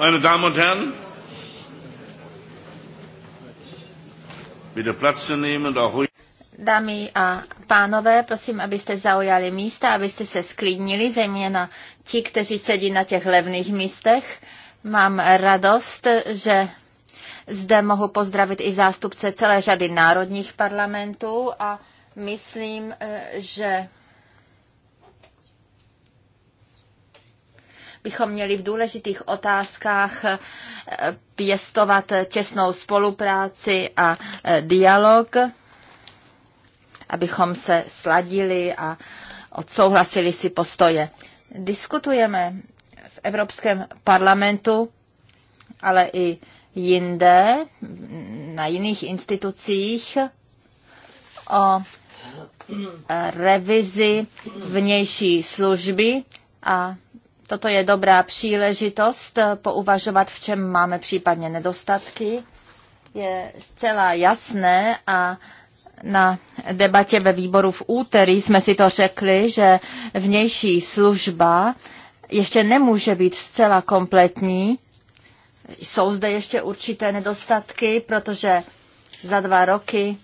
Meine Damen und Herren, bitte Platz zu nehmen und auch ruhig. Dámy a pánové, prosím, abyste zaujali místa, abyste se sklidnili, zejména ti, kteří sedí na těch levných místech. Mám radost, že zde mohu pozdravit i zástupce celé řady národních parlamentů a myslím, eh, že bychom měli v důležitých otázkách eh, pěstovat těsnou spolupráci a eh, dialog, abychom se sladili a odsouhlasili si postoje. Diskutujeme v Evropském parlamentu, ale i jinde, mm, na jiných institucích o eh, revizi vnější služby a Toto je dobrá příležitost eh, pouvažovat, v čem máme případně nedostatky. Je zcela jasné a na debatě ve výboru v úterý jsme si to řekli, že vnější služba ještě nemůže být zcela kompletní. Jsou zde ještě určité nedostatky, protože za dva roky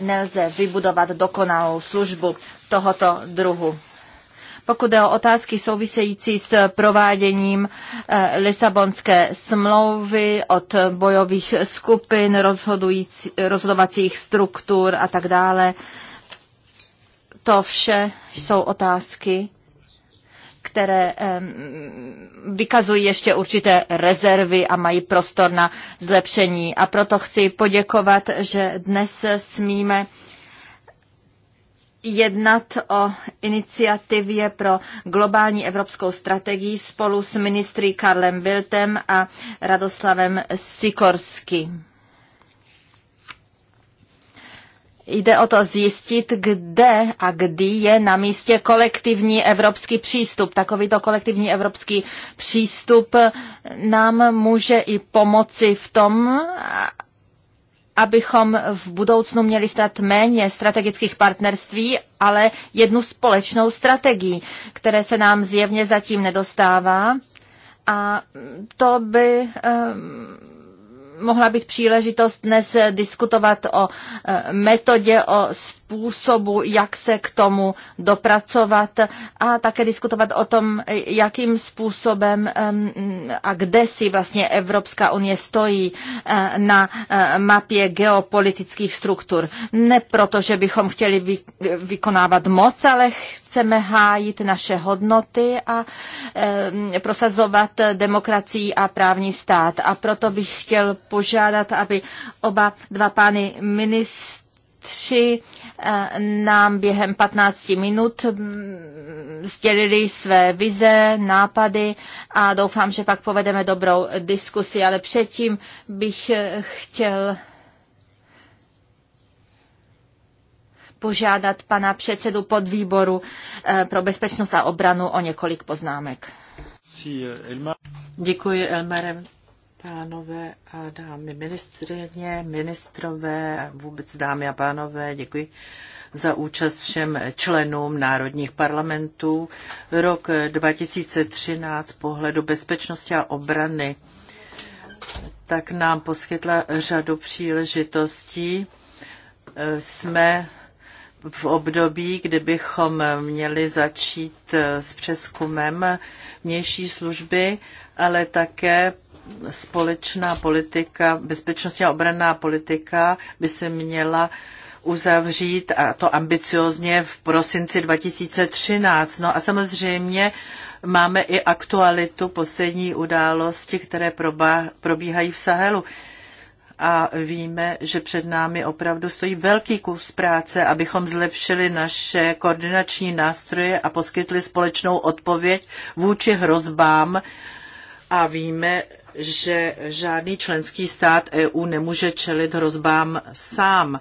nelze vybudovat dokonalou službu tohoto druhu. Pokud je o otázky související s prováděním eh, Lisabonské smlouvy od bojových skupin, rozhodovacích struktur a tak dále, to vše jsou otázky, které vykazují ještě určité rezervy a mají prostor na zlepšení. A proto chci poděkovat, že dnes smíme jednat o iniciativě pro globální evropskou strategii spolu s ministry Karlem Biltem a Radoslavem Sikorským. Jde o to zjistit, kde a kdy je na místě kolektivní evropský přístup. Takovýto kolektivní evropský přístup nám může i pomoci v tom, abychom v budoucnu měli stát méně strategických partnerství, ale jednu společnou strategii, které se nám zjevně zatím nedostává. A to by eh, mohla být příležitost dnes diskutovat o eh, metodě, o způsobu, jak se k tomu dopracovat a také diskutovat o tom, jakým způsobem a kde si vlastně Evropská unie stojí eh, na eh, mapě geopolitických struktur. Ne proto, že bychom chtěli vykonávat moc, ale chceme hájit naše hodnoty a prosazovat demokracii a právní stát. A proto bych chtěl požádat, aby oba dva pány ministři tři eh, nám během 15 minut mm, sdělili své vize, nápady a doufám, že pak povedeme dobrou diskusi, ale předtím bych eh, chtěl požádat pana předsedu podvýboru eh, pro bezpečnost a obranu o několik poznámek. Děkuji, Elmare pánové a dámy ministrině, ministrové, vůbec dámy a pánové, děkuji za účast všem členům národních parlamentů. Rok 2013 pohledu bezpečnosti a obrany tak nám poskytla řadu příležitostí. Jsme v období, kdy bychom měli začít s přeskumem vnější služby, ale také společná politika, bezpečnostní a obranná politika by se měla uzavřít, a to ambiciozně v prosinci 2013. No a samozřejmě máme i aktualitu poslední události, které probíhají v Sahelu. A víme, že před námi opravdu stojí velký kus práce, abychom zlepšili naše koordinační nástroje a poskytli společnou odpověď vůči hrozbám. A víme, že žádný členský stát EU nemůže čelit hrozbám sám.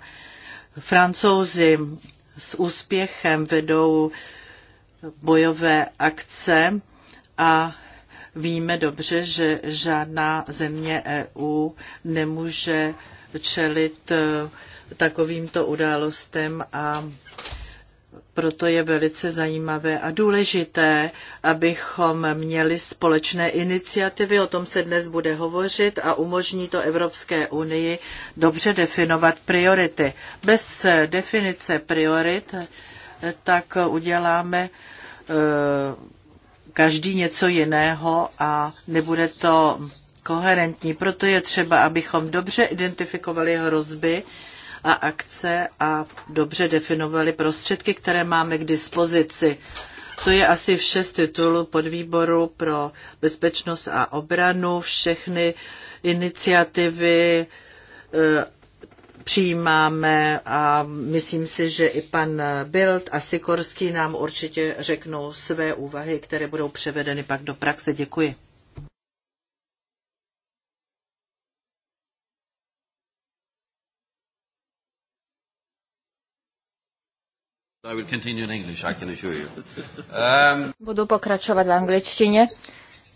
Francouzi s úspěchem vedou bojové akce a víme dobře, že žádná země EU nemůže čelit takovýmto událostem a proto je velice zajímavé a důležité, abychom měli společné iniciativy, o tom se dnes bude hovořit a umožní to Evropské unii dobře definovat priority. Bez definice priorit tak uděláme eh, každý něco jiného a nebude to koherentní. Proto je třeba, abychom dobře identifikovali hrozby, a akce a dobře definovali prostředky, které máme k dispozici. To je asi vše z titulu podvýboru pro bezpečnost a obranu. Všechny iniciativy eh, přijímáme a myslím si, že i pan Bild a Sikorský nám určitě řeknou své úvahy, které budou převedeny pak do praxe. Děkuji. Budu pokračovat v angličtině.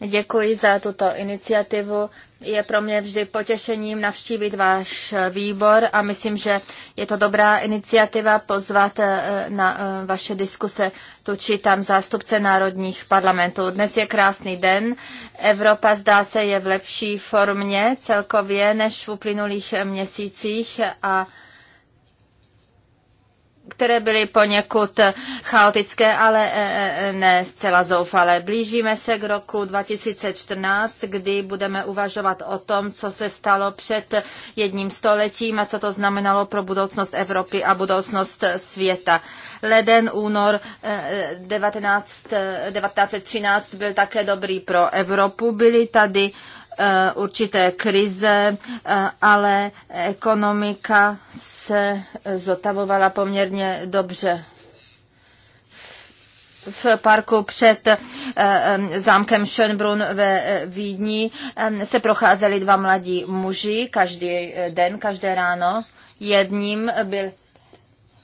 Děkuji za tuto iniciativu. Je pro mě vždy potěšením navštívit váš výbor a myslím, že je to dobrá iniciativa pozvat eh, na eh, vaše diskuse tu či tam zástupce národních parlamentů. Dnes je krásný den. Evropa zdá se je v lepší formě celkově než v uplynulých měsících a které byly poněkud eh, chaotické, ale eh, eh, ne zcela zoufalé. Blížíme se k roku 2014, kdy budeme uvažovat o tom, co se stalo před jedním stoletím a co to znamenalo pro budoucnost Evropy a budoucnost světa. Leden, únor 19, 1913 byl také dobrý pro Evropu. Byly tady Eh, určité krize, eh, ale ekonomika se zotavovala poměrně dobře v parku před eh, zámkem Schönbrunn ve Vídni se procházeli dva mladí muži každý den, každé ráno. Jedním byl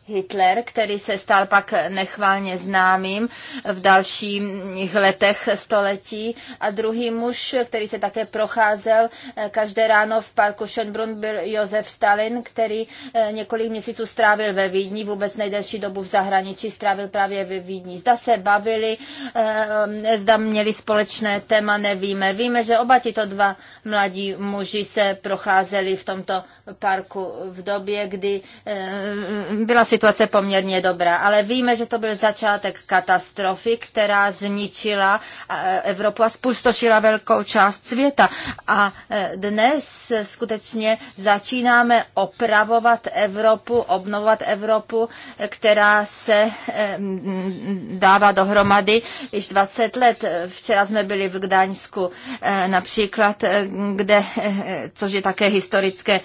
Hitler, který se stal pak nechválně známým v dalších letech století. A druhý muž, který se také procházel eh, každé ráno v parku Schönbrunn, byl Josef Stalin, který eh, několik měsíců strávil ve Vídni, vůbec nejdelší dobu v zahraničí strávil právě ve Vídni. Zda se bavili, eh, zda měli společné téma, nevíme. Víme, že oba tito dva mladí muži se procházeli v tomto parku v době, kdy byla si situace poměrně dobrá, ale víme, že to byl začátek katastrofy, která zničila e, Evropu a spustošila velkou část světa. A e, dnes skutečně začínáme opravovat Evropu, obnovovat Evropu, která se e, dává dohromady již 20 let. Včera jsme byli v Gdaňsku například, kde, což je také historické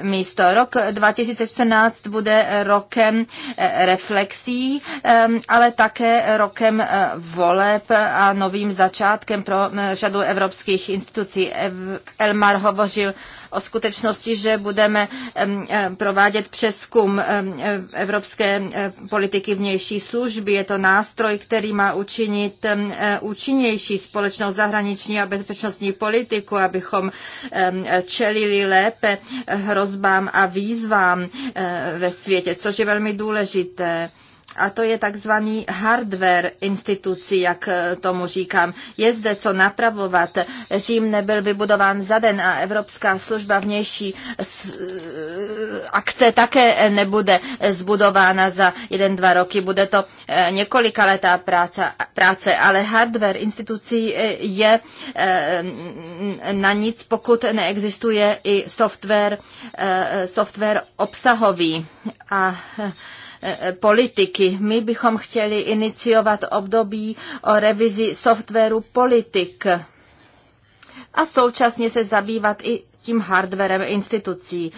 místo. Rok 2014 bude rokem rokem eh, reflexí, ehm, ale také rokem eh, voleb a novým začátkem pro eh, řadu evropských institucí. Elmar hovořil o skutečnosti, že budeme provádět přeskum evropské politiky vnější služby. Je to nástroj, který má učinit účinnější společnou zahraniční a bezpečnostní politiku, abychom čelili lépe hrozbám a výzvám ve světě, což je velmi důležité a to je takzvaný hardware institucí, jak eh, tomu říkám. Je zde co napravovat. Řím nebyl vybudován za den a Evropská služba vnější eh, akce také eh, nebude zbudována za jeden, dva roky. Bude to několika letá práce, práce ale hardware institucí je na nic, pokud neexistuje i software, software obsahový. A Eh, eh, politiky. My bychom chtěli iniciovat období o revizi softwaru politik a současně se zabývat i tím hardwarem institucí.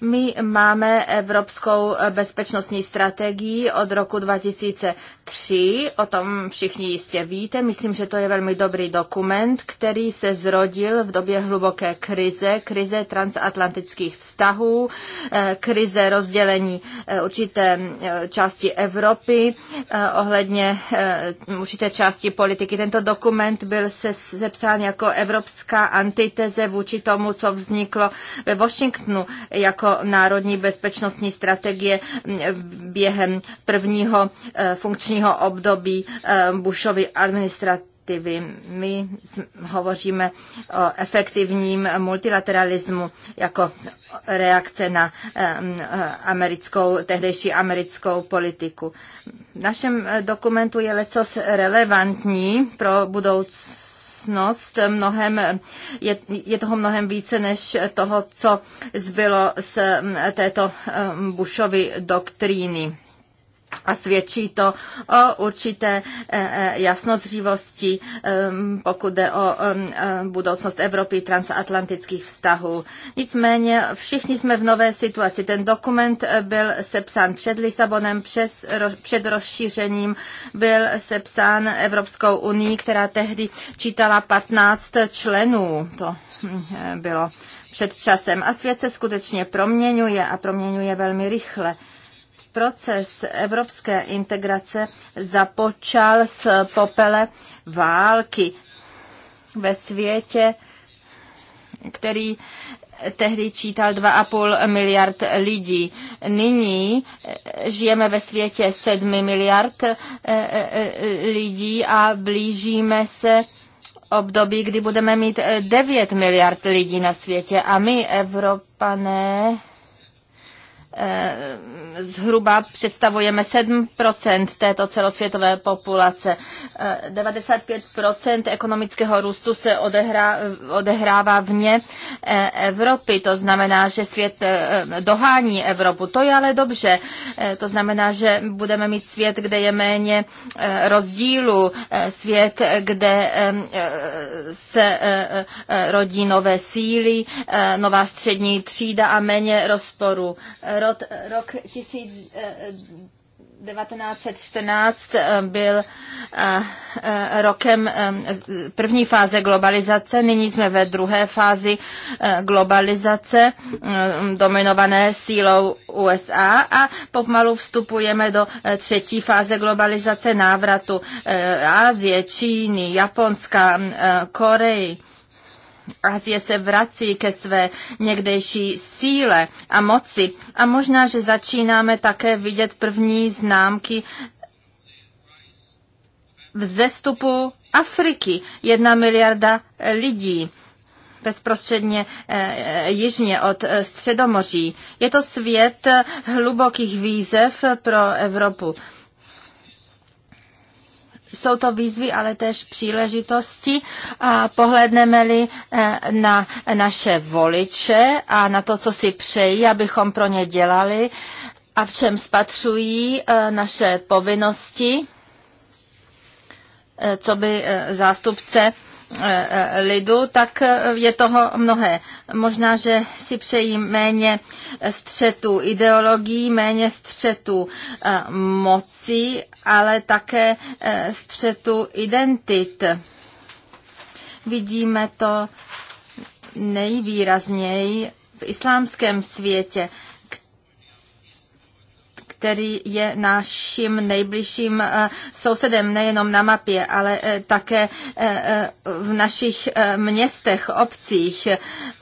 My máme Evropskou bezpečnostní strategii od roku 2003, o tom všichni jistě víte. Myslím, že to je velmi dobrý dokument, který se zrodil v době hluboké krize, krize transatlantických vztahů, eh, krize rozdělení eh, určité eh, části Evropy ohledně určité části politiky. Tento dokument byl se sepsán jako evropská antiteze vůči tomu, co vz vzniklo ve Washingtonu jako národní bezpečnostní strategie během prvního eh, funkčního období eh, Bushovy administrativy My hovoříme o efektivním multilateralismu jako reakce na eh, americkou, tehdejší americkou politiku. V našem dokumentu je lecos relevantní pro budoucnost budoucnost. Mnohem, je, je toho mnohem více než toho, co zbylo z této Bushovy doktríny a svědčí to o určité e, e, jasnozřivosti, e, pokud jde o budoucnost Evropy transatlantických vztahů. Nicméně všichni jsme v nové situaci. Ten dokument byl sepsán před Lisabonem, přes, před rozšířením, byl sepsán Evropskou unii, která tehdy čítala 15 členů. To hm, bylo před časem. A svět se skutečně proměňuje a proměňuje velmi rychle proces evropské integrace započal z popele války ve světě, který tehdy čítal 2,5 miliard lidí. Nyní eh, žijeme ve světě 7 miliard eh, eh, lidí a blížíme se období, kdy budeme mít 9 miliard lidí na světě a my, Evropané, Eh, zhruba představujeme 7 této celosvětové populace. 95 eh, ekonomického růstu se odehrá, odehrává vně eh, Evropy. To znamená, že svět dohání Evropu. To je ale dobře. To znamená, že budeme mít svět, kde je méně rozdílu, svět, kde se rodí nové síly, nová střední třída a méně rozporu rok, eh, rok 1914 eh, byl eh, rokem první fáze globalizace, nyní jsme ve druhé fázi globalizace, dominované sílou USA a pomalu vstupujeme do třetí fáze globalizace návratu Asie, Číny, Japonska, Koreji Azie se vrací ke své někdejší síle a moci a možná, že začínáme také vidět první známky vzestupu Afriky. Jedna miliarda lidí bezprostředně eh, eh, jižně od eh, Středomoří. Je to svět hlubokých výzev pro Evropu. Jsou to výzvy, ale též příležitosti a pohledneme-li eh, na naše voliče a na to, co si přejí, abychom pro ně dělali a v čem spatřují eh, naše povinnosti, eh, co by zástupce Eh, eh, lidu, tak eh, je toho mnohé. Možná, že si přejí méně střetu ideologií, méně střetu moci, ale také střetu identit. Vidíme to nejvýrazněji v islámském světě který je naším nejbližším eh, sousedem nejenom na mapě, ale eh, také eh, v našich městech, obcích.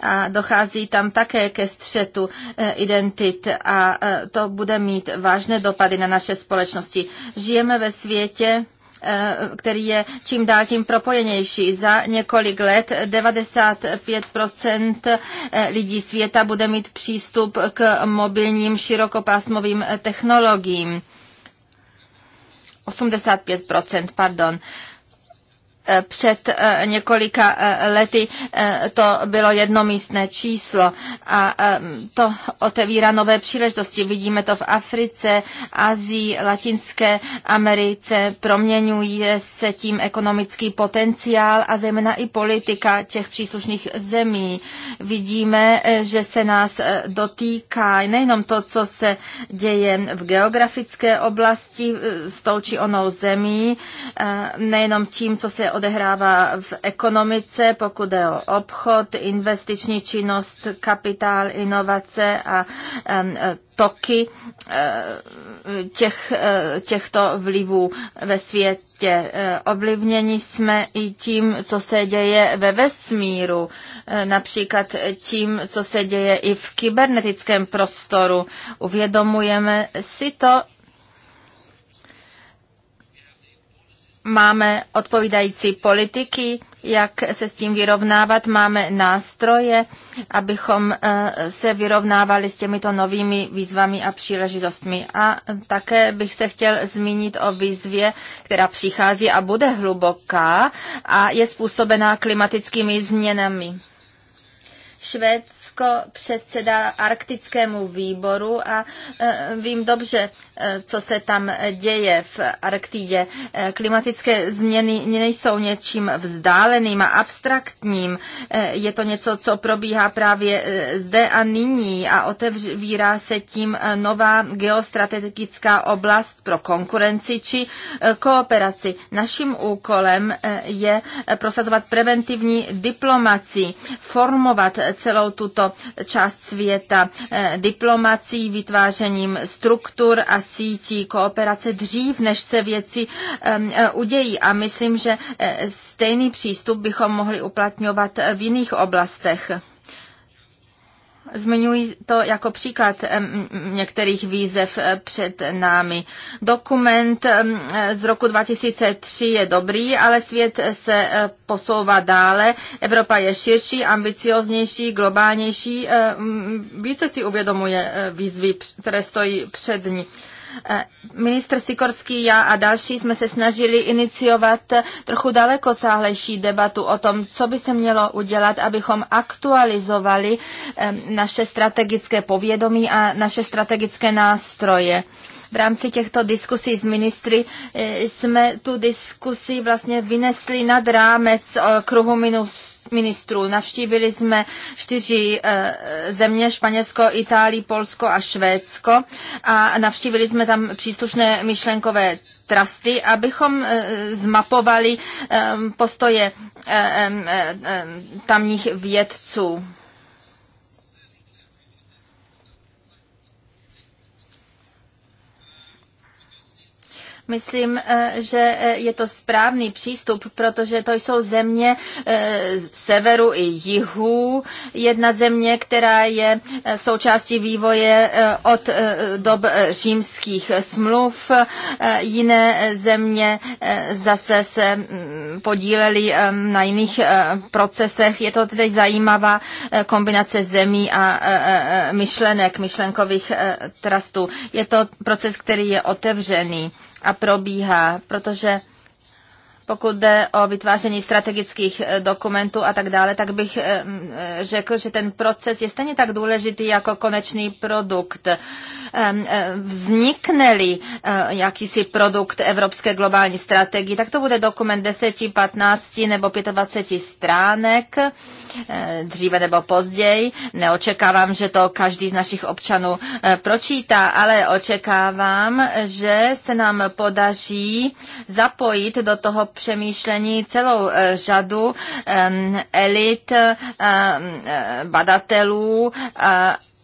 A dochází tam také ke střetu identit a to bude mít vážné dopady na naše společnosti. Žijeme ve světě, Eh, který je čím dál tím propojenější. Za několik let 95% eh, lidí světa bude mít přístup k mobilním širokopásmovým technologiím. 85%, pardon. Eh, před eh, několika eh, lety to bylo jednomístné číslo a ehm, to otevírá nové příležitosti. Vidíme to v Africe, Azii, Latinské Americe. Proměňuje se tím ekonomický potenciál a zejména i politika těch příslušných zemí. Vidíme, že se nás dotýká nejenom to, co se děje v geografické oblasti s tou či onou zemí, nejenom tím, co se odehrává v ekonomice, pokud je o obchod, investiční činnost, kapitál, inovace a toky eh, těch, eh, těchto vlivů ve světě. Eh, ovlivněni jsme i tím, co se děje ve vesmíru, například tím, co se děje i v kybernetickém prostoru. Uvědomujeme si to máme odpovídající politiky, jak se s tím vyrovnávat, máme nástroje, abychom eh, se vyrovnávali s těmito novými výzvami a příležitostmi. A také bych se chtěl zmínit o výzvě, která přichází a bude hluboká a je způsobená klimatickými změnami. Švédsko Finsko předsedá arktickému výboru a e, vím dobře, e, co se tam děje v Arktidě. E, klimatické změny nejsou něčím vzdáleným a abstraktním. Je to něco, co probíhá právě zde a nyní a otevírá se tím nová geostrategická oblast pro konkurenci či kooperaci. Naším úkolem je prosazovat preventivní diplomaci, formovat celou tuto tuto část světa eh, diplomací, vytvářením struktur a sítí kooperace dřív, než se věci eh, udějí. A myslím, že eh, stejný přístup bychom mohli uplatňovat v jiných oblastech. Zmiňuji to jako příklad některých výzev eh, před námi. Dokument z roku 2003 je dobrý, ale svět se eh, posouvá dále. Evropa je širší, ambicioznější, globálnější. Eh, více si uvědomuje výzvy, které stojí před ní. Eh, ministr Sikorský, já a další jsme se snažili iniciovat trochu daleko sáhlejší debatu o tom, co by se mělo udělat, abychom aktualizovali eh, naše strategické povědomí a naše strategické nástroje v rámci těchto diskusí s ministry eh, jsme tu diskusi vlastně vynesli nad rámec kruhu minus ministrů. Navštívili jsme čtyři eh, země, Španělsko, Itálii, Polsko a Švédsko a navštívili jsme tam příslušné myšlenkové trusty, abychom eh, zmapovali eh, postoje tamních vědců. Myslím, eh, že eh, je to správný přístup, protože to jsou země eh, severu i jihu. Jedna země, která je součástí vývoje od dob římských smluv. Jiné země zase se mm, podílely ehm, na jiných procesech. Je to tedy zajímavá kombinace zemí a myšlenek, myšlenkových trastů. Je to proces, který je otevřený a probíhá, protože pokud jde o vytváření strategických eh, dokumentů a tak dále, tak bych eh, eh, řekl, že ten proces je stejně tak důležitý jako konečný produkt. Ehm, vznikne-li jakýsi produkt Evropské globální strategie. tak to bude dokument 10, 15 nebo 25 stránek, dříve nebo později. Neočekávám, že to každý z našich občanů pročítá, ale očekávám, že se nám podaří zapojit do toho přemýšlení celou eh, řadu elit, eh, eh, badatelů,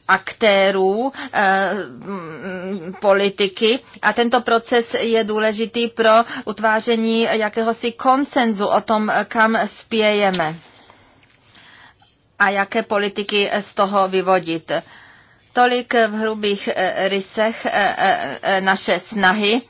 aktérů politiky a tento proces je důležitý pro utváření jakéhosi koncenzu o tom, kam spějeme a jaké politiky z toho vyvodit. Tolik v hrubých rysech naše snahy.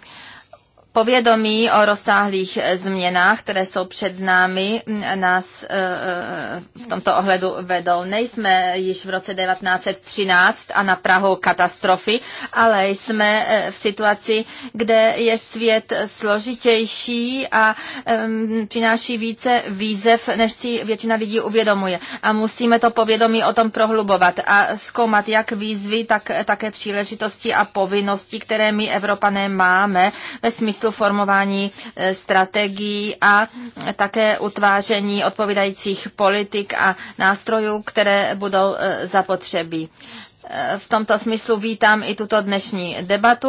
Povědomí o rozsáhlých změnách, které jsou před námi, nás eh, eh, v tomto ohledu vedou. Nejsme již v roce 1913 a na Prahu katastrofy, ale jsme eh, v situaci, kde je svět složitější a přináší více výzev, než si většina lidí uvědomuje. A musíme to povědomí o tom prohlubovat a zkoumat jak výzvy, tak také příležitosti a povinnosti, které my Evropané máme ve smyslu smyslu formování eh, strategií a také utváření odpovídajících politik a nástrojů, které budou eh, zapotřebí. Eh, v tomto smyslu vítám i tuto dnešní debatu,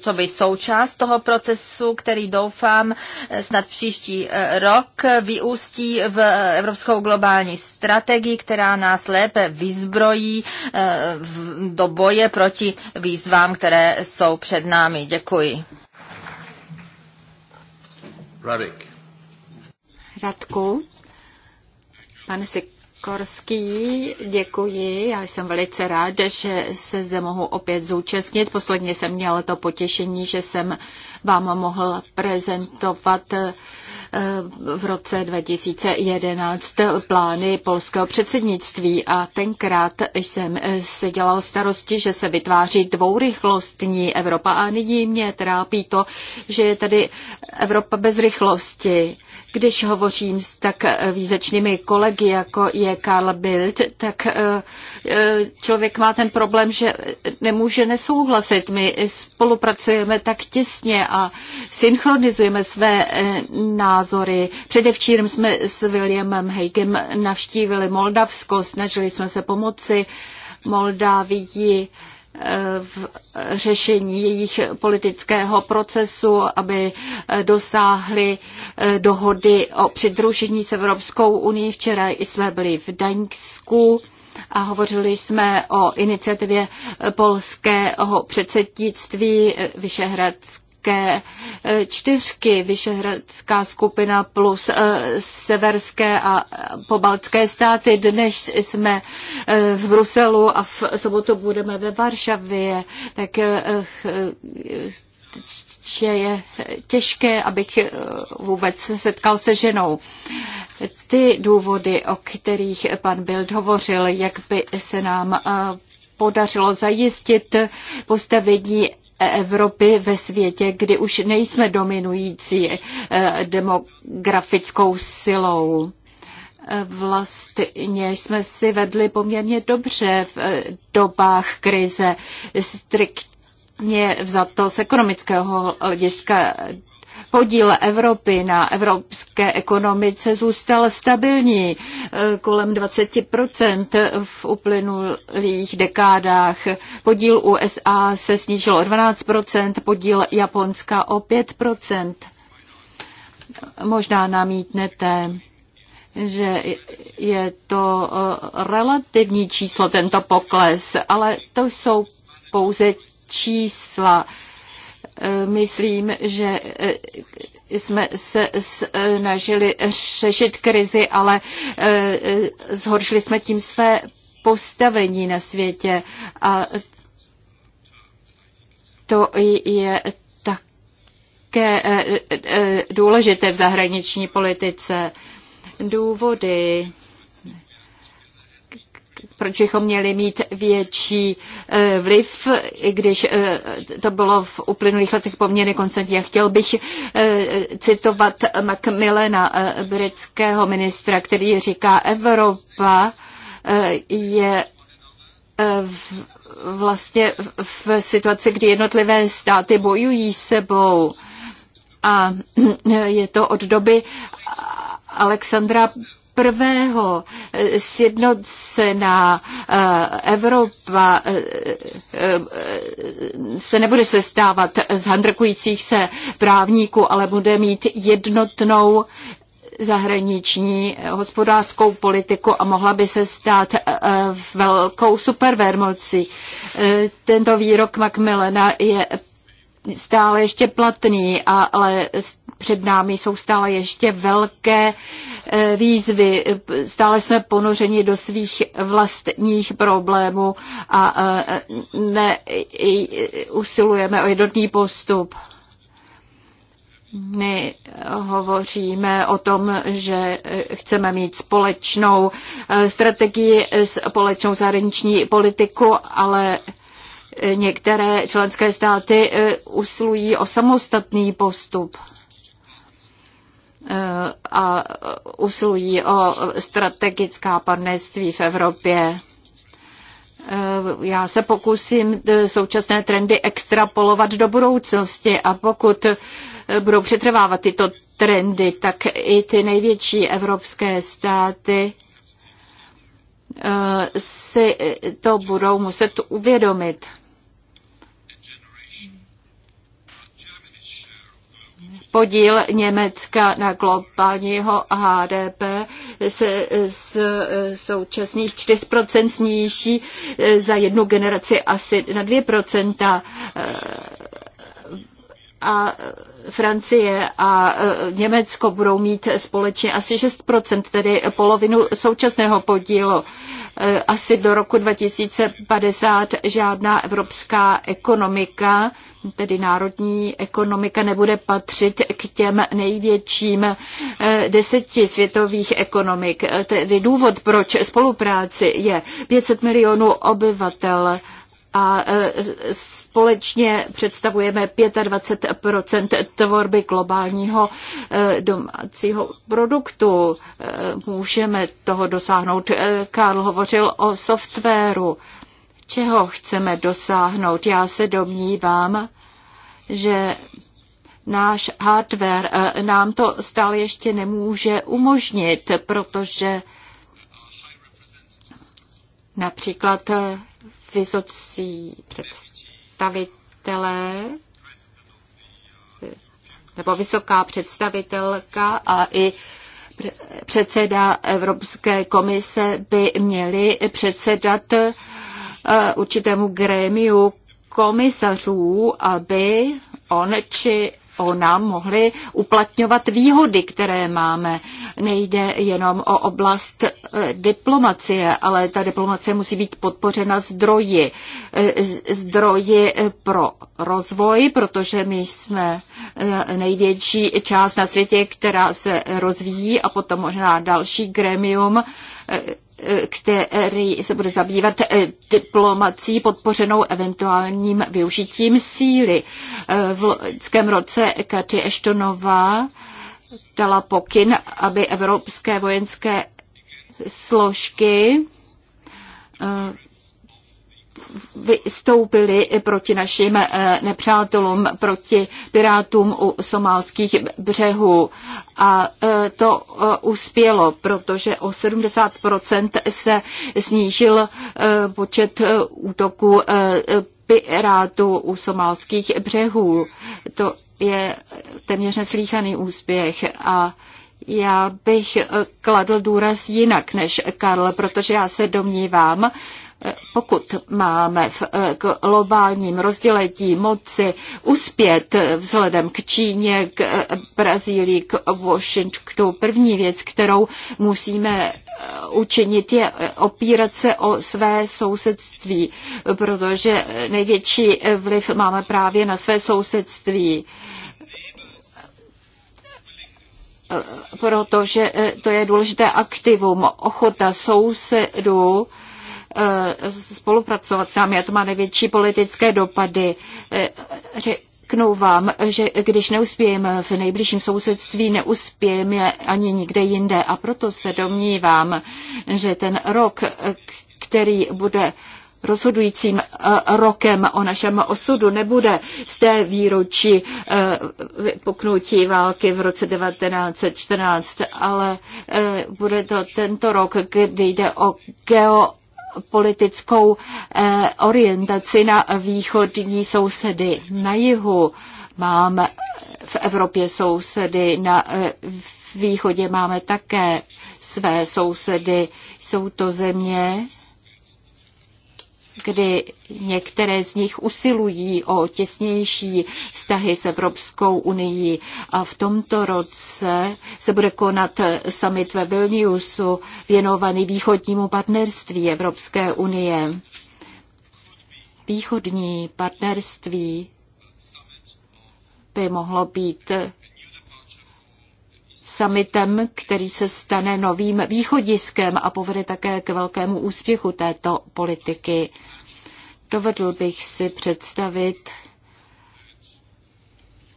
co by součást toho procesu, který doufám snad příští rok vyústí v Evropskou globální strategii, která nás lépe vyzbrojí do boje proti výzvám, které jsou před námi. Děkuji. Radek. Radku, pane Sikorský, děkuji. Já jsem velice ráda, že se zde mohu opět zúčastnit. Posledně jsem měla to potěšení, že jsem vám mohl prezentovat uh, v roce 2011 plány polského předsednictví a tenkrát jsem se dělal starosti, že se vytváří dvourychlostní Evropa a nyní mě trápí to, že je tady Evropa bez rychlosti. Když hovořím s tak eh, výzečnými kolegy, jako je Karl Bild, tak eh, eh, člověk má ten problém, že nemůže nesouhlasit. My spolupracujeme tak těsně a synchronizujeme své názory. Předevčírem jsme s Williamem Heigem navštívili Moldavsko, snažili jsme se pomoci Moldávii v řešení jejich politického procesu, aby dosáhli eh, dohody o přidružení s Evropskou unii. Včera jsme byli v Daňsku a hovořili jsme o iniciativě polského předsednictví eh, Vyšehradské Vyšehradské čtyřky, Vyšehradská skupina plus eh, severské a pobaltské státy. Dnes jsme eh, v Bruselu a v sobotu budeme ve Varšavě, tak že eh, je těžké, abych vůbec setkal se ženou. Ty důvody, o kterých pan Bild hovořil, jak by se nám podařilo zajistit postavení Evropy ve světě, kdy už nejsme dominující eh, demografickou silou. Eh, vlastně jsme si vedli poměrně dobře v eh, dobách krize. Striktně vzato z ekonomického hlediska podíl Evropy na evropské ekonomice zůstal stabilní e, kolem 20% v uplynulých dekádách. Podíl USA se snížil o 12%, podíl Japonska o 5%. Možná namítnete, že je to e, relativní číslo, tento pokles, ale to jsou pouze čísla. Eh, myslím, že eh, jsme se snažili řešit krizi, ale eh, zhoršili jsme tím své postavení na světě a to je také důležité v zahraniční politice. Důvody proč bychom měli mít větší eh, vliv, i když eh, to bylo v uplynulých letech poměrně Já Chtěl bych eh, citovat Macmillana, britského ministra, který říká, Evropa je vlastně v situaci, kdy jednotlivé státy bojují sebou. A je to od doby Alexandra prvého eh, sjednocená eh, Evropa eh, se nebude sestávat z handrkujících se právníků, ale bude mít jednotnou zahraniční hospodářskou politiku a mohla by se stát velkou supervermocí. Tento výrok Macmillana je stále ještě platný, ale před námi jsou stále ještě velké eh, výzvy. Stále jsme ponořeni do svých vlastních problémů a eh, ne, usilujeme o jednotný postup. My hovoříme o tom, že eh, chceme mít společnou strategii, společnou zahraniční politiku, ale některé členské státy usilují o samostatný postup a usilují o strategická partnerství v Evropě. Eh, já se pokusím eh, současné trendy extrapolovat do budoucnosti a pokud eh, budou přetrvávat tyto trendy, tak i ty největší evropské státy si to budou muset uvědomit. podíl Německa na globálního HDP se z současných 4% sníží e, za jednu generaci asi na 2% e, a Francie a e, Německo budou mít společně asi 6%, tedy polovinu současného podílu. Eh, asi do roku 2050 žádná evropská ekonomika, tedy národní ekonomika, nebude patřit k těm největším eh, deseti světových ekonomik. Eh, tedy důvod, proč spolupráci je 500 milionů obyvatel a e, společně představujeme 25 tvorby globálního e, domácího produktu. E, můžeme toho dosáhnout. Karl hovořil o softwaru. Čeho chceme dosáhnout? Já se domnívám, že náš hardware nám to stále ještě nemůže umožnit, protože například vysocí představitelé nebo vysoká představitelka a i předseda Evropské komise by měli předsedat eh, určitému grémiu komisařů, aby on či O nám mohli uplatňovat výhody, které máme. Nejde jenom o oblast eh, diplomacie, ale ta diplomacie musí být podpořena zdroji. Eh, zdroji eh, pro rozvoj, protože my jsme největší část na světě, která se rozvíjí a potom možná další gremium, který se bude zabývat eh, diplomací podpořenou eventuálním využitím síly. Eh, v loňském roce Katy Eštonová dala pokyn, aby evropské vojenské složky eh, vystoupili proti našim eh, nepřátelům, proti pirátům u somálských břehů. A eh, to eh, uspělo, protože o 70% se snížil počet útoků pirátů u somálských břehů. To je téměř neslíchaný úspěch a já bych kladl důraz jinak než Karl, protože já se domnívám, Eh, pokud máme v eh, globálním rozdělení moci uspět eh, vzhledem k Číně, k Brazílii, k Washingtonu, první věc, kterou musíme učinit, je opírat se o své sousedství, protože největší vliv máme právě na své sousedství protože to je důležité aktivum, ochota sousedů Eh, spolupracovat s námi a to má největší politické dopady. Eh, řeknu vám, že když neuspějeme v nejbližším sousedství, neuspějeme ani nikde jinde a proto se domnívám, že ten rok, který bude rozhodujícím eh, rokem o našem osudu nebude z té výročí vypuknutí války v roce 1914, ale bude to tento rok, kdy jde o geo politickou eh, orientaci na východní sousedy na jihu. Máme v Evropě sousedy, na eh, východě máme také své sousedy. Jsou to země, kdy některé z nich usilují o těsnější vztahy s Evropskou unii. A v tomto roce se bude konat summit ve Vilniusu věnovaný východnímu partnerství Evropské unie. Východní partnerství by mohlo být summitem, který se stane novým východiskem a povede také k velkému úspěchu této politiky. Dovedl bych si představit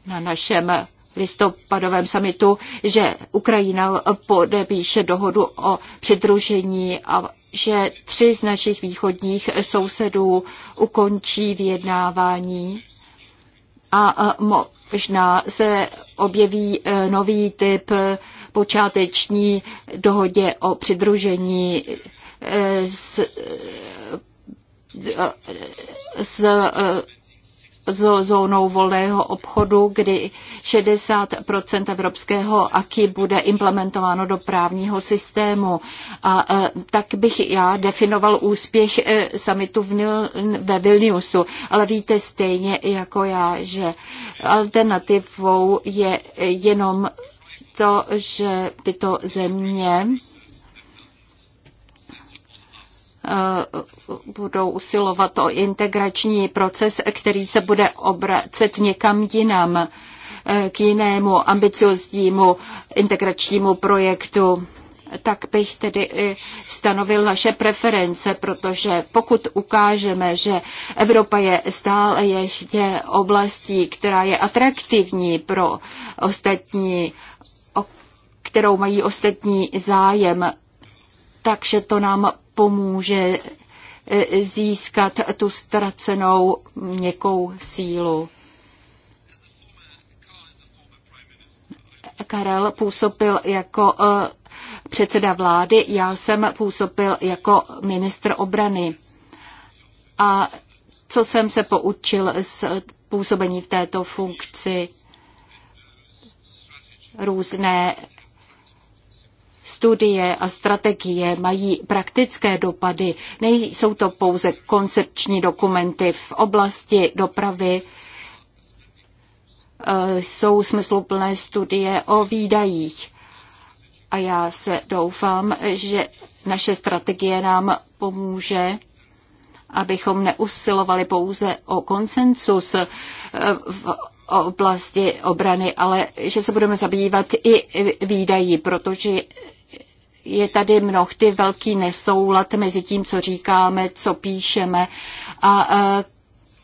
na našem listopadovém samitu, že Ukrajina podepíše dohodu o přidružení a že tři z našich východních sousedů ukončí vyjednávání a možná se objeví eh, nový typ počáteční dohodě o přidružení eh, s, eh, s zónou volného obchodu, kdy 60 evropského aky bude implementováno do právního systému. A e, tak bych já definoval úspěch e, samitu ve Vilniusu. Ale víte stejně jako já, že alternativou je jenom to, že tyto země Eh, budou usilovat o integrační proces, který se bude obracet někam jinam, eh, k jinému ambicioznímu integračnímu projektu. Tak bych tedy stanovil naše preference, protože pokud ukážeme, že Evropa je stále ještě oblastí, která je atraktivní pro ostatní, kterou mají ostatní zájem, takže to nám pomůže e, získat tu ztracenou měkkou sílu. Karel působil jako e, předseda vlády, já jsem působil jako ministr obrany. A co jsem se poučil z působení v této funkci? Různé studie a strategie mají praktické dopady. Nejsou to pouze koncepční dokumenty v oblasti dopravy, eh, jsou smysluplné studie o výdajích. A já se doufám, že naše strategie nám pomůže, abychom neusilovali pouze o konsensus eh, v oblasti obrany, ale že se budeme zabývat i výdají, protože je tady mnohdy velký nesoulad mezi tím, co říkáme, co píšeme a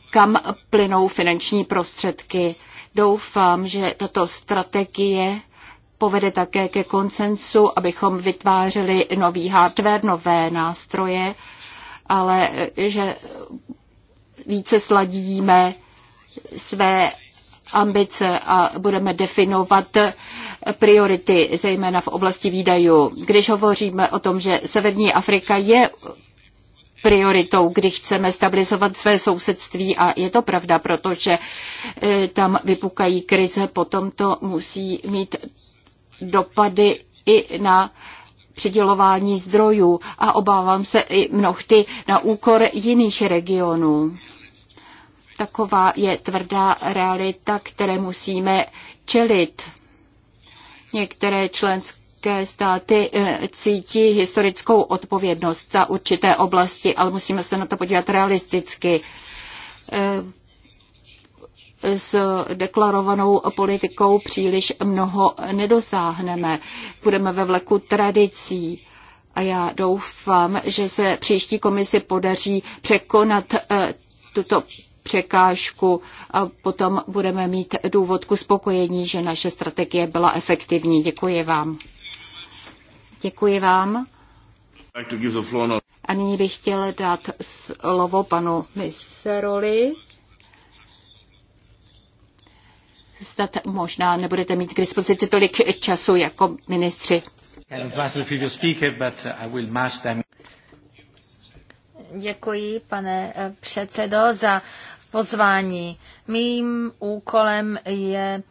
kam plynou finanční prostředky. Doufám, že tato strategie povede také ke koncensu, abychom vytvářeli nový hardware, nové nástroje, ale že více sladíme své ambice a budeme definovat priority, zejména v oblasti výdajů. Když hovoříme o tom, že Severní Afrika je prioritou, kdy chceme stabilizovat své sousedství a je to pravda, protože e, tam vypukají krize, potom to musí mít dopady i na přidělování zdrojů a obávám se i mnohdy na úkor jiných regionů. Taková je tvrdá realita, které musíme čelit. Některé členské státy eh, cítí historickou odpovědnost za určité oblasti, ale musíme se na to podívat realisticky eh, s deklarovanou politikou příliš mnoho nedosáhneme. Budeme ve vleku tradicí a já doufám, že se příští komisi podaří překonat eh, tuto překážku a potom budeme mít důvod k uspokojení, že naše strategie byla efektivní. Děkuji vám. Děkuji vám. A nyní bych chtěl dát slovo panu Miseroli. Snad možná nebudete mít k dispozici tolik času jako ministři. Uh, Děkuji, pane eh, předsedo, za pozvání. Mým úkolem eh, je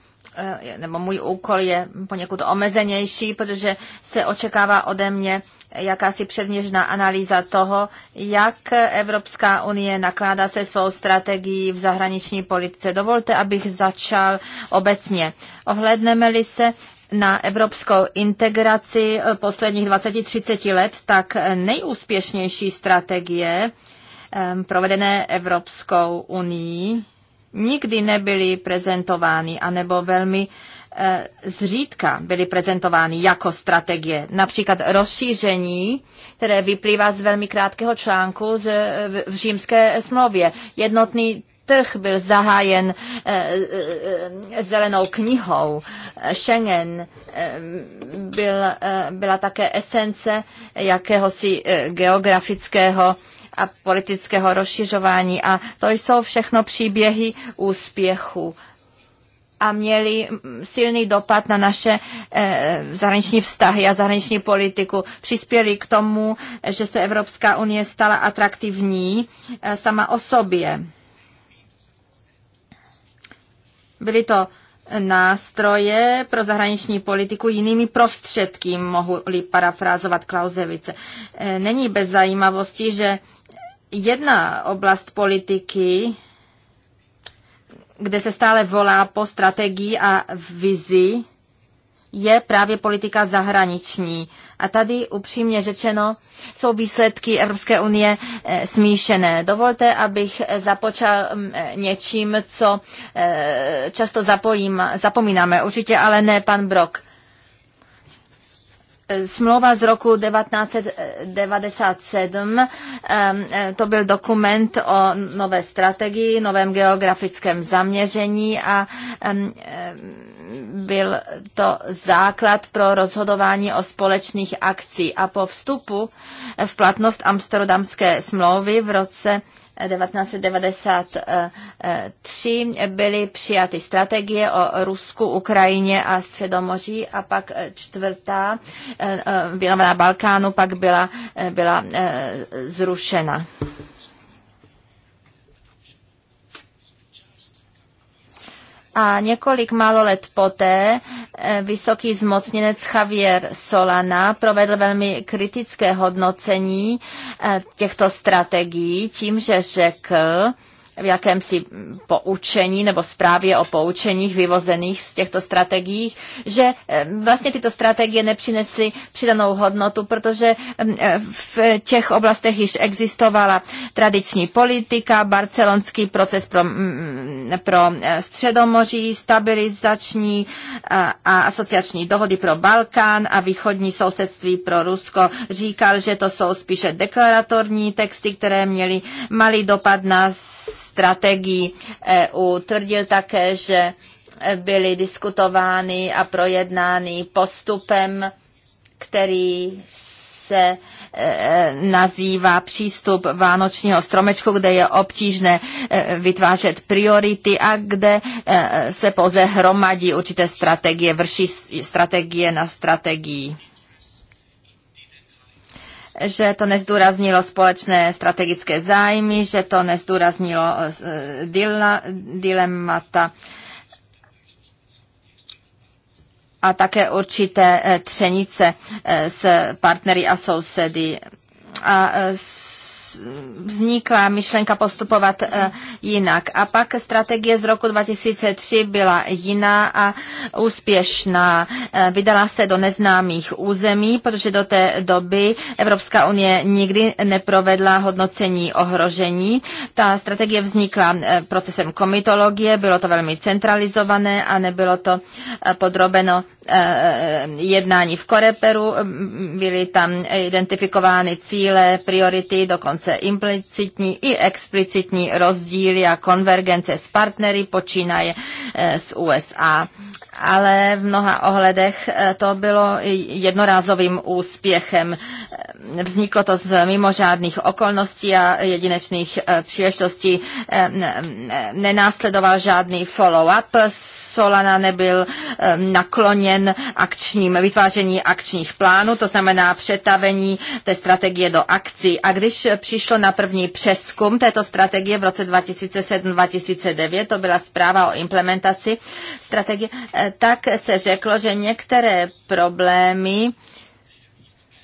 nebo můj úkol je poněkud omezenější, protože se očekává ode mě jakási předměžná analýza toho, jak Evropská unie nakládá se svou strategií v zahraniční politice. Dovolte, abych začal obecně. Ohledneme-li se na evropskou integraci eh, posledních 20-30 let, tak eh, nejúspěšnější strategie provedené Evropskou unii nikdy nebyly prezentovány, anebo velmi e, zřídka byly prezentovány jako strategie. Například rozšíření, které vyplývá z velmi krátkého článku z, v římské smlouvě. Jednotný trh byl zahájen e, e, zelenou knihou. Schengen byl, byla také esence jakéhosi geografického a politického rozšiřování. A to jsou všechno příběhy úspěchu a měli silný dopad na naše e, zahraniční vztahy a zahraniční politiku. Přispěli k tomu, že se Evropská unie stala atraktivní e, sama o sobě. Byly to nástroje pro zahraniční politiku jinými prostředky, mohu-li parafrázovat Klausevice. Eh, není bez zajímavosti, že jedna oblast politiky, kde se stále volá po strategii a vizi, je právě politika zahraniční. A tady upřímně řečeno jsou výsledky Evropské unie eh, smíšené. Dovolte, abych započal mm, eh, něčím, co eh, často zapojím, zapomínáme. Určitě ale ne pan Brok. Smlouva z roku 1997, to byl dokument o nové strategii, novém geografickém zaměření a byl to základ pro rozhodování o společných akcí. A po vstupu v platnost Amsterdamské smlouvy v roce 1993 byly přijaty strategie o Rusku, Ukrajině a Středomoří a pak čtvrtá eh, eh, věnovaná Balkánu pak byla, eh, byla zrušena. A několik málo let poté eh, vysoký zmocněnec Javier Solana provedl velmi kritické hodnocení eh, těchto strategií tím, že řekl, v jakémsi poučení nebo zprávě o poučeních vyvozených z těchto strategií, že eh, vlastně tyto strategie nepřinesly přidanou hodnotu, protože mm, eh, v těch oblastech již existovala tradiční politika, barcelonský proces pro, mm, mm, pro eh, středomoří, stabilizační a asociační dohody pro Balkán a východní sousedství pro Rusko. Říkal, že to jsou spíše deklaratorní texty, které měly malý dopad na strategií EU. Tvrdil také, že byly diskutovány a projednány postupem, který se e, nazývá přístup vánočního stromečku, kde je obtížné e, vytvářet priority a kde e, se pouze hromadí určité strategie, vrší strategie na strategii že to nezdůraznilo společné strategické zájmy, že to nezdůraznilo eh, eh, dilemata a také určité eh, třenice s partnery a sousedy. A s vznikla myšlenka postupovat eh, jinak. A pak strategie z roku 2003 byla jiná a úspěšná. Eh, vydala se do neznámých území, protože do té doby Evropská unie nikdy neprovedla hodnocení ohrožení. Ta strategie vznikla eh, procesem komitologie, bylo to velmi centralizované a nebylo to podrobeno jednání v Koreperu. Byly tam identifikovány cíle, priority, dokonce spolupráce, implicitní i explicitní rozdíly a konvergence s partnery počínaje eh, s USA. Ale v mnoha ohledech eh, to bylo jednorázovým úspěchem. Eh, vzniklo to z mimořádných okolností a jedinečných příležitostí. Nenásledoval žádný follow-up. Solana nebyl nakloněn akčním, vytváření akčních plánů, to znamená přetavení té strategie do akcí. A když při přišlo na první přeskum této strategie v roce 2007-2009, to byla zpráva o implementaci strategie, eh, tak se řeklo, že některé problémy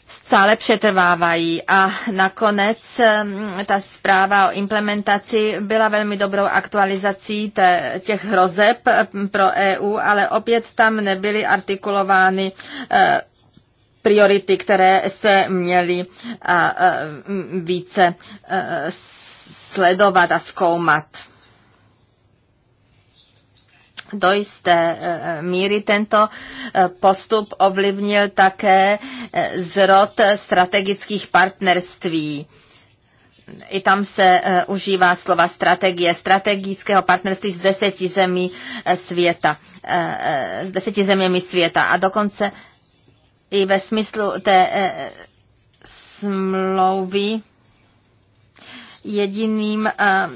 stále přetrvávají. A nakonec mm, ta zpráva o implementaci byla velmi dobrou aktualizací těch hrozeb mm, pro EU, ale opět tam nebyly artikulovány eh, priority, které se měly více sledovat a zkoumat. Do jisté e, e, míry tento e, postup ovlivnil také zrod strategických partnerství i tam se užívá slova strategie, strategického partnerství s deseti zemí světa, s deseti zeměmi světa a dokonce i ve smyslu té eh, smlouvy jediným, eh,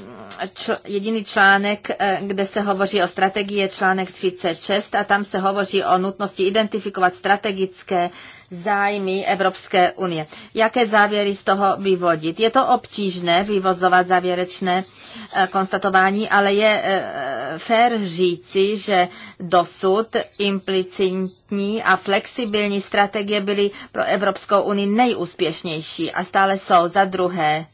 čl, jediný článek, eh, kde se hovoří o strategii, je článek 36 a tam se hovoří o nutnosti identifikovat strategické zájmy Evropské unie. Jaké závěry z toho vyvodit? Je to obtížné vyvozovat závěrečné eh, konstatování, ale je eh, fér říci, že dosud implicitní a flexibilní strategie byly pro Evropskou unii nejúspěšnější a stále jsou za druhé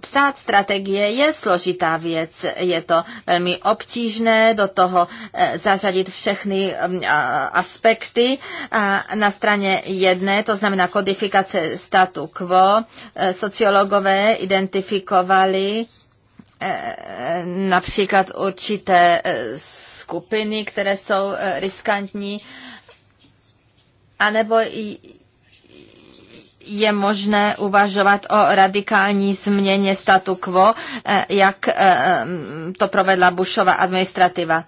Psát strategie je složitá věc, je to velmi obtížné do toho eh, zařadit všechny mm, aspekty. A na straně jedné, to znamená kodifikace statu quo, eh, sociologové identifikovali eh, například určité skupiny, které jsou riskantní, anebo je možné uvažovat o radikální změně statu quo, eh, jak eh, mm, to provedla Bushova administrativa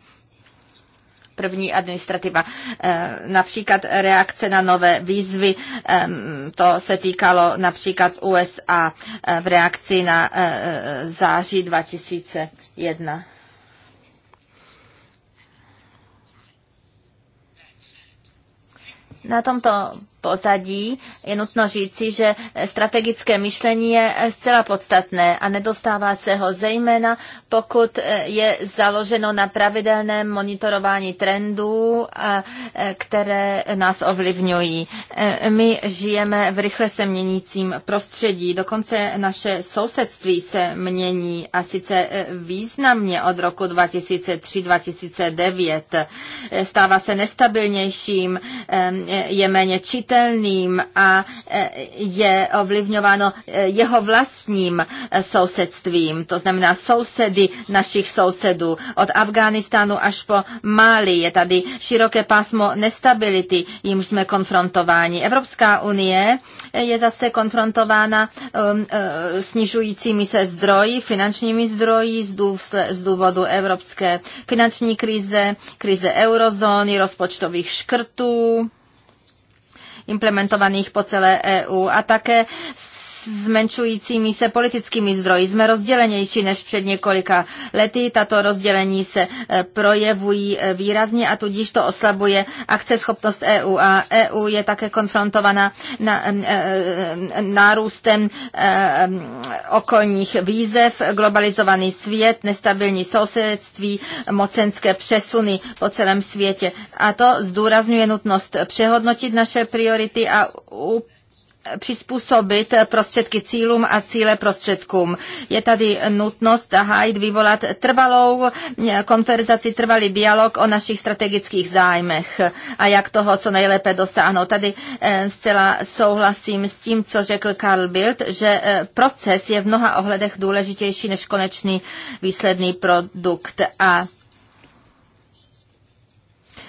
první administrativa. Eh, například reakce na nové výzvy, mm, to se týkalo například USA v reakci na září 2001. Na tomto pozadí je nutno říci, že strategické myšlení je zcela podstatné a nedostává se ho zejména, pokud je založeno na pravidelném monitorování trendů, které nás ovlivňují. My žijeme v rychle se měnícím prostředí, dokonce naše sousedství se mění a sice významně od roku 2003-2009. Stává se nestabilnějším, je méně čité, zřetelným a e, je ovlivňováno e, jeho vlastním e, sousedstvím, to znamená sousedy našich sousedů. Od Afghánistánu až po Mali je tady široké pásmo nestability, jimž jsme konfrontováni. Evropská unie je zase konfrontována um, snižujícími se zdroji, finančními zdroji z důvodu evropské finanční krize, krize eurozóny, rozpočtových škrtů implementovaných po celé EU a také zmenšujícími se politickými zdroji. Jsme rozdělenější než před několika lety. Tato rozdělení se e, projevují e, výrazně a tudíž to oslabuje akceschopnost EU. A EU je také konfrontovaná na, e, nárůstem okolních výzev, globalizovaný svět, nestabilní sousedství, mocenské přesuny po celém světě. A to zdůrazňuje nutnost přehodnotit naše priority a up přizpůsobit prostředky cílům a cíle prostředkům. Je tady nutnost zahájit, vyvolat trvalou eh, konverzaci, trvalý dialog o našich strategických zájmech a jak toho, co nejlépe dosáhnout. Tady eh, zcela souhlasím s tím, co řekl Karl Bild, že eh, proces je v mnoha ohledech důležitější než konečný výsledný produkt a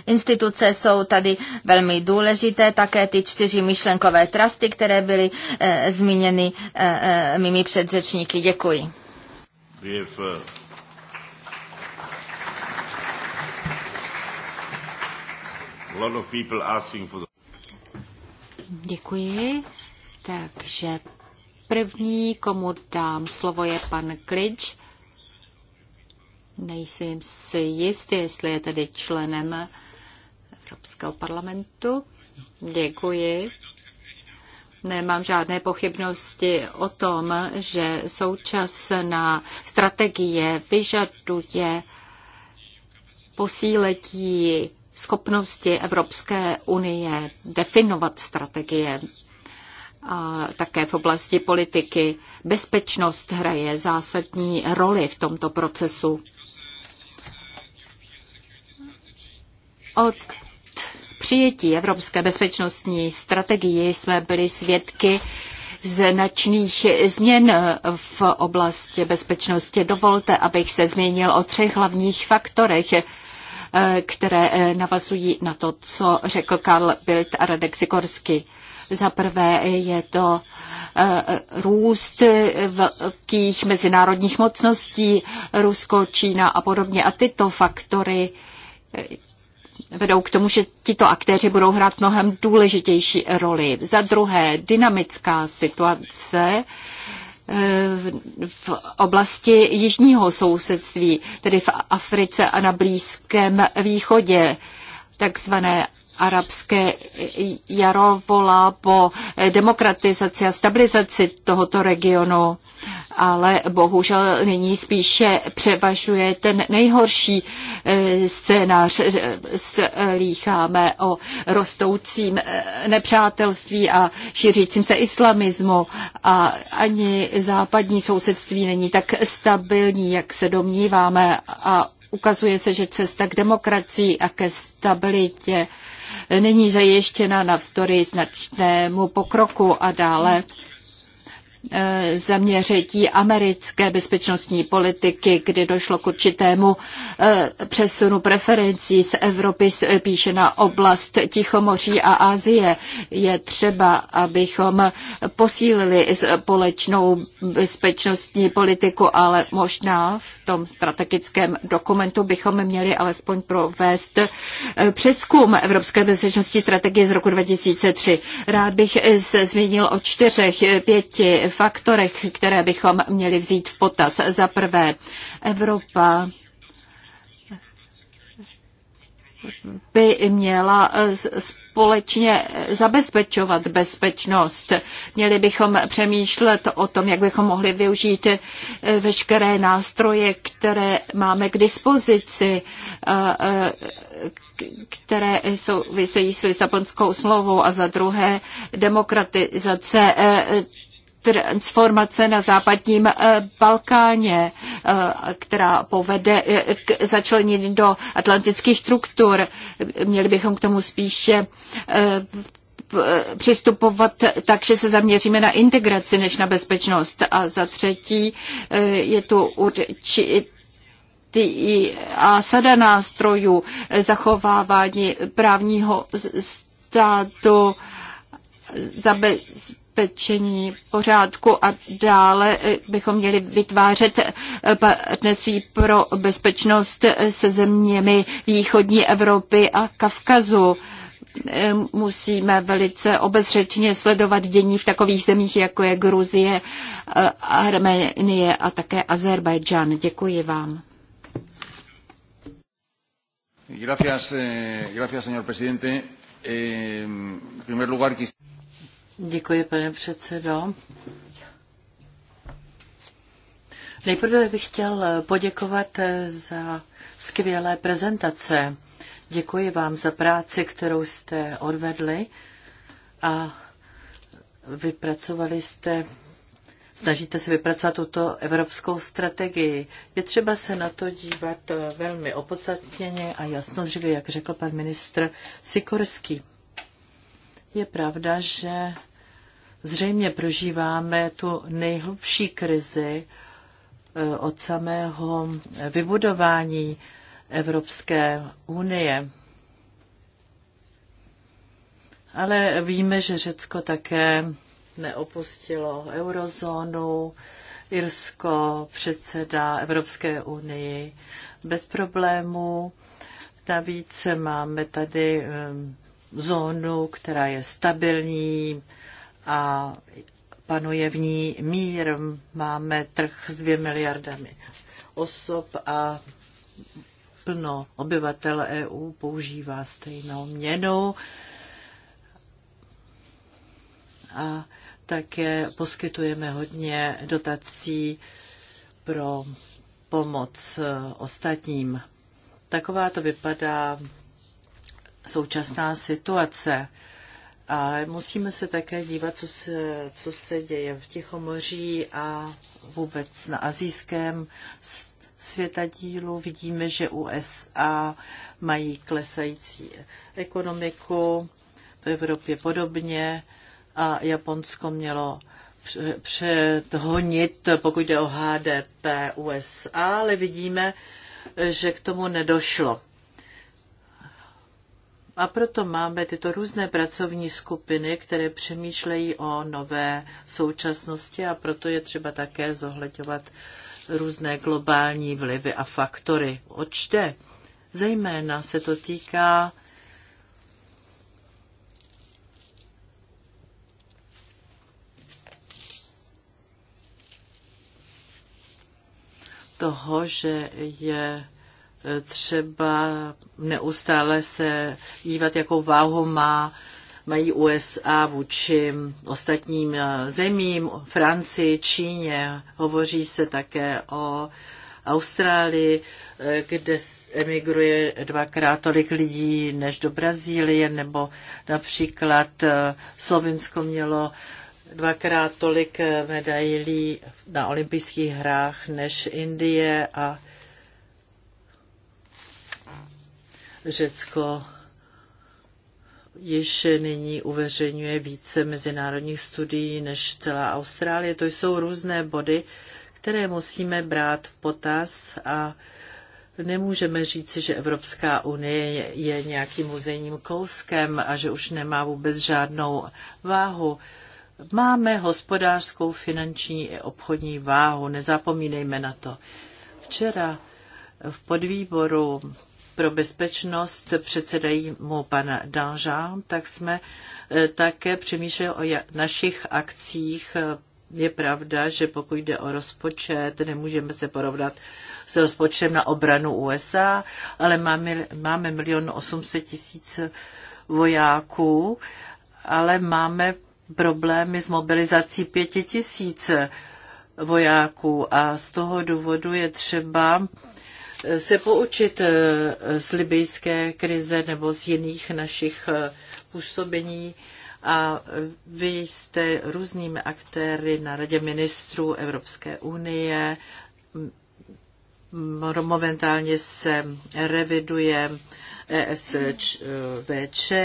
instituce jsou tady velmi důležité, také ty čtyři myšlenkové trusty, které byly e, zmíněny e, mými předřečníky. Děkuji. Uh, Děkuji. Takže první, komu dám slovo, je pan Klič. Nejsem si jistý, jestli je tedy členem Evropského parlamentu. Děkuji. Nemám žádné pochybnosti o tom, že současná strategie vyžaduje posíletí schopnosti Evropské unie definovat strategie. A také v oblasti politiky bezpečnost hraje zásadní roli v tomto procesu. Od přijetí Evropské bezpečnostní strategii jsme byli svědky značných změn v oblasti bezpečnosti. Dovolte, abych se změnil o třech hlavních faktorech, které navazují na to, co řekl Karl Bild a Radek Sikorsky. Za prvé je to eh, růst velkých mezinárodních mocností, Rusko, Čína a podobně. A tyto faktory vedou k tomu, že tito aktéři budou hrát mnohem důležitější roli. Za druhé, dynamická situace eh, v oblasti jižního sousedství, tedy v Africe a na Blízkém východě, takzvané arabské jaro volá po demokratizaci a stabilizaci tohoto regionu, ale bohužel nyní spíše převažuje ten nejhorší eh, scénář. Eh, slýcháme o rostoucím eh, nepřátelství a šířícím se islamismu a ani západní sousedství není tak stabilní, jak se domníváme a ukazuje se, že cesta k demokracii a ke stabilitě není zajištěna navzdory značnému pokroku a dále Eh, zaměření americké bezpečnostní politiky, kdy došlo k určitému eh, přesunu preferencí z Evropy spíše na oblast Tichomoří a Asie. Je třeba, abychom posílili společnou bezpečnostní politiku, ale možná v tom strategickém dokumentu bychom měli alespoň provést eh, přeskum Evropské bezpečnostní strategie z roku 2003. Rád bych se zmínil o čtyřech, pěti faktorech, které bychom měli vzít v potaz. Za prvé, Evropa by měla společně zabezpečovat bezpečnost. Měli bychom přemýšlet o tom, jak bychom mohli využít eh, veškeré nástroje, které máme k dispozici, které souvisejí s Lisabonskou smlouvou a za druhé demokratizace eh, transformace na západním eh, Balkáně, eh, která povede eh, k začlenění do atlantických struktur. Měli bychom k tomu spíše přistupovat tak, že se zaměříme na integraci než na bezpečnost. A za třetí je tu určitě a sada nástrojů zachovávání právního státu, zabezpečení zabezpečení pořádku a dále eh, bychom měli vytvářet eh, partnerství pro bezpečnost eh, se zeměmi východní Evropy a Kavkazu musíme velice obezřetně sledovat dění v takových zemích, jako je Gruzie, Arménie a také Azerbajdžán. Děkuji vám. Gracias, gracias, señor presidente. En primer lugar, Děkuji, pane předsedo. Nejprve bych chtěl poděkovat za skvělé prezentace. Děkuji vám za práci, kterou jste odvedli a vypracovali jste, snažíte se vypracovat tuto evropskou strategii. Je třeba se na to dívat velmi opodstatněně a jasnozřivě, jak řekl pan ministr Sikorský. Je pravda, že zřejmě prožíváme tu nejhlubší krizi eh, od samého vybudování Evropské unie. Ale víme, že Řecko také neopustilo eurozónu, Irsko předsedá Evropské unii bez problémů. Navíc máme tady um, zónu, která je stabilní a panuje v ní mír. Máme trh s dvě miliardami osob a plno obyvatel EU používá stejnou měnu a také poskytujeme hodně dotací pro pomoc ostatním. Taková to vypadá současná situace. Ale musíme se také dívat, co se, co se děje v Tichomoří a vůbec na azijském světadílu. Vidíme, že USA mají klesající ekonomiku, v Evropě podobně a Japonsko mělo předhonit, pokud jde o HDP USA, ale vidíme, že k tomu nedošlo. A proto máme tyto různé pracovní skupiny, které přemýšlejí o nové současnosti a proto je třeba také zohledňovat různé globální vlivy a faktory. Oč jde? Zejména se to týká toho, že je třeba neustále se dívat, jakou váhu má mají USA vůči ostatním eh, zemím, Francii, Číně. Hovoří se také o Austrálii, eh, kde emigruje dvakrát tolik lidí než do Brazílie, nebo například eh, Slovinsko mělo dvakrát tolik medailí na olympijských hrách než Indie a Řecko již nyní uveřejňuje více mezinárodních studií než celá Austrálie. To jsou různé body, které musíme brát v potaz a nemůžeme říci, že Evropská unie je nějakým muzejním kouskem a že už nemá vůbec žádnou váhu. Máme hospodářskou, finanční i obchodní váhu, nezapomínejme na to. Včera v podvýboru pro bezpečnost předsedají mu pan Danžán, tak jsme eh, také přemýšleli o našich akcích. Eh, je pravda, že pokud jde o rozpočet, nemůžeme se porovnat s rozpočtem na obranu USA, ale máme, máme milion 800 tisíc vojáků, ale máme problémy s mobilizací pěti tisíc vojáků a z toho důvodu je třeba se poučit eh, z libijské krize nebo z jiných našich eh, působení a eh, vy jste různými aktéry na Radě ministrů Evropské unie. Momentálně se reviduje ESVČ.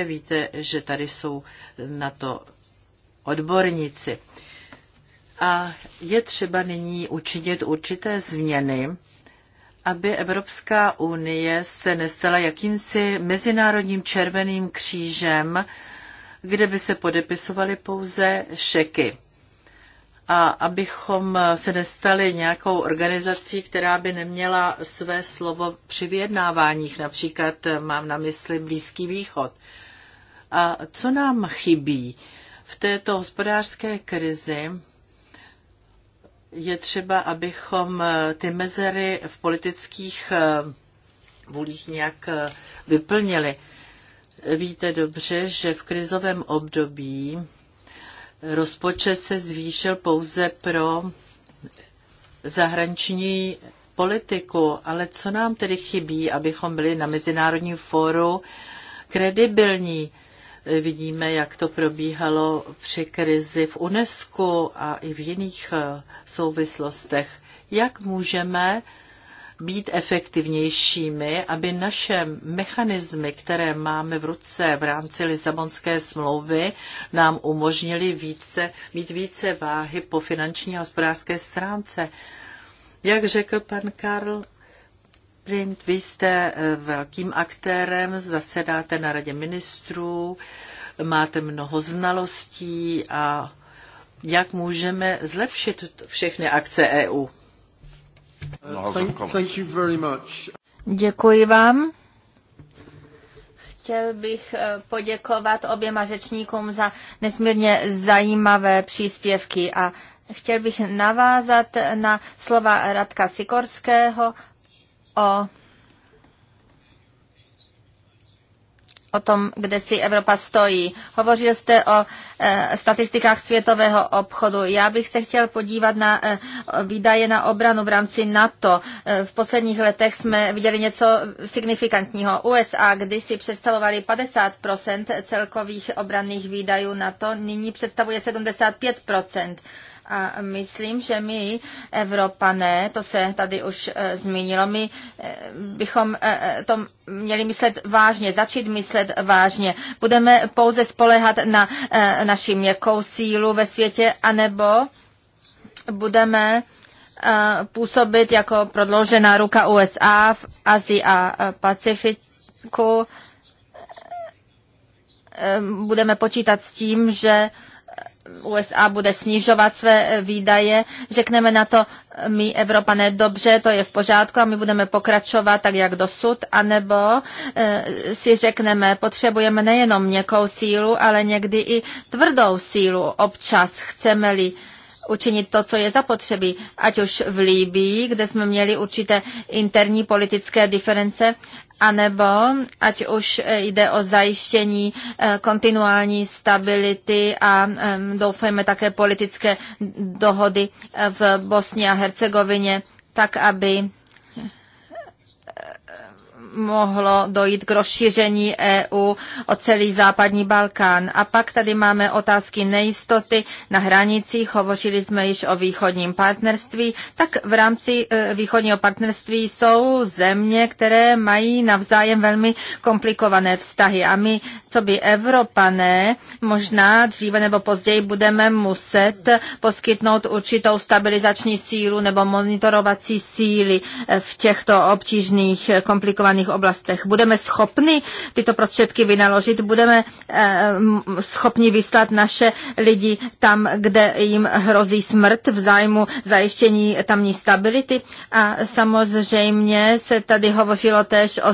Víte, že tady jsou na to odborníci. A je třeba nyní učinit určité změny aby Evropská unie se nestala jakýmsi mezinárodním červeným křížem, kde by se podepisovaly pouze šeky. A abychom se nestali nějakou organizací, která by neměla své slovo při vyjednáváních, například mám na mysli Blízký východ. A co nám chybí v této hospodářské krizi? je třeba, abychom eh, ty mezery v politických eh, vůlích nějak eh, vyplnili. Víte dobře, že v krizovém období rozpočet se zvýšil pouze pro zahraniční politiku, ale co nám tedy chybí, abychom byli na Mezinárodním fóru kredibilní? Vidíme, jak to probíhalo při krizi v UNESCO a i v jiných eh, souvislostech. Jak můžeme být efektivnějšími, aby naše mechanismy, které máme v ruce v rámci Lisabonské smlouvy, nám umožnili více, mít více váhy po finanční a hospodářské stránce. Jak řekl pan Karl, Sprint. vy jste eh, velkým aktérem, zasedáte na radě ministrů, máte mnoho znalostí a jak můžeme zlepšit všechny akce EU? Děkuji vám. Chtěl bych eh, poděkovat oběma řečníkům za nesmírně zajímavé příspěvky a chtěl bych navázat na slova Radka Sikorského o o tom, kde si Evropa stojí. Hovořil jste o e, statistikách světového obchodu. Já bych se chtěl podívat na e, výdaje na obranu v rámci NATO. E, v posledních letech jsme viděli něco signifikantního. USA kdysi představovali 50 celkových obranných výdajů NATO, nyní představuje 75 a myslím, že my, Evropané, to se tady už e, zmínilo, my e, bychom e, to měli myslet vážně, začít myslet vážně. Budeme pouze spolehat na e, naši měkkou sílu ve světě, anebo budeme e, působit jako prodloužená ruka USA v Azii a Pacifiku. E, budeme počítat s tím, že e, USA bude snižovat své eh, výdaje, řekneme na to, my ne. dobře, to je v pořádku a my budeme pokračovat tak, jak dosud, anebo e, eh, si řekneme, potřebujeme nejenom měkkou sílu, ale někdy i tvrdou sílu občas, chceme-li e, učinit to, co je zapotřebí, ať už v Líbii, kde jsme měli určité interní politické diference, anebo ať už eh, jde o zajištění eh, kontinuální stability a doufejme také politické dohody eh, v Bosně a Hercegovině, tak aby mohlo dojít k rozšíření EU o celý západní Balkán. A pak tady máme otázky nejistoty na hranicích, hovořili jsme již o východním partnerství, tak v rámci e, východního partnerství jsou země, které mají navzájem velmi komplikované vztahy a my, co by Evropané, možná dříve nebo později budeme muset poskytnout určitou stabilizační sílu nebo monitorovací síly e, v těchto obtížných komplikovaných sociálních oblastech. Budeme schopni tyto prostředky vynaložit, budeme eh, schopni vyslat naše lidi tam, kde jim hrozí smrt v zájmu zajištění tamní stability. A samozřejmě se tady hovořilo tež o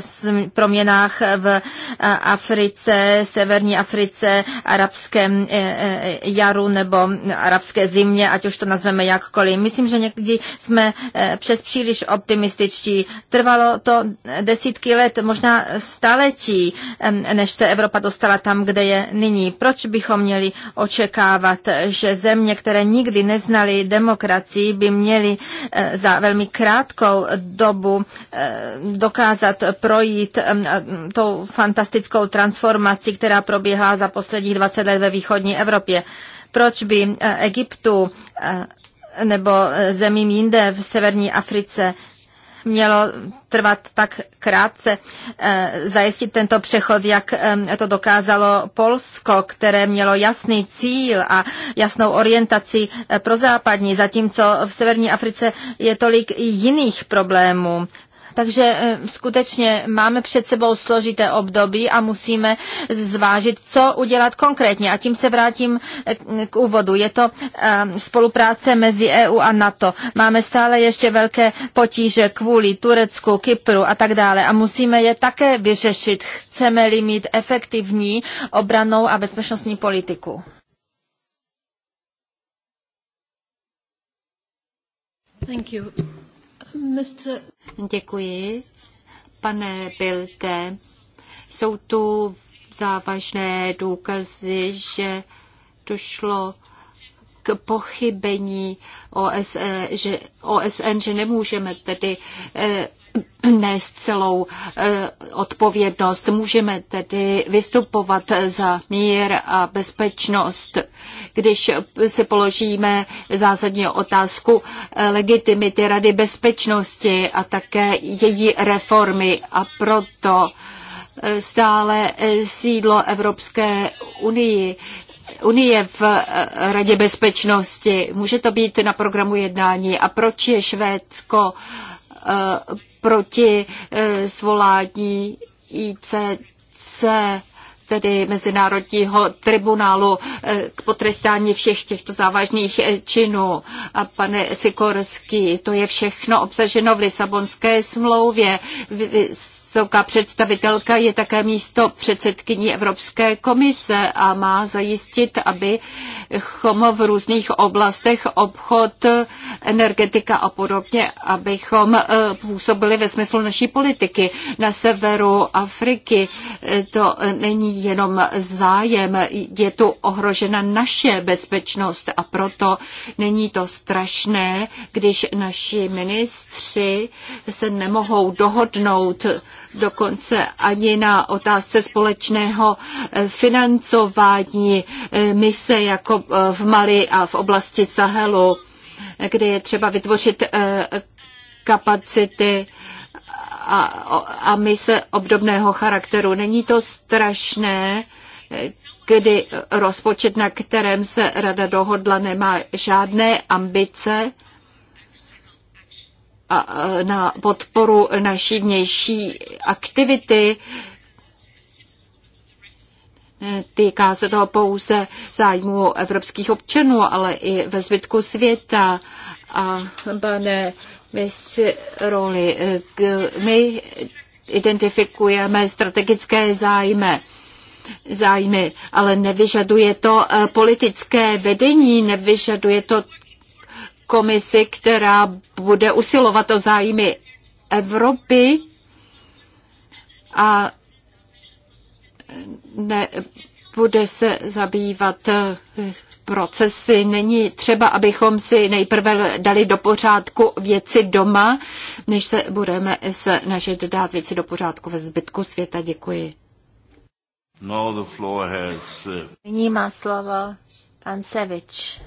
proměnách v eh, Africe, Severní Africe, arabském eh, jaru nebo arabské zimě, ať už to nazveme jakkoliv. Myslím, že někdy jsme přes příliš optimističtí. Trvalo to desítky desítky let, možná staletí, než se Evropa dostala tam, kde je nyní. Proč bychom měli očekávat, že země, které nikdy neznaly demokracii, by měly eh, za velmi krátkou dobu eh, dokázat projít tou fantastickou transformací, která probíhá za posledních 20 let ve východní Evropě. Proč by eh, Egyptu nebo zemím jinde v severní Africe mělo trvat tak krátce eh, zajistit tento přechod, jak eh, to dokázalo Polsko, které mělo jasný cíl a jasnou orientaci eh, pro západní, zatímco v severní Africe je tolik jiných problémů. Takže eh, skutečně máme před sebou složité období a musíme zvážit, co udělat konkrétně. A tím se vrátím eh, k úvodu. Je to eh, spolupráce mezi EU a NATO. Máme stále ještě velké potíže kvůli Turecku, Kypru a tak dále a musíme je také vyřešit. Chceme-li mít efektivní obranou a bezpečnostní politiku. Thank you. Mr. Děkuji. Pane Bilte, jsou tu závažné důkazy, že došlo k pochybení OSN, e, že, OSN, že nemůžeme tedy eh, nést celou eh, odpovědnost. Můžeme tedy vystupovat za mír a bezpečnost, když si položíme zásadní otázku eh, legitimity Rady bezpečnosti a také její reformy. A proto eh, stále sídlo Evropské unii Unie v Radě bezpečnosti. Může to být na programu jednání. A proč je Švédsko Eh, proti eh, svolání ICC tedy Mezinárodního tribunálu eh, k potrestání všech těchto závažných činů. A pane Sikorský, to je všechno obsaženo v Lisabonské smlouvě. Vy Vysoká představitelka je také místo předsedkyní Evropské komise a má zajistit, abychom v různých oblastech obchod, energetika a podobně, abychom eh, působili ve smyslu naší politiky. Na severu Afriky eh, to není jenom zájem, je tu ohrožena naše bezpečnost a proto není to strašné, když naši ministři se nemohou dohodnout dokonce ani na otázce společného eh, financování eh, mise jako eh, v Mali a v oblasti Sahelu, kde je třeba vytvořit kapacity a, a mise obdobného charakteru. Není to strašné, kdy rozpočet, na kterém se rada dohodla, nemá žádné ambice a na podporu naší vnější aktivity. Týká se toho pouze zájmu evropských občanů, ale i ve zbytku světa. A pane roli, my identifikujeme strategické zájmy zájmy, ale nevyžaduje to eh, politické vedení, nevyžaduje to komisi, která bude usilovat o zájmy Evropy a ne, bude se zabývat eh, procesy. Není třeba, abychom si nejprve dali do pořádku věci doma, než se budeme snažit dát věci do pořádku ve zbytku světa. Děkuji. No, the floor eh, Nyní má slovo pan Sevič.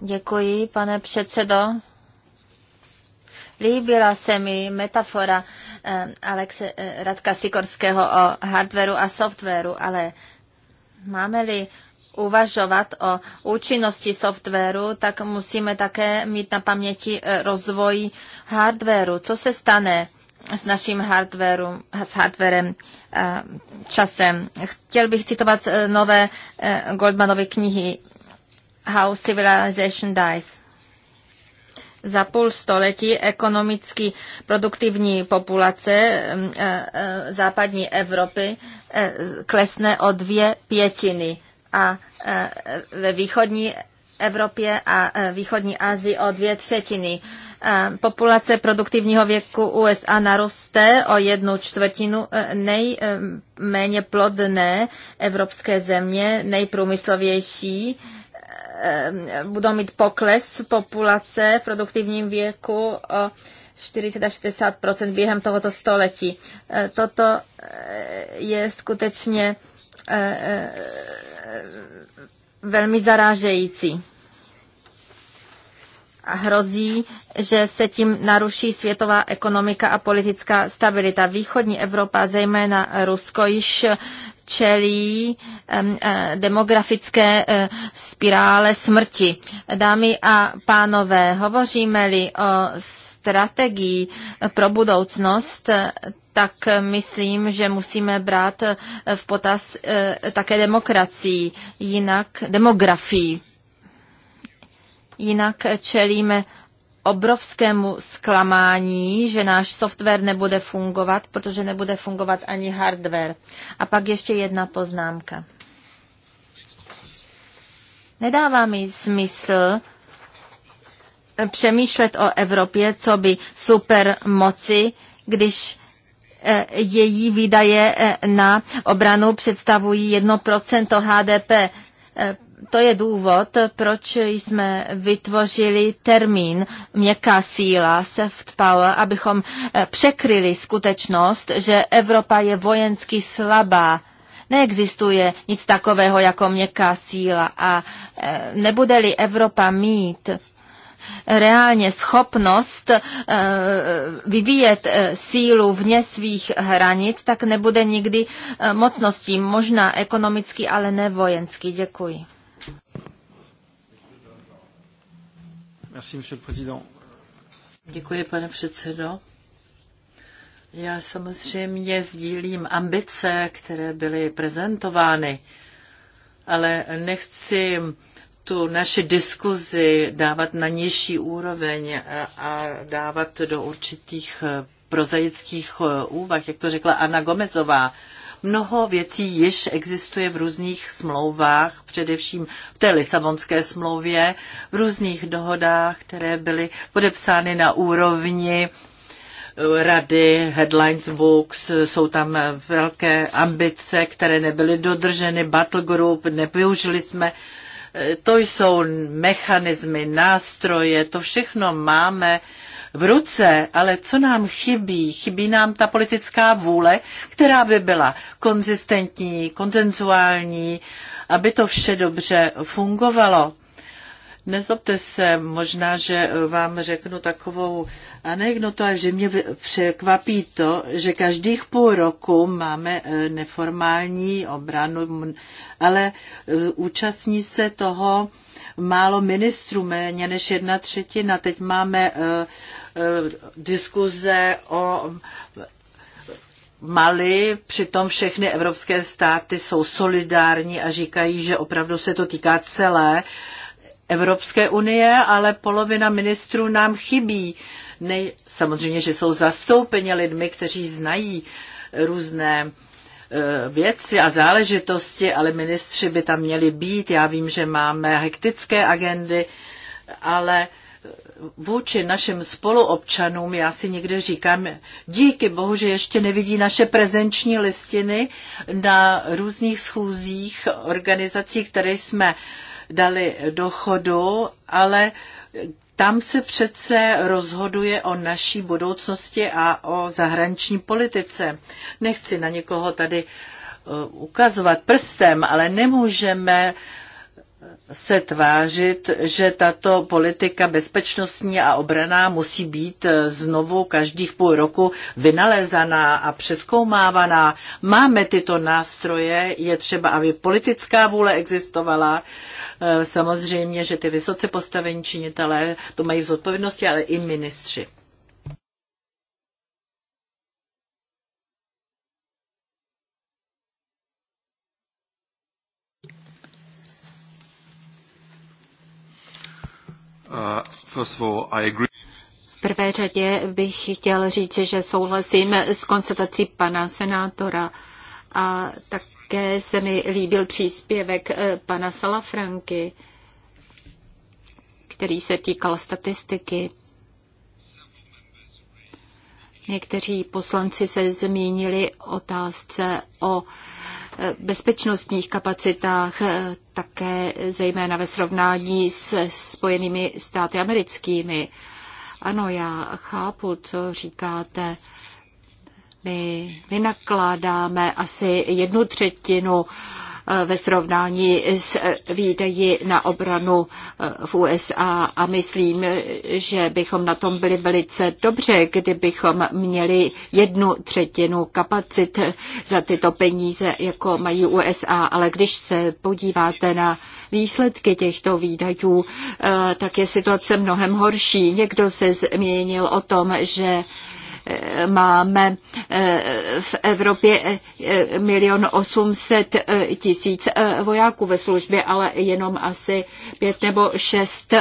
Děkuji, pane předsedo. Líbila se mi metafora eh, Alexe, eh, Radka Sikorského o hardwareu a softwaru, ale máme-li uvažovat o účinnosti softwaru, tak musíme také mít na paměti eh, rozvoj hardwaru. Co se stane s naším hardwarem, s hardwarem? Eh, časem. Chtěl bych citovat eh, nové eh, Goldmanovy knihy How Civilization Dies. Za půl století ekonomicky produktivní populace mm, západní Evropy klesne o dvě pětiny a ve východní Evropě a východní Asii o dvě třetiny populace produktivního věku USA naroste o jednu čtvrtinu e, nejméně plodné evropské země, nejprůmyslovější, e, budou mít pokles populace v produktivním věku o 40 až 60 během tohoto století. E, toto je skutečně velmi zarážející hrozí, že se tím naruší světová ekonomika a politická stabilita. Východní Evropa, zejména Rusko, již čelí eh, demografické eh, spirále smrti. Dámy a pánové, hovoříme-li o strategii pro budoucnost, tak myslím, že musíme brát v potaz eh, také demokracii, jinak demografii. Jinak čelíme obrovskému zklamání, že náš software nebude fungovat, protože nebude fungovat ani hardware. A pak ještě jedna poznámka. Nedává mi smysl přemýšlet o Evropě, co by supermoci, když eh, její výdaje eh, na obranu představují 1% HDP eh, to je důvod, proč jsme vytvořili termín měkká síla, soft power, abychom eh, překryli skutečnost, že Evropa je vojensky slabá. Neexistuje nic takového jako měkká síla a eh, nebude-li Evropa mít eh, reálně schopnost vyvíjet sílu vně svých hranic, tak nebude nikdy mocností, možná ekonomicky, ale ne vojensky. Děkuji. Merci, monsieur le président. Děkuji, pane předsedo. Já samozřejmě sdílím ambice, které byly prezentovány, ale nechci tu naši diskuzi dávat na nižší úroveň a dávat do určitých prozaických úvah, jak to řekla Anna Gomezová. Mnoho věcí již existuje v různých smlouvách, především v té Lisabonské smlouvě, v různých dohodách, které byly podepsány na úrovni eh, rady, headlines books, jsou tam velké ambice, které nebyly dodrženy, battle group, nevyužili jsme. Eh, to jsou mechanismy, nástroje, to všechno máme v ruce, ale co nám chybí? Chybí nám ta politická vůle, která by byla konzistentní, konzenzuální, aby to vše dobře fungovalo. Nezlobte se, možná, že vám řeknu takovou anekdotu, ale že mě překvapí to, že každých půl roku máme eh, neformální obranu, ale eh, účastní se toho málo ministrů, méně než jedna třetina. Teď máme eh, eh, diskuze o Mali, přitom všechny evropské státy jsou solidární a říkají, že opravdu se to týká celé Evropské unie, ale polovina ministrů nám chybí. samozřejmě, že jsou zastoupeni lidmi, kteří znají různé E, věci a záležitosti, ale ministři by tam měli být. Já vím, že máme hektické agendy, ale vůči našim spoluobčanům, já si někde říkám, díky bohu, že ještě nevidí naše prezenční listiny na různých schůzích organizací, které jsme dali do chodu, ale tam se přece rozhoduje o naší budoucnosti a o zahraniční politice. Nechci na někoho tady eh, ukazovat prstem, ale nemůžeme eh, se tvářit, že tato politika bezpečnostní a obraná musí být eh, znovu každých půl roku vynalezaná a přeskoumávaná. Máme tyto nástroje, je třeba, aby politická vůle existovala, Eh, samozřejmě, že ty vysoce postavení činitelé to mají v zodpovědnosti, ale i ministři. Uh, v prvé řadě bych chtěl říct, že souhlasím s konstatací pana senátora a tak také se mi líbil příspěvek eh, pana Salafranky, který se týkal statistiky. Někteří poslanci se zmínili otázce o eh, bezpečnostních kapacitách, eh, také zejména ve srovnání s Spojenými státy americkými. Ano, já chápu, co říkáte. My vynakládáme asi jednu třetinu eh, ve srovnání s eh, výdaji na obranu eh, v USA a myslím, že bychom na tom byli velice dobře, kdybychom měli jednu třetinu kapacit za tyto peníze, jako mají USA, ale když se podíváte na výsledky těchto výdajů, tak je situace mnohem horší. Někdo se zmínil o tom, že Máme eh, v Evropě eh, milion 800 eh, tisíc vojáků ve službě, ale jenom asi 5 nebo 6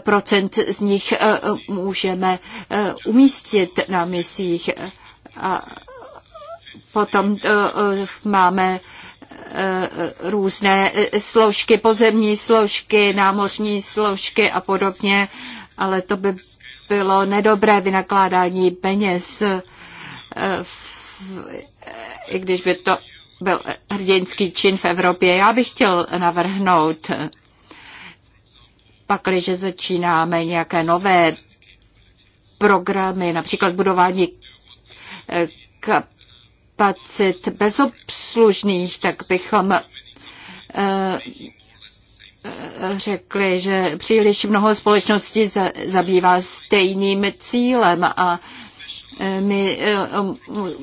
procent z nich můžeme umístit na misích. A potom máme různé složky, pozemní složky, námořní složky a podobně, ale to by bylo nedobré vynakládání peněz, eh, i když by to byl hrdinský čin v Evropě. Já bych chtěl navrhnout, pakliže začínáme nějaké nové programy, například budování eh, kapacit bezobslužných, tak bychom eh, řekli, že příliš mnoho společností zabývá stejným cílem a e, my e,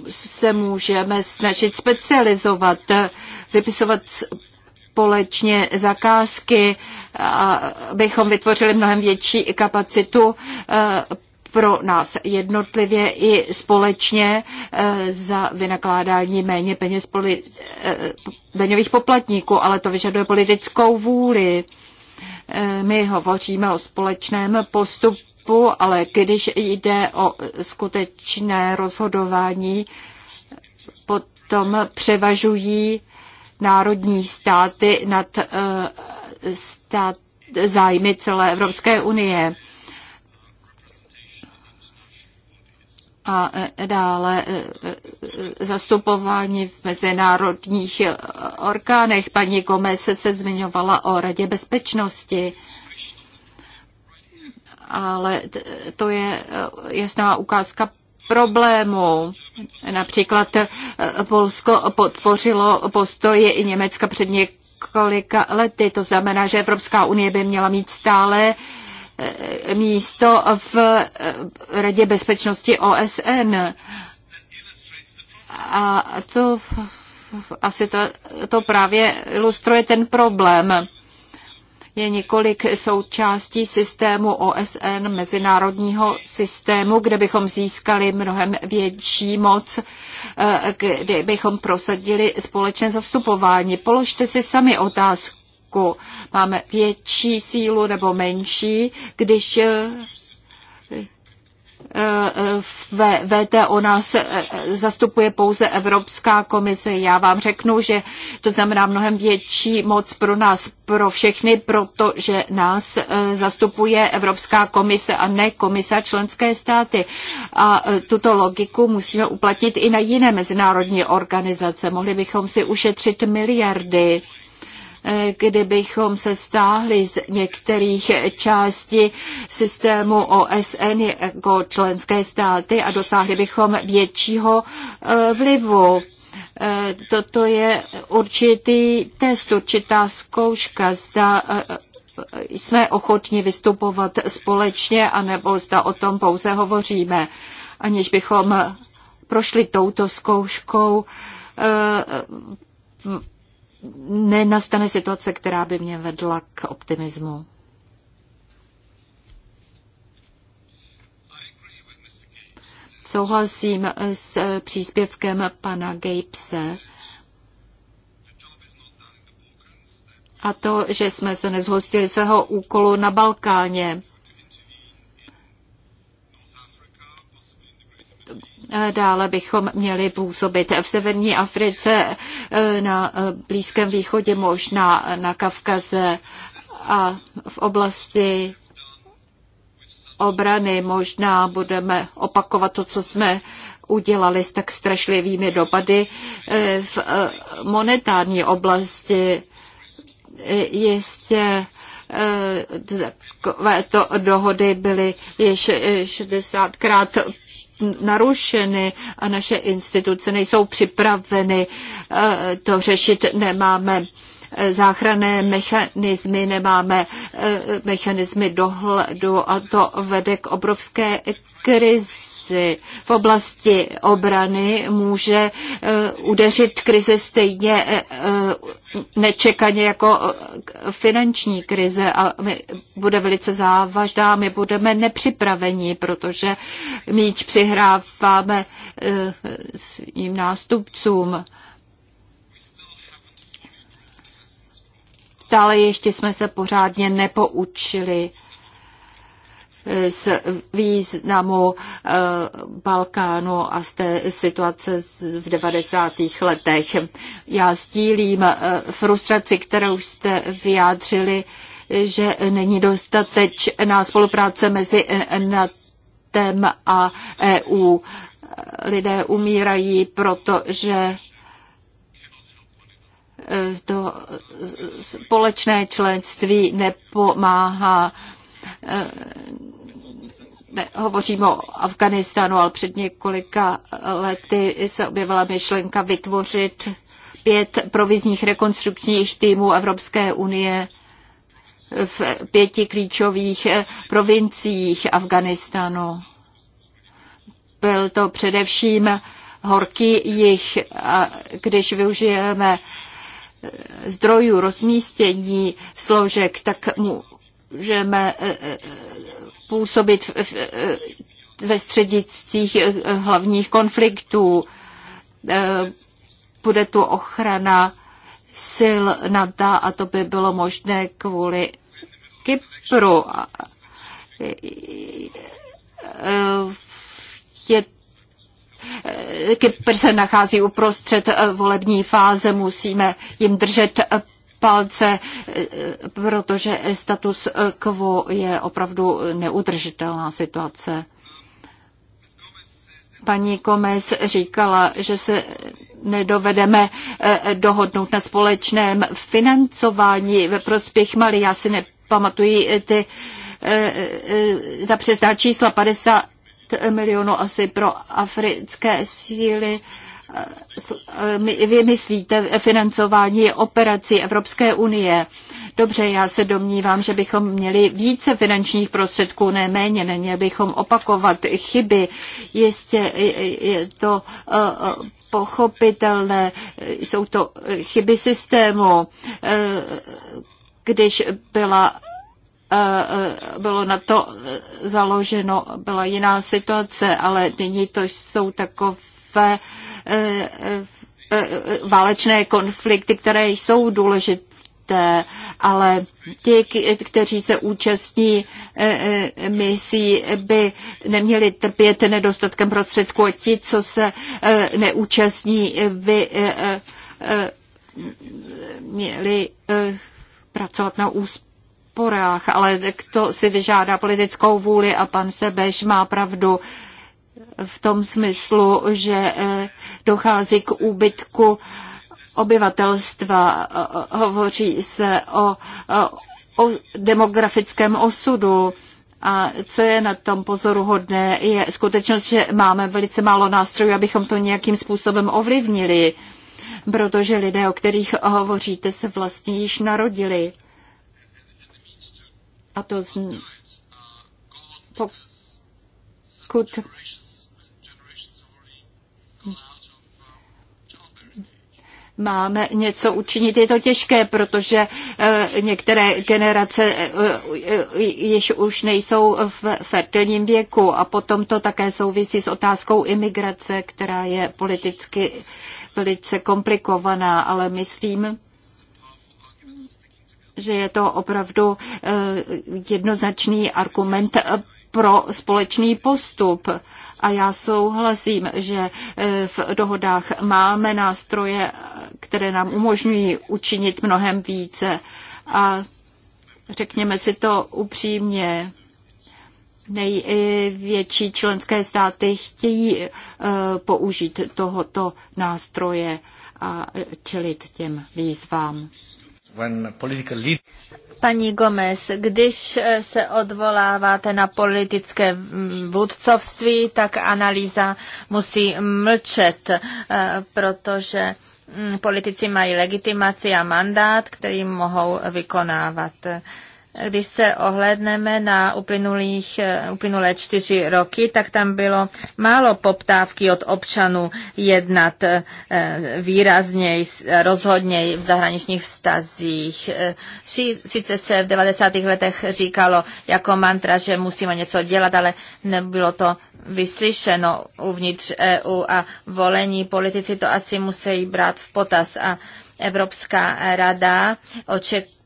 se můžeme snažit specializovat, vypisovat společně zakázky, abychom vytvořili mnohem větší kapacitu e, pro nás jednotlivě i společně eh, za vynakládání méně peněz poli, eh, daňových poplatníků, ale to vyžaduje politickou vůli. Eh, my hovoříme o společném postupu, ale když jde o skutečné rozhodování, potom převažují národní státy nad stát, zájmy celé Evropské unie. a e, dále e, e, zastupování v mezinárodních orgánech. Paní Gomez se zmiňovala o Radě bezpečnosti, ale to je jasná ukázka problému. Například Polsko podpořilo postoje i Německa před několika lety. To znamená, že Evropská unie by měla mít stále uh, Eh, místo v eh, Radě bezpečnosti OSN. A to asi to, to právě ilustruje ten problém. Je několik součástí systému OSN, mezinárodního systému, kde bychom získali mnohem větší moc, eh, kdybychom prosadili společné zastupování. Položte si sami otázku roku. Máme větší sílu nebo menší, když eh, eh, ve VTO nás eh, zastupuje pouze Evropská komise. Já vám řeknu, že to znamená mnohem větší moc pro nás, pro všechny, protože nás zastupuje Evropská komise a ne komisa členské státy. A tuto logiku musíme uplatnit i na jiné mezinárodní organizace. Mohli bychom si ušetřit miliardy kdybychom se stáhli z některých částí systému OSN jako členské státy a dosáhli bychom většího eh, vlivu. Eh, toto je určitý test, určitá zkouška, zda eh, jsme ochotni vystupovat společně, anebo zda o tom pouze hovoříme, aniž bychom prošli touto zkouškou nenastane situace, která by mě vedla k optimismu. Souhlasím s příspěvkem pana Gapese a to, že jsme se nezhostili svého úkolu na Balkáně. Dále bychom měli působit v severní Africe, eh, na eh, Blízkém východě, možná na Kavkaze a v oblasti obrany možná budeme opakovat to, co jsme udělali s tak strašlivými dopady eh, v monetární oblasti. Jistě to dohody byly již 60krát narušeny a naše instituce nejsou připraveny eh, to řešit. Nemáme záchranné mechanismy, nemáme eh, mechanismy dohledu a to vede k obrovské krizi krizi v oblasti obrany může eh, udeřit krize stejně eh, eh, nečekaně jako finanční krize a bude velice závažná. My budeme nepřipraveni, protože míč přihráváme svým nástupcům. Stále ještě jsme se pořádně nepoučili z významu eh, Balkánu a z té situace v 90. letech. Já sdílím eh, frustraci, kterou jste vyjádřili, že není dostatečná spolupráce mezi NATEM a EU. Lidé umírají, protože eh, to společné členství nepomáhá hovoříme o Afganistánu, ale před několika lety se objevila myšlenka vytvořit pět provizních rekonstrukčních týmů Evropské unie v pěti klíčových provinciích Afganistánu. Byl to především horký jich, když využijeme zdrojů rozmístění složek, tak můžeme působit ve středicích eh, hlavních konfliktů. Eh, bude tu ochrana sil NATO a to by bylo možné kvůli Kypru. Eh, je Kypr se nachází uprostřed volební fáze, musíme jim držet palce, protože status quo je opravdu neudržitelná situace. Paní Komes říkala, že se nedovedeme eh, dohodnout na společném financování ve prospěch malých. Já si nepamatuji eh, ty, eh, ta přesná čísla 50 milionů asi pro africké síly. Eh, vymyslíte financování operací Evropské unie. Dobře, já se domnívám, že bychom měli více finančních prostředků, ne méně, neměli bychom opakovat chyby. Jistě je to eh, pochopitelné, jsou to eh, chyby systému. Když byla bylo na to založeno, byla jiná situace, ale nyní to jsou takové Eh, eh, eh, válečné konflikty, které jsou důležité, ale ti, kteří se účastní misí, by neměli trpět nedostatkem prostředků a ti, co se neúčastní, by měli pracovat na úsporách, ale to si vyžádá politickou vůli a pan Sebeš má pravdu v tom smyslu, že eh, dochází k úbytku obyvatelstva. Eh, hovoří se o, o, eh, o demografickém osudu. A co je na tom pozoruhodné, je skutečnost, že máme velice málo nástrojů, abychom to nějakým způsobem ovlivnili, protože lidé, o kterých hovoříte, se vlastně již narodili. A to z... pokud máme něco učinit. Je to těžké, protože eh, některé generace eh, eh, již už nejsou v fertilním věku a potom to také souvisí s otázkou imigrace, která je politicky velice komplikovaná, ale myslím, že je to opravdu jednoznačný argument pro společný postup. A já souhlasím, že e, v dohodách máme nástroje, které nám umožňují učinit mnohem více. A řekněme si to upřímně, největší členské státy chtějí e, použít tohoto nástroje a čelit těm výzvám. Paní Gomez, když eh, se odvoláváte na politické mm, vůdcovství, tak analýza musí mlčet, eh, protože mm, politici mají legitimaci a mandát, který mohou vykonávat. Když se ohledneme na uplynulých, eh, uplynulé čtyři roky, tak tam bylo málo poptávky od občanů jednat eh, výrazněji, rozhodněji v zahraničních vztazích. Eh, sice se v 90. letech říkalo jako mantra, že musíme něco dělat, ale nebylo to vyslyšeno uvnitř EU a volení politici to asi musí brát v potaz a Evropská rada očekává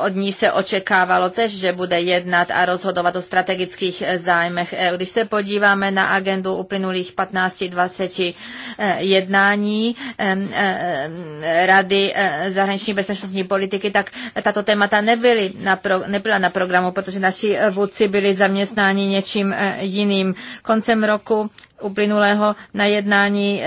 od ní se očekávalo tež, že bude jednat a rozhodovat o strategických eh, zájmech EU. Když se podíváme na agendu uplynulých 15-20 eh, jednání eh, Rady zahraniční bezpečnostní politiky, tak tato témata nebyly na pro, nebyla na programu, protože naši vůdci byli zaměstnáni něčím jiným. Koncem roku uplynulého na jednání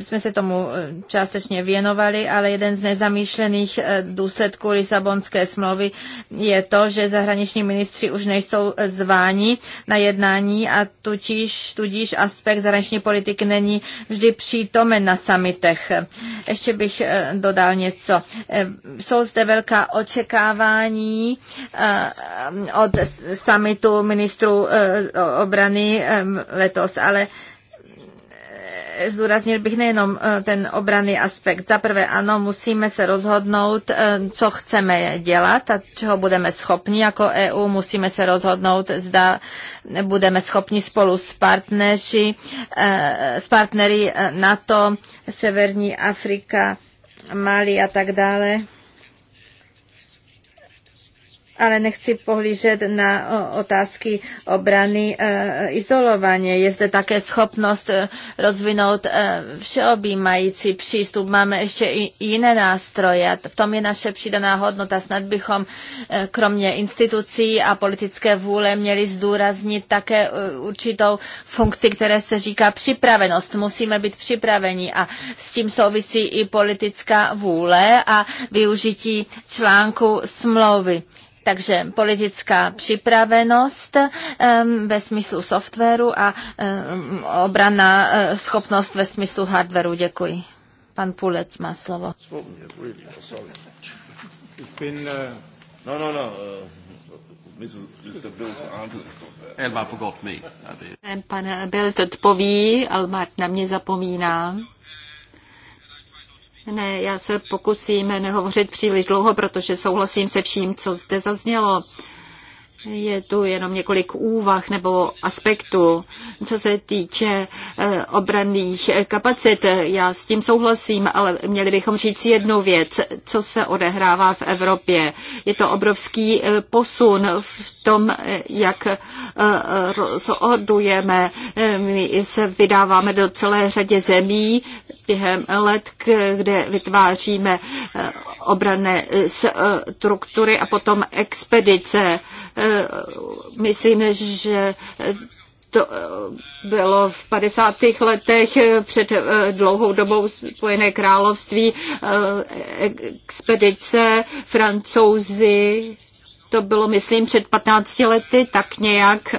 jsme se tomu částečně věnovali, ale jeden z nezamýšlených důsledků Lisabonské smlouvy je to, že zahraniční ministři už nejsou zváni na jednání a tudíž, tudíž aspekt zahraniční politiky není vždy přítomen na samitech. Ještě bych eh, dodal něco. Eh, jsou zde velká očekávání eh, od samitu ministrů obrany letos, ale zdůraznil bych nejenom eh, ten obranný aspekt. Za prvé, ano, musíme se rozhodnout, eh, co chceme dělat a čeho budeme schopni jako EU. Musíme se rozhodnout, zda budeme schopni spolu s, partneři, eh, s partnery NATO, Severní Afrika, Mali a tak dále ale nechci pohlížet na otázky obrany e, izolovaně. Je zde také schopnost e, rozvinout e, všeobjímající přístup. Máme ještě i jiné nástroje. V tom je naše přidaná hodnota. Snad bychom kromě institucí a politické vůle měli zdůraznit také určitou funkci, které se říká připravenost. Musíme být připraveni a s tím souvisí i politická vůle a využití článku smlouvy. Takže politická připravenost eh, ve smyslu softwaru a eh, obrana eh, schopnost ve smyslu hardwaru. Děkuji. Pan Pulec má slovo. No, no, no. Elmar forgot me. Pan Bill odpoví, Elmar na mě zapomíná. Ne, já se pokusím nehovořit příliš dlouho, protože souhlasím se vším, co zde zaznělo. Je tu jenom několik úvah nebo aspektů, co se týče eh, obranných kapacit. Já s tím souhlasím, ale měli bychom říct jednu věc, co se odehrává v Evropě. Je to obrovský eh, posun v tom, eh, jak rozhodujeme. My se vydáváme do celé řadě zemí během let, kde vytváříme obranné struktury a potom expedice Eh, myslím, že to eh, bylo v 50. letech eh, před dlouhou dobou Spojené království expedice francouzi. To bylo, myslím, před 15 lety, tak nějak.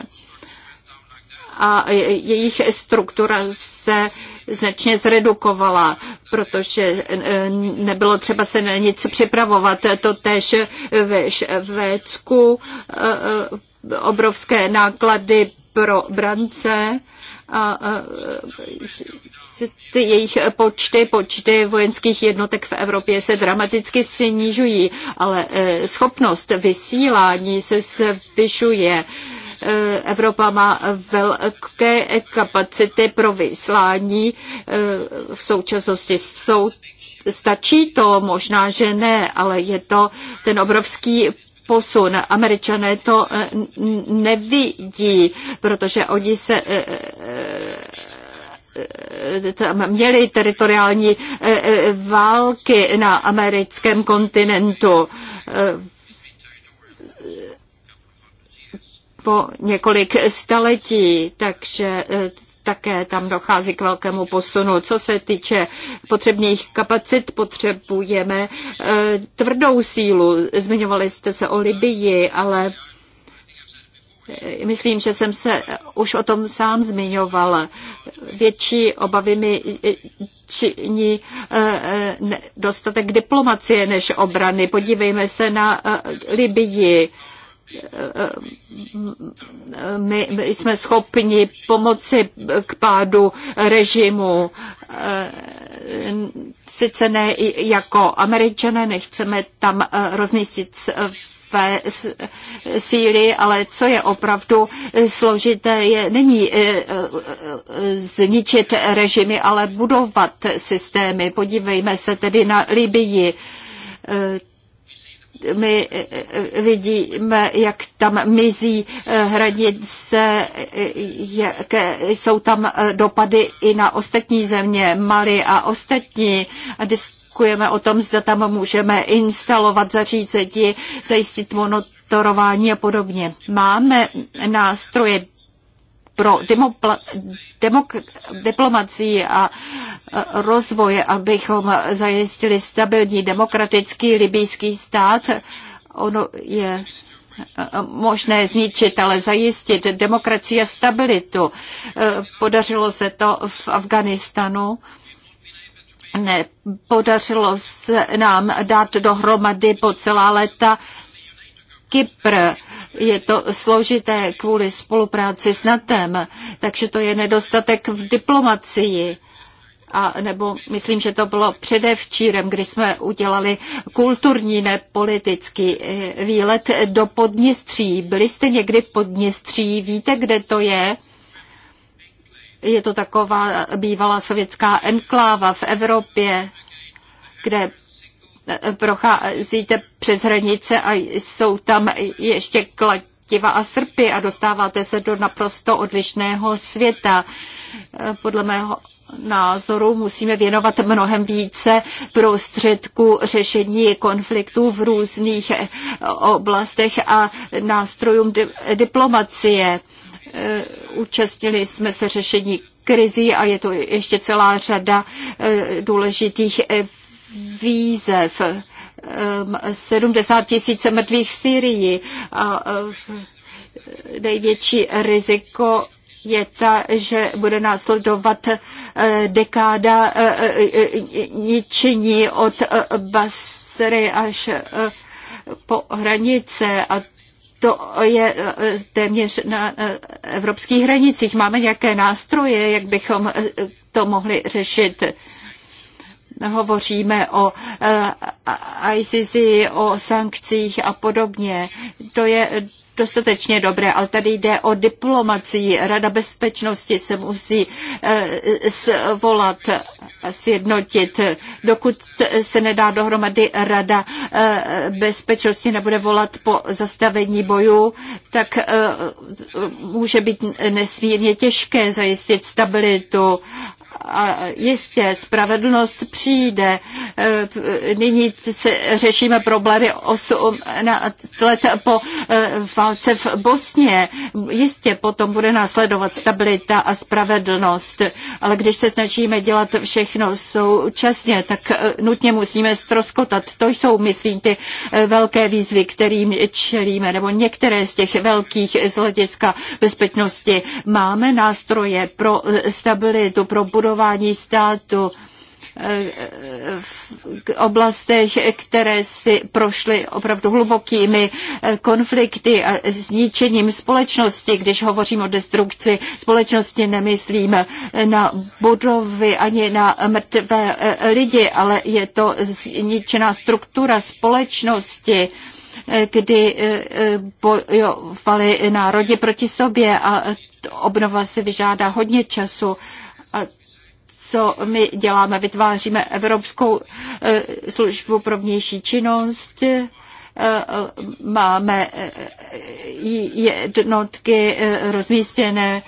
A jejich struktura se značně zredukovala, protože e, nebylo třeba se na nic připravovat. To tež ve Švédsku e, e, obrovské náklady pro brance a ty jejich počty, počty vojenských jednotek v Evropě se dramaticky snižují, ale schopnost vysílání se zvyšuje. Eh, Evropa má velké kapacity pro vyslání eh, v současnosti. Jsou, stačí to? Možná, že ne, ale je to ten obrovský posun. Američané to eh, nevidí, protože oni se tam měli teritoriální války na americkém kontinentu po několik staletí, takže e, také tam dochází k velkému posunu. Co se týče potřebných kapacit, potřebujeme e, tvrdou sílu. Zmiňovali jste se o Libii, ale e, myslím, že jsem se už o tom sám zmiňoval. Větší obavy mi činí dostatek diplomacie než obrany. Podívejme se na Libii my, jsme schopni pomoci k pádu režimu. Sice ne jako američané, nechceme tam eh, rozmístit své síly, ale co je opravdu složité, je, není eh, eh, zničit režimy, ale budovat systémy. Podívejme se tedy na Libii my eh, vidíme, jak tam mizí eh, hranice, eh, jaké jsou tam dopady i na ostatní země, Mali a ostatní. A diskujeme o tom, zda tam můžeme instalovat zařízení, zajistit monotorování a podobně. Máme nástroje pro demopla, demok, diplomacii a rozvoje, abychom zajistili stabilní demokratický libýský stát. Ono je e, možné zničit, ale zajistit demokracii a stabilitu. E, podařilo se to v Afganistanu. Nepodařilo se nám dát dohromady po celá léta Kypr je to složité kvůli spolupráci s NATEM, takže to je nedostatek v diplomacii. A nebo myslím, že to bylo předevčírem, kdy jsme udělali kulturní, ne politický eh, výlet do Podněstří. Byli jste někdy v Podněstří, víte, kde to je? Je to taková bývalá sovětská enkláva v Evropě, kde Eh, procházíte přes hranice a jsou tam ještě kladiva a srpy a dostáváte se do naprosto odlišného světa. Eh, podle mého názoru musíme věnovat mnohem více prostředků řešení konfliktů v různých eh, oblastech a nástrojům diplomacie. Účastnili jsme se řešení krizí a je to ještě celá řada důležitých výzev, 70 ehm, tisíc mrtvých v Syrii a ehm, největší riziko je ta, že bude následovat eh, dekáda eh, eh, ničení od Basry až po hranice a to je téměř na evropských hranicích. Máme nějaké nástroje, jak bychom to mohli řešit hovoříme o eh, ICC, o sankcích a podobně. To je dostatečně dobré, ale tady jde o diplomacii. Rada bezpečnosti se musí eh, svolat, sjednotit. Dokud se nedá dohromady Rada eh, bezpečnosti nebude volat po zastavení bojů, tak může být nesmírně těžké zajistit stabilitu a jistě spravedlnost přijde. E, nyní řešíme problémy 8 let po e, válce v Bosně. Jistě potom bude následovat stabilita a spravedlnost. Ale když se snažíme dělat všechno současně, tak e, nutně musíme stroskotat. To jsou, myslím, ty velké výzvy, kterým čelíme, nebo některé z těch velkých z hlediska bezpečnosti. Máme nástroje pro stabilitu, pro budoucnost budování státu eh, v oblastech, které si prošly opravdu hlubokými eh, konflikty a zničením společnosti. Když hovořím o destrukci společnosti, nemyslím eh, na budovy ani na mrtvé lidi, ale je to zničená struktura společnosti kdy bojovali národy proti sobě a obnova se vyžádá hodně času. A co my děláme. Vytváříme Evropskou eh, službu pro vnější činnost, eh, eh, máme jednotky rozmístěné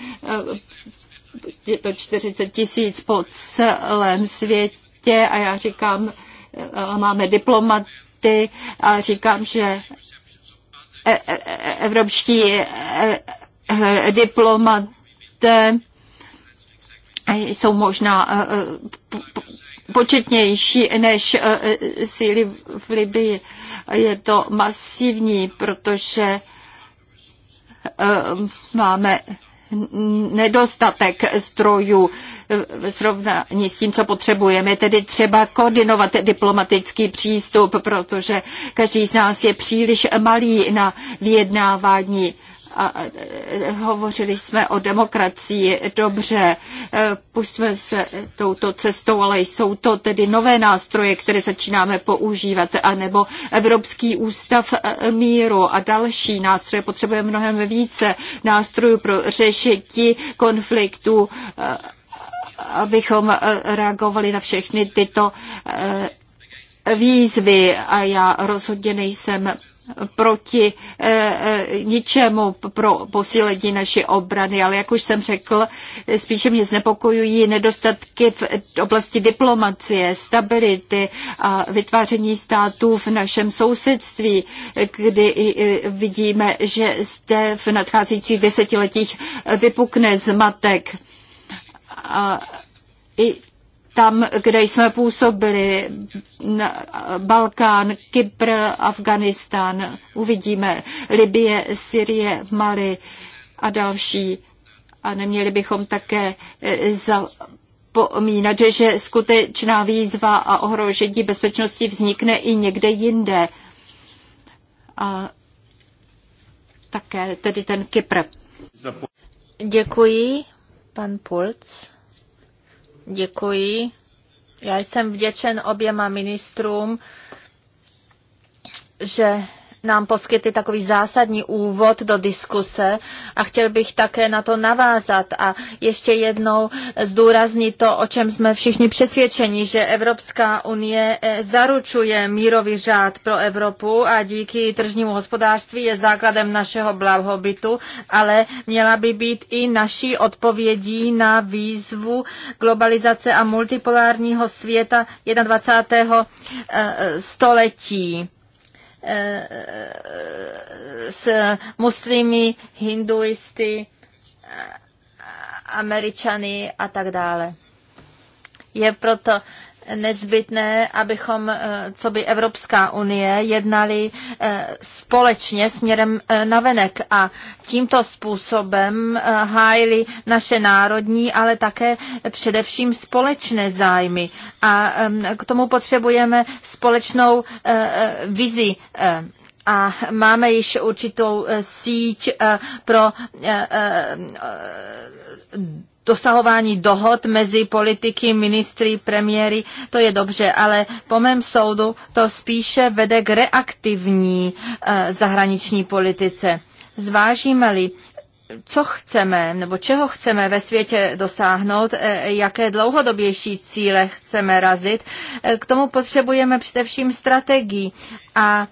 Je to 40 tisíc po celém světě a já říkám, máme diplomaty a říkám, že evropští diplomaty jsou možná eh, eh, početnější než eh, síly v Libii. Je to masivní, protože máme nedostatek zdrojů v srovnání s tím, co potřebujeme, tedy třeba koordinovat diplomatický přístup, protože každý z nás je příliš malý na vyjednávání a hovořili jsme o demokracii. Dobře, e, pustíme se touto cestou, ale jsou to tedy nové nástroje, které začínáme používat, anebo Evropský ústav e, míru a další nástroje. Potřebujeme mnohem více nástrojů pro řešení konfliktů e, abychom reagovali na všechny tyto výzvy a já rozhodně nejsem proti eh, eh, ničemu pro posílení naší obrany, ale jak už jsem řekl, spíše mě znepokojují nedostatky v oblasti diplomacie, stability a vytváření států v našem sousedství, kdy vidíme, že zde v nadcházejících desetiletích vypukne zmatek. A i tam, kde jsme působili, Balkán, Kypr, Afganistán, uvidíme, Libie, Syrie, Mali a další. A neměli bychom také e, za pomínat, že skutečná výzva a ohrožení bezpečnosti vznikne i někde jinde. A také tedy ten Kypr. Děkuji, pan Pulc. Děkuji. Já jsem vděčen oběma ministrům, že nám poskytli takový zásadní úvod do diskuse a chtěl bych také na to navázat a ještě jednou zdůraznit to, o čem jsme všichni přesvědčeni, že Evropská unie eh, zaručuje mírový řád pro Evropu a díky tržnímu hospodářství je základem našeho blahobytu, ale měla by být i naší odpovědí na výzvu globalizace a multipolárního světa 21. Eh, století s muslimy, hinduisty, američany a tak dále. Je proto nezbytné, abychom, eh, co by Evropská unie, jednali eh, společně směrem eh, navenek a tímto způsobem hájili naše národní, ale také především společné zájmy. A k tomu potřebujeme společnou vizi a máme již určitou síť pro dosahování dohod mezi politiky, ministry, premiéry, to je dobře, ale po mém soudu to spíše vede k reaktivní eh, zahraniční politice. Zvážíme-li, co chceme nebo čeho chceme ve světě dosáhnout, eh, jaké dlouhodobější cíle chceme razit, eh, k tomu potřebujeme především strategii a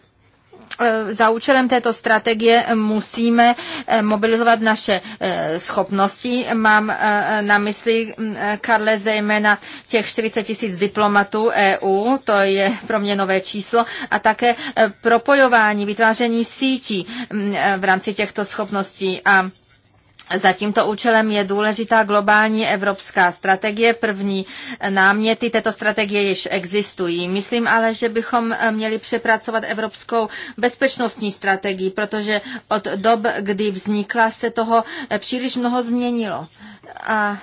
Eh, za účelem této strategie musíme eh, mobilizovat naše eh, schopnosti. Mám na mysli, mm, Karle, zejména těch 40 tisíc diplomatů EU, to je pro mě nové číslo, a také propojování, vytváření sítí mm, v rámci těchto schopností. A za tímto účelem je důležitá globální evropská strategie. První náměty této strategie již existují. Myslím ale, že bychom měli přepracovat evropskou bezpečnostní strategii, protože od dob, kdy vznikla, se toho příliš mnoho změnilo. A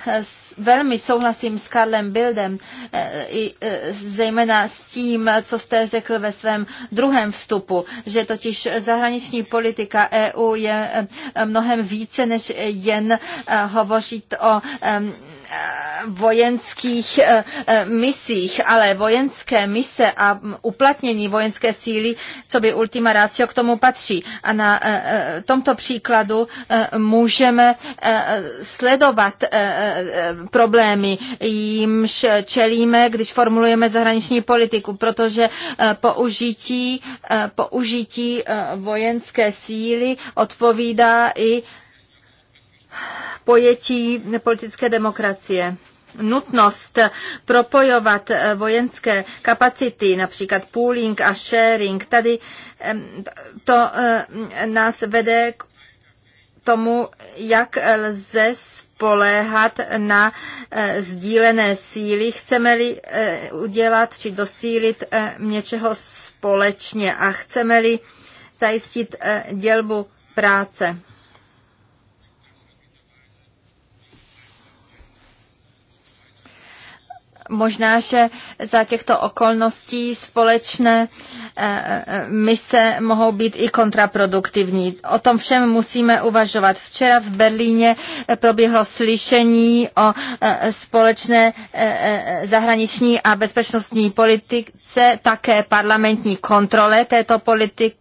velmi souhlasím s Karlem Bildem, eh, eh, zejména s tím, co jste řekl ve svém druhém vstupu, že totiž zahraniční politika EU je eh, mnohem více než jen eh, hovořit o eh, vojenských eh, misích, ale vojenské mise a uplatnění vojenské síly, co by ultima ratio k tomu patří. A na tomto příkladu můžeme sledovat problémy, jimž čelíme, když formulujeme zahraniční politiku, protože použití, použití vojenské síly odpovídá i pojetí politické demokracie nutnost propojovat eh, vojenské kapacity, například pooling a sharing, tady to eh, nás vede k tomu, jak lze spoléhat na eh, sdílené síly. Chceme-li udělat či dosílit něčeho společně a chceme-li zajistit dělbu práce. Možná, že za těchto okolností společné eh, eh, mise mohou být i kontraproduktivní. O tom všem musíme uvažovat. Včera v Berlíně eh, proběhlo slyšení o společné zahraniční a bezpečnostní politice, také parlamentní kontrole této politiky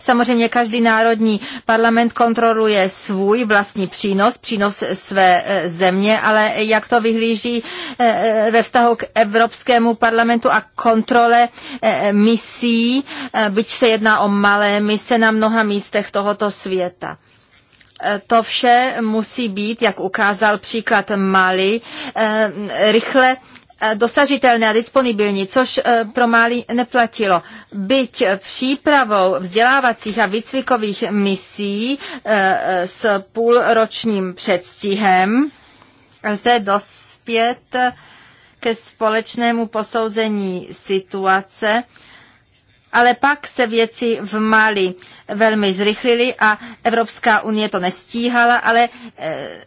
Samozřejmě každý národní parlament kontroluje svůj vlastní přínos, přínos své země, ale jak to vyhlíží ve vztahu vztahu k Evropskému parlamentu a kontrole eh, eh, misí, eh, byť se jedná o malé mise na mnoha místech tohoto světa. To vše musí být, jak ukázal příklad Mali, rychle dosažitelné a disponibilní, což pro Mali neplatilo. Byť přípravou vzdělávacích a výcvikových misí s půlročním předstihem lze dospět ke společnému posouzení situace, ale pak se věci v Mali velmi zrychlily a Evropská unie to nestíhala, ale eh,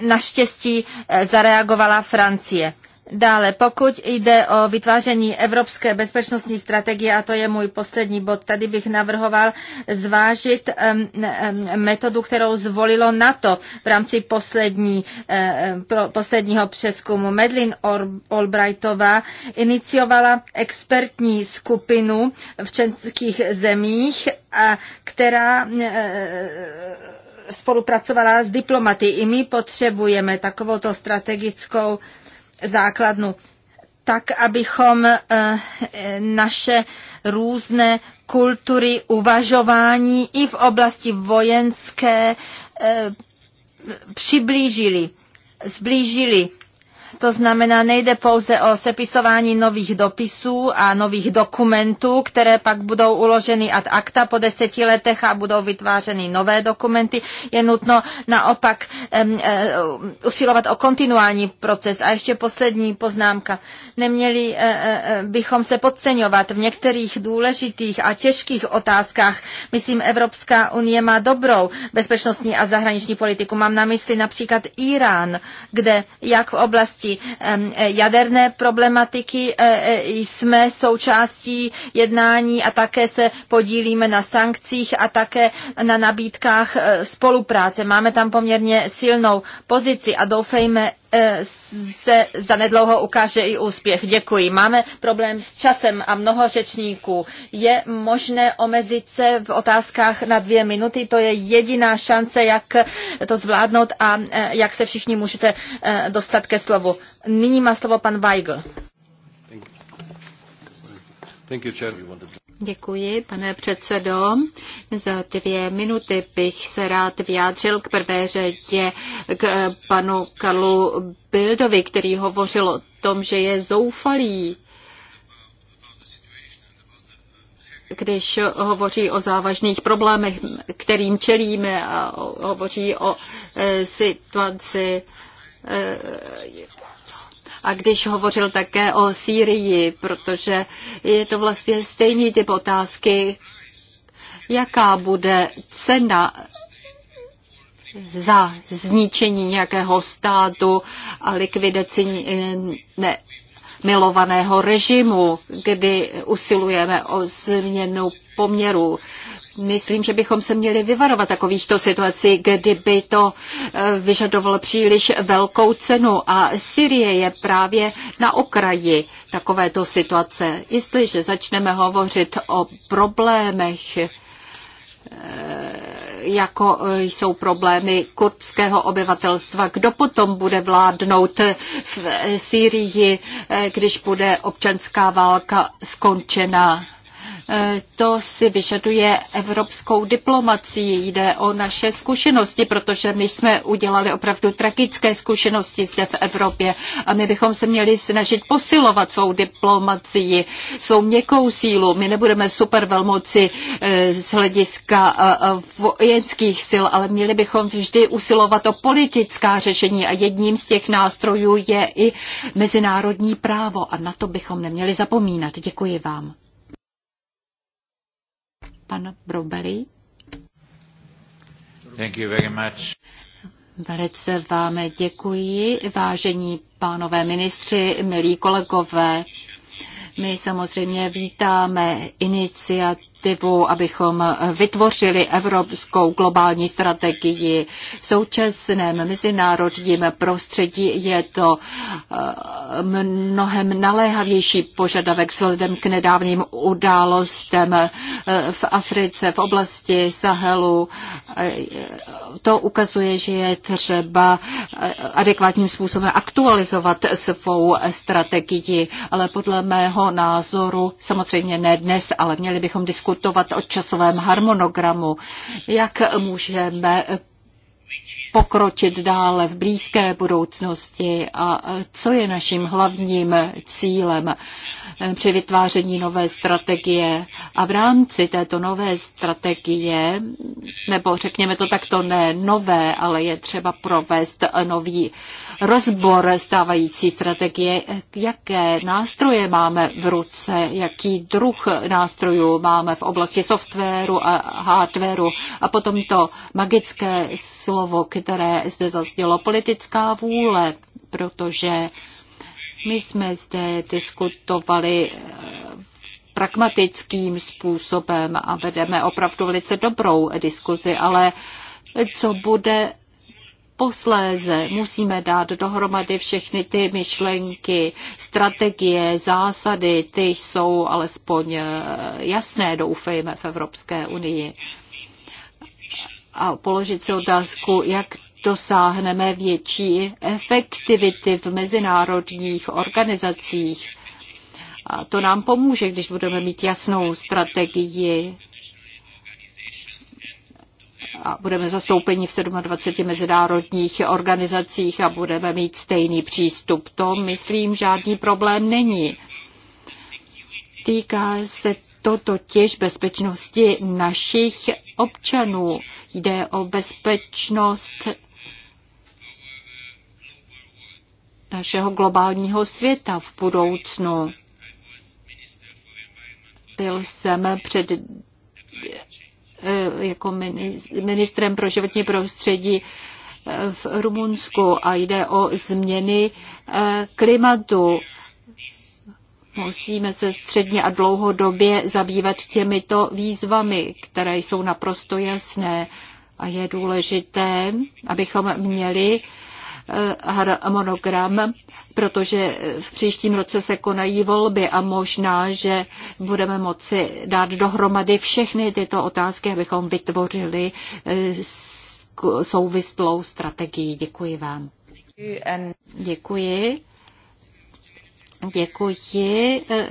naštěstí eh, zareagovala Francie. Dále, pokud jde o vytváření evropské bezpečnostní strategie, a to je můj poslední bod, tady bych navrhoval zvážit metodu, kterou zvolilo NATO v rámci poslední, eh, posledního přeskumu. Medlin Albrightová iniciovala expertní skupinu v českých zemích, a která eh, spolupracovala s diplomaty. I my potřebujeme takovouto strategickou základnu, tak abychom eh, naše různé kultury uvažování i v oblasti vojenské eh, přiblížili, zblížili to znamená, nejde pouze o sepisování nových dopisů a nových dokumentů, které pak budou uloženy ad acta po deseti letech a budou vytvářeny nové dokumenty. Je nutno naopak um, um, usilovat o kontinuální proces. A ještě poslední poznámka. Neměli uh, uh, bychom se podceňovat v některých důležitých a těžkých otázkách. Myslím, Evropská unie má dobrou bezpečnostní a zahraniční politiku. Mám na mysli například Irán, kde jak v oblasti oblasti jaderné problematiky e, e, jsme součástí jednání a také se podílíme na sankcích a také na nabídkách e, spolupráce. Máme tam poměrně silnou pozici a doufejme, E, se zanedlouho ukáže i úspěch. Děkuji. Máme problém s časem a mnoho řečníků. Je možné omezit se v otázkách na dvě minuty. To je jediná šance, jak to zvládnout a e, jak se všichni můžete e, dostat ke slovu. Nyní má slovo pan Weigl. Thank you, Chair. Děkuji, pane předsedo. Za dvě minuty bych se rád vyjádřil k prvé řadě k panu Karlu Bildovi, který hovořil o tom, že je zoufalý, když hovoří o závažných problémech, kterým čelíme a hovoří o e, situaci e, a když hovořil také o Sýrii, protože je to vlastně stejný typ otázky, jaká bude cena za zničení nějakého státu a likvidaci eh, ne, milovaného režimu, kdy usilujeme o změnu poměru myslím, že bychom se měli vyvarovat takovýchto situací, kdyby to eh, vyžadovalo příliš velkou cenu. A Syrie je právě na okraji takovéto situace. Jestliže začneme hovořit o problémech, eh, jako eh, jsou problémy kurdského obyvatelstva. Kdo potom bude vládnout v Sýrii, když bude občanská válka skončena? Eh, to si vyžaduje evropskou diplomacii. Jde o naše zkušenosti, protože my jsme udělali opravdu tragické zkušenosti zde v Evropě a my bychom se měli snažit posilovat svou diplomacii, svou měkkou sílu. My nebudeme super velmoci eh, z hlediska eh, vojenských sil, ale měli bychom vždy usilovat o politická řešení a jedním z těch nástrojů je i mezinárodní právo a na to bychom neměli zapomínat. Děkuji vám pan Brobeli. Thank you very much. Velice vám děkuji, vážení pánové ministři, milí kolegové. My samozřejmě vítáme iniciativu iniciativu, abychom vytvořili evropskou globální strategii. V současném mezinárodním prostředí je to eh, mnohem naléhavější požadavek vzhledem k nedávným událostem eh, v Africe, v oblasti Sahelu. Eh, to ukazuje, že je třeba adekvátním způsobem aktualizovat svou strategii, ale podle mého názoru, samozřejmě ne dnes, ale měli bychom diskutovat diskutovat o časovém harmonogramu, jak můžeme pokročit dále v blízké budoucnosti a co je naším hlavním cílem při vytváření nové strategie. A v rámci této nové strategie, nebo řekněme to takto ne nové, ale je třeba provést nový rozbor stávající strategie, jaké nástroje máme v ruce, jaký druh nástrojů máme v oblasti softwaru a hardwaru a potom to magické slovo, které zde zaznělo, politická vůle, protože my jsme zde diskutovali eh, pragmatickým způsobem a vedeme opravdu velice dobrou diskuzi, ale co bude posléze musíme dát dohromady všechny ty myšlenky, strategie, zásady, ty jsou alespoň eh, jasné, doufejme, v Evropské unii. A položit si otázku, jak dosáhneme větší efektivity v mezinárodních organizacích. A to nám pomůže, když budeme mít jasnou strategii a budeme zastoupeni v 27 mezinárodních organizacích a budeme mít stejný přístup. To, myslím, žádný problém není. Týká se to totiž bezpečnosti našich občanů. Jde o bezpečnost našeho globálního světa v budoucnu. Byl jsem před Eh, jako ministrem pro životní prostředí eh, v Rumunsku a jde o změny eh, klimatu. Musíme se středně a dlouhodobě zabývat těmito výzvami, které jsou naprosto jasné. A je důležité, abychom měli Eh, harmonogram, protože v příštím roce se konají volby a možná, že budeme moci dát dohromady všechny tyto otázky, abychom vytvořili eh, souvislou strategii. Děkuji vám. Děkuji. Děkuji eh,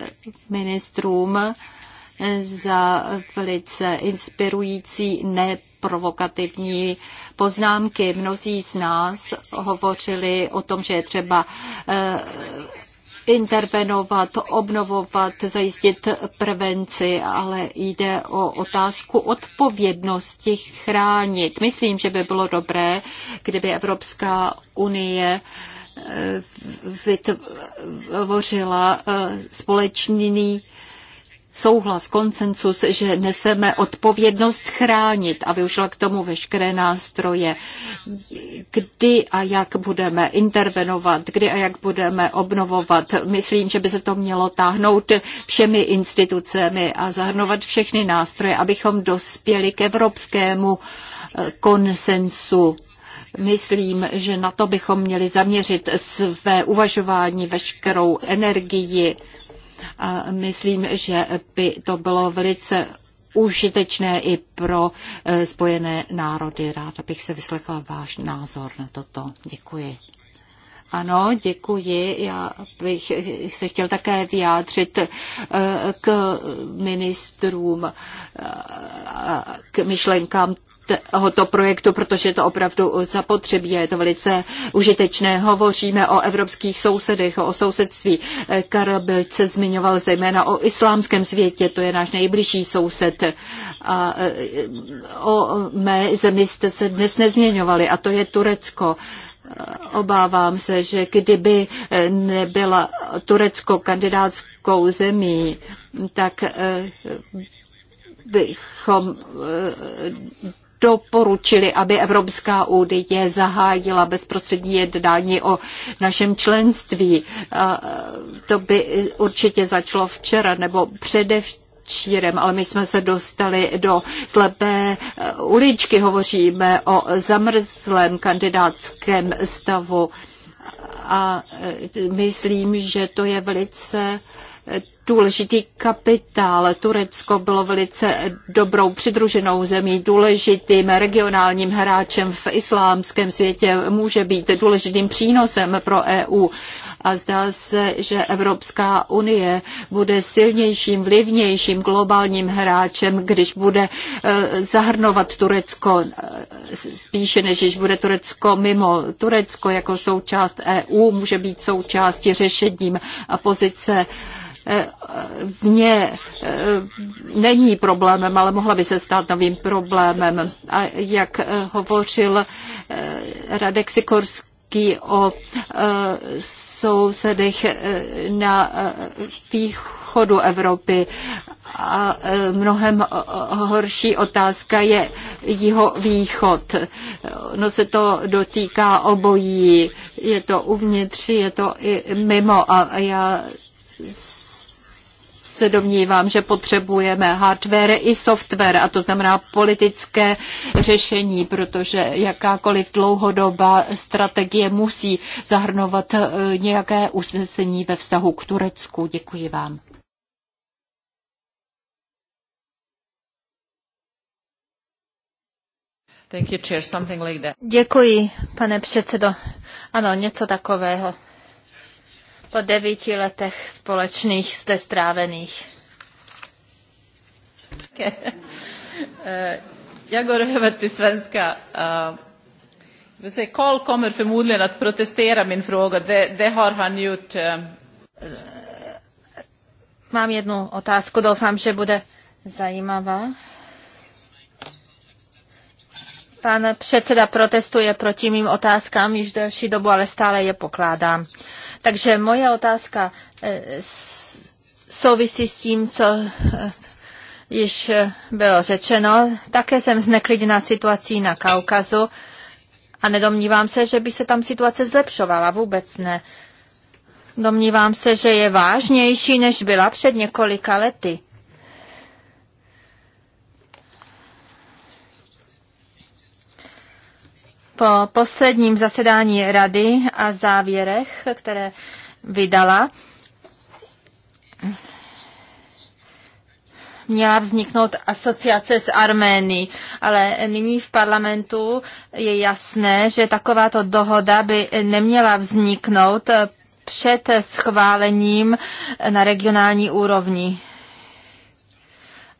ministrům za velice inspirující, ne provokativní poznámky. Mnozí z nás hovořili o tom, že je třeba eh, intervenovat, obnovovat, zajistit prevenci, ale jde o otázku odpovědnosti chránit. Myslím, že by bylo dobré, kdyby Evropská unie eh, vytvořila eh, společný souhlas, konsensus, že neseme odpovědnost chránit a využila k tomu veškeré nástroje, kdy a jak budeme intervenovat, kdy a jak budeme obnovovat. Myslím, že by se to mělo táhnout všemi institucemi a zahrnovat všechny nástroje, abychom dospěli k evropskému eh, konsensu. Myslím, že na to bychom měli zaměřit své uvažování, veškerou energii. A myslím, že by to bylo velice užitečné i pro eh, spojené národy. Rád bych se vyslechla váš názor na toto. Děkuji. Ano, děkuji. Já bych se chtěl také vyjádřit eh, k ministrům, eh, k myšlenkám tohoto projektu, protože je to opravdu zapotřebí a je to velice užitečné. Hovoříme o evropských sousedech, o sousedství. Karl Bild se zmiňoval zejména o islámském světě, to je náš nejbližší soused. A e, o mé zemi jste se dnes nezměňovali a to je Turecko. Obávám se, že kdyby e, nebyla Turecko kandidátskou zemí, tak e, bychom doporučili, aby Evropská unie zahájila bezprostřední jednání o našem členství. To by určitě začalo včera nebo předevčera Čírem, ale my jsme se dostali do slepé eh, uličky. Hovoříme o zamrzlém kandidátském stavu a eh, myslím, že to je velice důležitý kapitál. Turecko bylo velice dobrou přidruženou zemí, důležitým regionálním hráčem v islámském světě, může být důležitým přínosem pro EU. A zdá se, že Evropská unie bude silnějším, vlivnějším globálním hráčem, když bude eh, zahrnovat Turecko eh, spíše, než když bude Turecko mimo. Turecko jako součást EU může být součástí řešením a pozice vně eh, není problémem, ale mohla by se stát novým problémem. A jak eh, hovořil eh, Radek Sikorský, o sousedech na východu Evropy. A mnohem horší otázka je jeho východ. No se to dotýká obojí. Je to uvnitř, je to i mimo. A já se domnívám, že potřebujeme hardware i software, a to znamená politické řešení, protože jakákoliv dlouhodobá strategie musí zahrnovat eh, nějaké usnesení ve vztahu k Turecku. Děkuji vám. Děkuji, pane předsedo. Ano, něco takového po devíti letech společných zde strávených. Eh, jag går över till svenska. Eh, Karl kommer förmodligen att protestera min fråga. Det, det har han gjort. Eh. Mám jednu otázku, doufám, že bude zajímavá. Pan předseda protestuje proti mým otázkám již delší dobu, ale stále je pokládám. Takže moje otázka eh, souvisí s tím, co eh, již eh, bylo řečeno. Také jsem zneklidněna situací na Kaukazu a nedomnívám se, že by se tam situace zlepšovala. Vůbec ne. Domnívám se, že je vážnější, než byla před několika lety. Po posledním zasedání rady a závěrech, které vydala, měla vzniknout asociace s Arménií, ale nyní v parlamentu je jasné, že takováto dohoda by neměla vzniknout před schválením na regionální úrovni.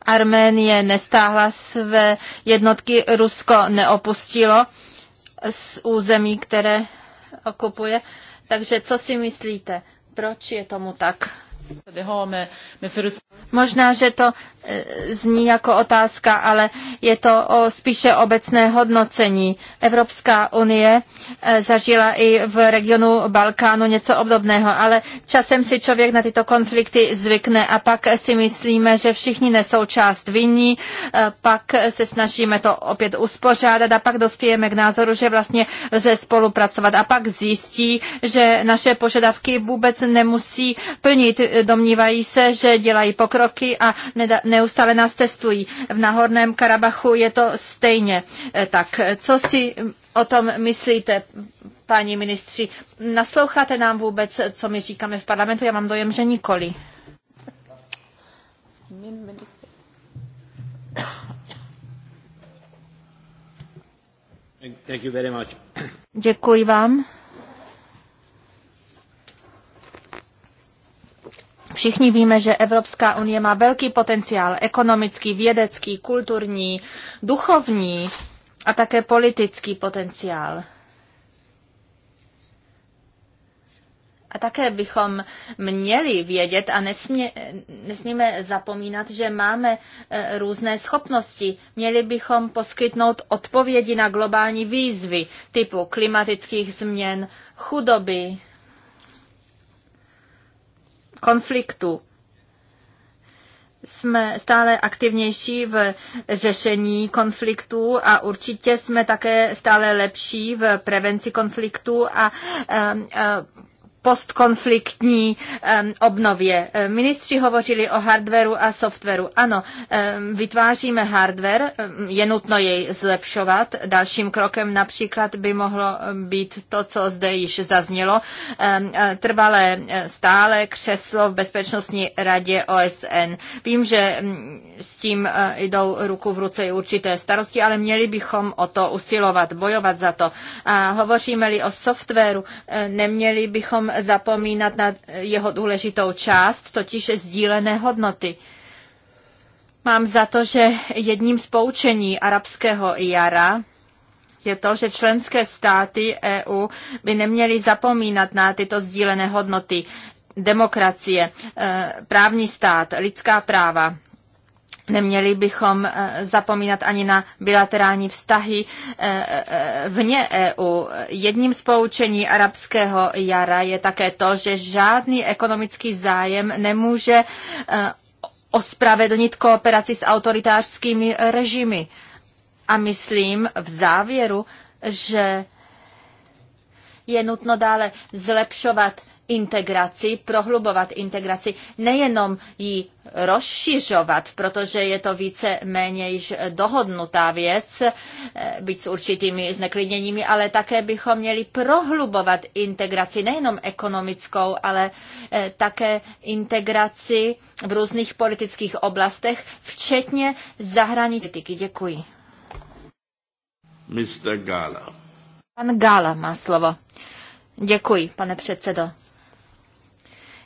Arménie nestáhla své jednotky, Rusko neopustilo z území, které okupuje. Takže co si myslíte? Proč je tomu tak? Možná, že to e, zní jako otázka, ale je to o spíše obecné hodnocení. Evropská unie e, zažila i v regionu Balkánu něco obdobného, ale časem si člověk na tyto konflikty zvykne a pak si myslíme, že všichni nesou část vinní, e, pak se snažíme to opět uspořádat a pak dospějeme k názoru, že vlastně lze spolupracovat a pak zjistí, že naše požadavky vůbec nemusí plnit domnívají se, že dělají pokroky a neustále nás testují. V Nahorném Karabachu je to stejně. Eh, tak co si mm, o tom myslíte, paní ministři? Nasloucháte nám vůbec, co my říkáme v parlamentu? Já mám dojem, že nikoli. Děkuji vám. Všichni víme, že Evropská unie má velký potenciál ekonomický, vědecký, kulturní, duchovní a také politický potenciál. A také bychom měli vědět a nesmě, nesmíme zapomínat, že máme e, různé schopnosti. Měli bychom poskytnout odpovědi na globální výzvy typu klimatických změn, chudoby, konfliktu jsme stále aktivnější v řešení konfliktů a určitě jsme také stále lepší v prevenci konfliktů a postkonfliktní obnově. Ministři hovořili o hardwareu a softwaru. Ano, vytváříme hardware, je nutno jej zlepšovat. Dalším krokem například by mohlo být to, co zde již zaznělo, e, trvalé e, stále křeslo v Bezpečnostní radě OSN. Vím, že s tím e, jdou ruku v ruce i určité starosti, ale měli bychom o to usilovat, bojovat za to. A hovoříme-li o softwaru, neměli bychom zapomínat na jeho důležitou část, totiž sdílené hodnoty. Mám za to, že jedním z poučení arabského jara je to, že členské státy EU by neměly zapomínat na tyto sdílené hodnoty demokracie, eh, právní stát, lidská práva. Neměli bychom eh, zapomínat ani na bilaterální vztahy eh, eh, vně EU. Jedním z poučení arabského jara je také to, že žádný ekonomický zájem nemůže ospravedlnit kooperaci s autoritářskými režimy. A myslím v závěru, že je nutno dále zlepšovat integraci, prohlubovat integraci, nejenom ji rozšiřovat, protože je to více méně již dohodnutá věc, eh, být s určitými zneklidněními, ale také bychom měli prohlubovat integraci, nejenom ekonomickou, ale eh, také integraci v různých politických oblastech, včetně zahraniční politiky. Děkuji. Mr. Gala. Pan Gala má slovo. Děkuji, pane předsedo.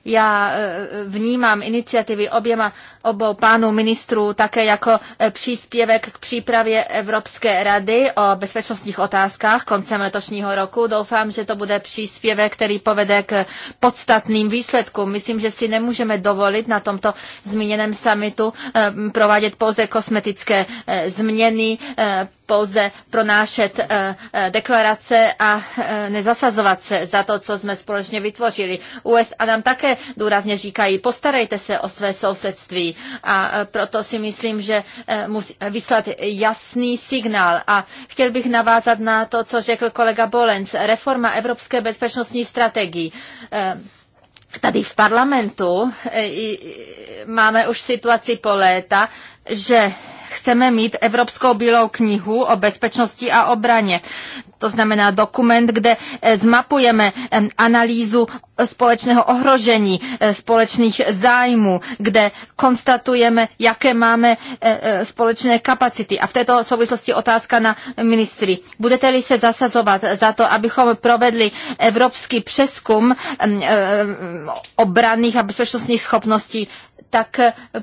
Já eh, vnímám iniciativy oběma obou pánů ministrů také jako e, příspěvek k přípravě Evropské rady o bezpečnostních otázkách koncem letošního roku. Doufám, že to bude příspěvek, který povede k podstatným výsledkům. Myslím, že si nemůžeme dovolit na tomto zmíněném summitu e, provádět pouze kosmetické e, změny, pouze pronášet deklarace a nezasazovat se za to, co jsme společně vytvořili. USA nám také důrazně říkají, postarejte se o své sousedství. A e, proto si myslím, že e, musí vyslat jasný signál. A chtěl bych navázat na to, co řekl kolega Bolenc. Reforma Evropské bezpečnostní strategii e, tady v parlamentu máme už situaci po léta, že chceme mít Evropskou bílou knihu o bezpečnosti a obraně. To znamená dokument, kde eh, zmapujeme eh, analýzu společného ohrožení, eh, společných zájmů, kde konstatujeme, jaké máme společné kapacity. A v této souvislosti otázka na ministry. Budete-li se zasazovat za to, abychom provedli evropský přeskum obranných a bezpečnostních schopností, tak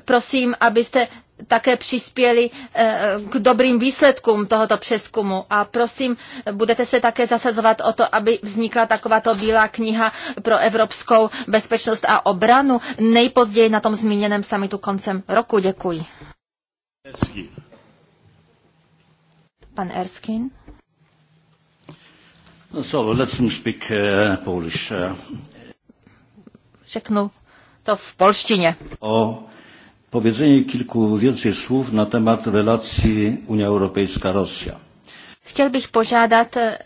prosím, abyste také přispěli eh, k dobrým výsledkům tohoto přeskumu. A prosím, budete se také zasazovat o to, aby vznikla takováto bílá kniha pro evropskou bezpečnost a obranu nejpozději na tom zmíněném samitu koncem roku. Děkuji. Erskine. Pan Erskine. So, let's speak uh, Polish. Uh... Řeknu to v polštině. O powiedzenie kilku więcej słów na temat relacji Unia Europejska-Rosja. Chtěl bych požádat e,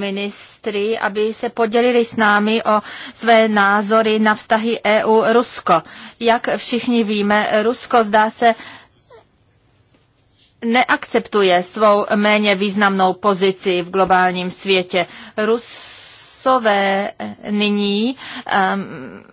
ministry, aby se podělili s námi o své názory na vztahy EU-Rusko. Jak všichni víme, Rusko zdá se neakceptuje svou méně významnou pozici v globálním světě. Rusové nyní um,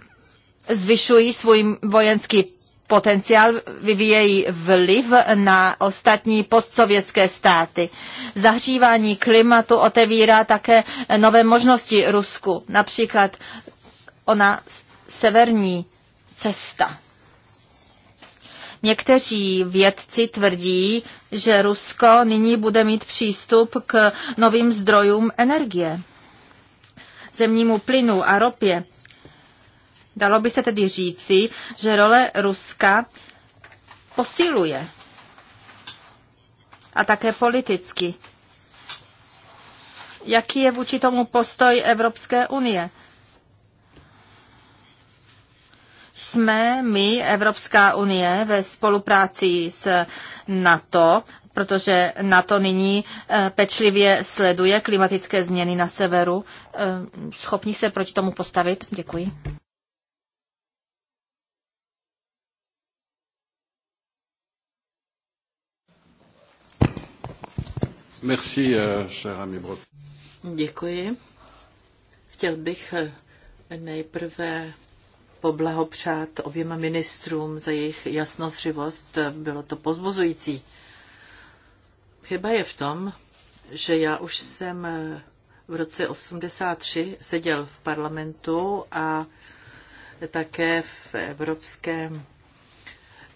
zvyšují svůj vojenský potenciál, vyvíjejí vliv na ostatní postsovětské státy. Zahřívání klimatu otevírá také nové možnosti Rusku, například ona severní cesta. Někteří vědci tvrdí, že Rusko nyní bude mít přístup k novým zdrojům energie, zemnímu plynu a ropě Dalo by se tedy říci, že role Ruska posiluje a také politicky. Jaký je vůči tomu postoj Evropské unie? Jsme my, Evropská unie, ve spolupráci s NATO, protože NATO nyní eh, pečlivě sleduje klimatické změny na severu, eh, schopni se proti tomu postavit? Děkuji. Merci, euh, cher Děkuji. Chtěl bych eh, nejprve poblahopřát oběma ministrům za jejich jasnozřivost. Bylo to pozbuzující. Chyba je v tom, že já už jsem eh, v roce 83 seděl v parlamentu a také v Evropském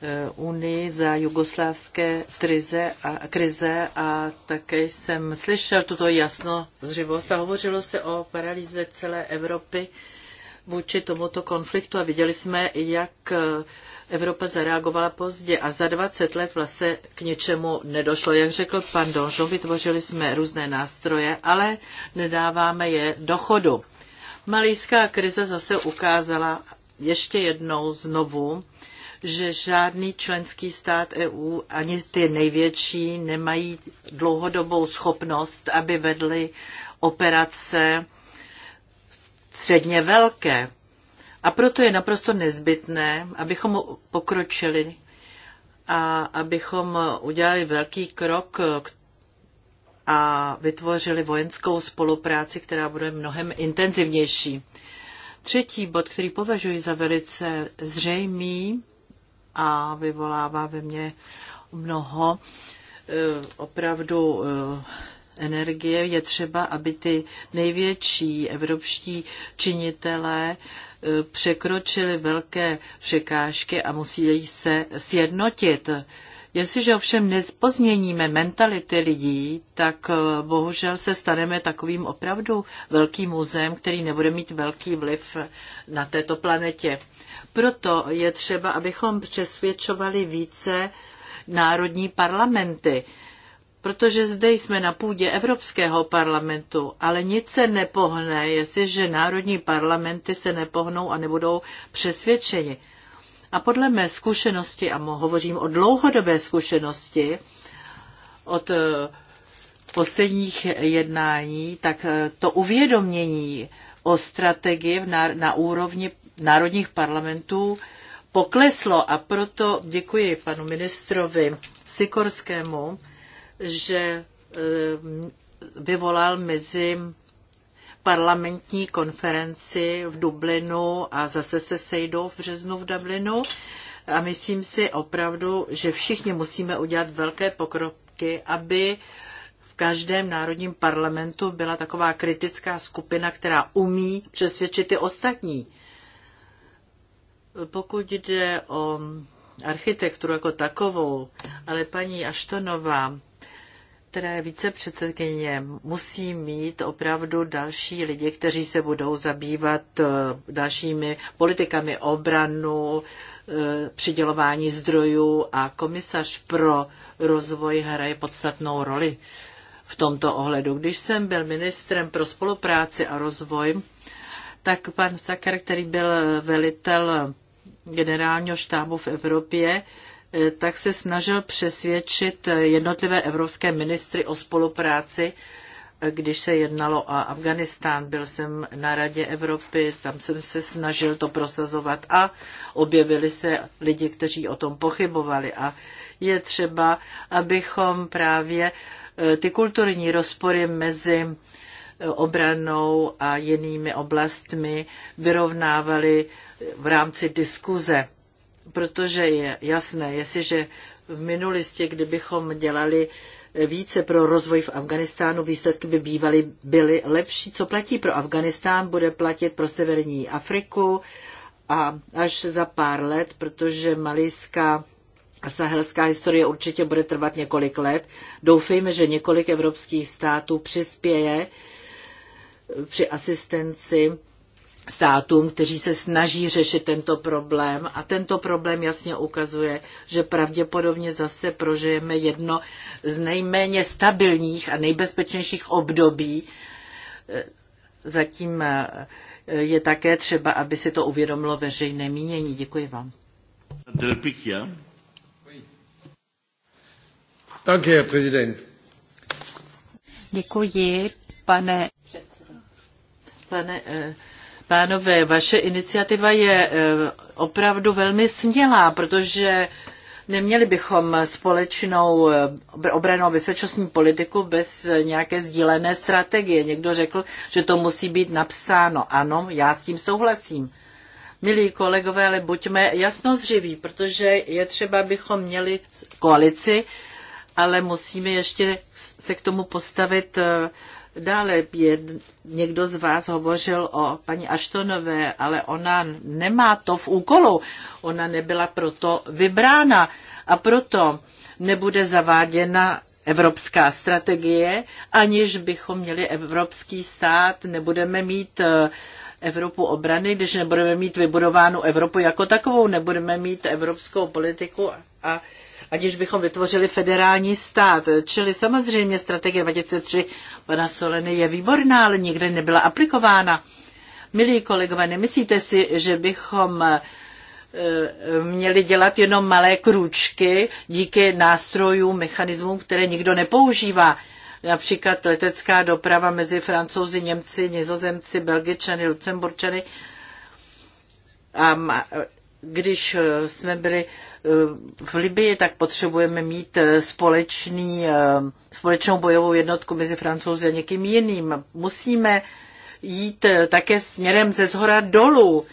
Eh, Unii za jugoslávské krize a, krize a také jsem slyšel tuto jasno zřivost a hovořilo se o paralýze celé Evropy vůči tomuto konfliktu a viděli jsme, jak eh, Evropa zareagovala pozdě a za 20 let vlastně k něčemu nedošlo. Jak řekl pan Donžo, vytvořili jsme různé nástroje, ale nedáváme je do chodu. Malijská krize zase ukázala ještě jednou znovu, že žádný členský stát EU, ani ty největší, nemají dlouhodobou schopnost, aby vedly operace středně velké. A proto je naprosto nezbytné, abychom pokročili a abychom udělali velký krok a vytvořili vojenskou spolupráci, která bude mnohem intenzivnější. Třetí bod, který považuji za velice zřejmý, a vyvolává ve mně mnoho eh, opravdu eh, energie. Je třeba, aby ty největší evropští činitelé eh, překročili velké překážky a musí se sjednotit. Jestliže ovšem nezpozněníme mentality lidí, tak bohužel se staneme takovým opravdu velkým muzeem, který nebude mít velký vliv na této planetě. Proto je třeba, abychom přesvědčovali více národní parlamenty, protože zde jsme na půdě Evropského parlamentu, ale nic se nepohne, jestliže národní parlamenty se nepohnou a nebudou přesvědčeni. A podle mé zkušenosti, a hovořím o dlouhodobé zkušenosti, od eh, posledních jednání, tak eh, to uvědomění o strategii na úrovni národních parlamentů pokleslo a proto děkuji panu ministrovi Sikorskému, že eh, vyvolal mezi parlamentní konferenci v Dublinu a zase se sejdou v březnu v Dublinu. A myslím si opravdu, že všichni musíme udělat velké pokroky, aby v každém národním parlamentu byla taková kritická skupina, která umí přesvědčit ty ostatní. Pokud jde o architekturu jako takovou, ale paní Aštonová, která je vicepředsedkyně, musí mít opravdu další lidi, kteří se budou zabývat eh, dalšími politikami obranu, eh, přidělování zdrojů a komisař pro rozvoj hraje podstatnou roli v tomto ohledu. Když jsem byl ministrem pro spolupráci a rozvoj, tak pan Saker, který byl velitel generálního štábu v Evropě, eh, tak se snažil přesvědčit jednotlivé evropské ministry o spolupráci, eh, když se jednalo o Afganistán. Byl jsem na Radě Evropy, tam jsem se snažil to prosazovat a objevili se lidi, kteří o tom pochybovali. A je třeba, abychom právě Eh, ty kulturní rozpory mezi eh, obranou a jinými oblastmi vyrovnávaly eh, v rámci diskuze. Protože je jasné, jestliže v minulosti, kdybychom dělali více pro rozvoj v Afganistánu, výsledky by bývaly, byly lepší. Co platí pro Afganistán, bude platit pro severní Afriku a až za pár let, protože malijská Sahelská historie určitě bude trvat několik let. Doufejme, že několik evropských států přispěje eh, při asistenci státům, kteří se snaží řešit tento problém. A tento problém jasně ukazuje, že pravděpodobně zase prožijeme jedno z nejméně stabilních a nejbezpečnějších období. Eh, zatím eh, je také třeba, aby si to uvědomilo veřejné mínění. Děkuji vám. Del Děkuji, pane předsedo. Pane, eh, pánové, vaše iniciativa je eh, opravdu velmi smělá, protože neměli bychom společnou eh, obranou bezpečnostní politiku bez nějaké sdílené strategie. Někdo řekl, že to musí být napsáno. Ano, já s tím souhlasím. Milí kolegové, ale buďme jasnozřiví, protože je třeba, abychom měli koalici, ale musíme ještě se k tomu postavit eh, dále. Někdo z vás hovořil o paní Aštonové, ale ona nemá to v úkolu. Ona nebyla proto vybrána a proto nebude zaváděna evropská strategie, aniž bychom měli evropský stát, nebudeme mít eh, Evropu obrany, když nebudeme mít vybudovánu Evropu jako takovou, nebudeme mít evropskou politiku a aniž bychom vytvořili federální stát. Čili samozřejmě strategie 23 pana Soleny je výborná, ale nikde nebyla aplikována. Milí kolegové, nemyslíte si, že bychom eh, měli dělat jenom malé krůčky díky nástrojům, mechanismům, které nikdo nepoužívá. Například letecká doprava mezi francouzi, Němci, Nizozemci, Belgičany, Lucemburčany a když eh, jsme byli eh, v Libii, tak potřebujeme mít eh, společný, společnou bojovou jednotku mezi Francouzi a někým jiným. Musíme jít také směrem ze zhora dolů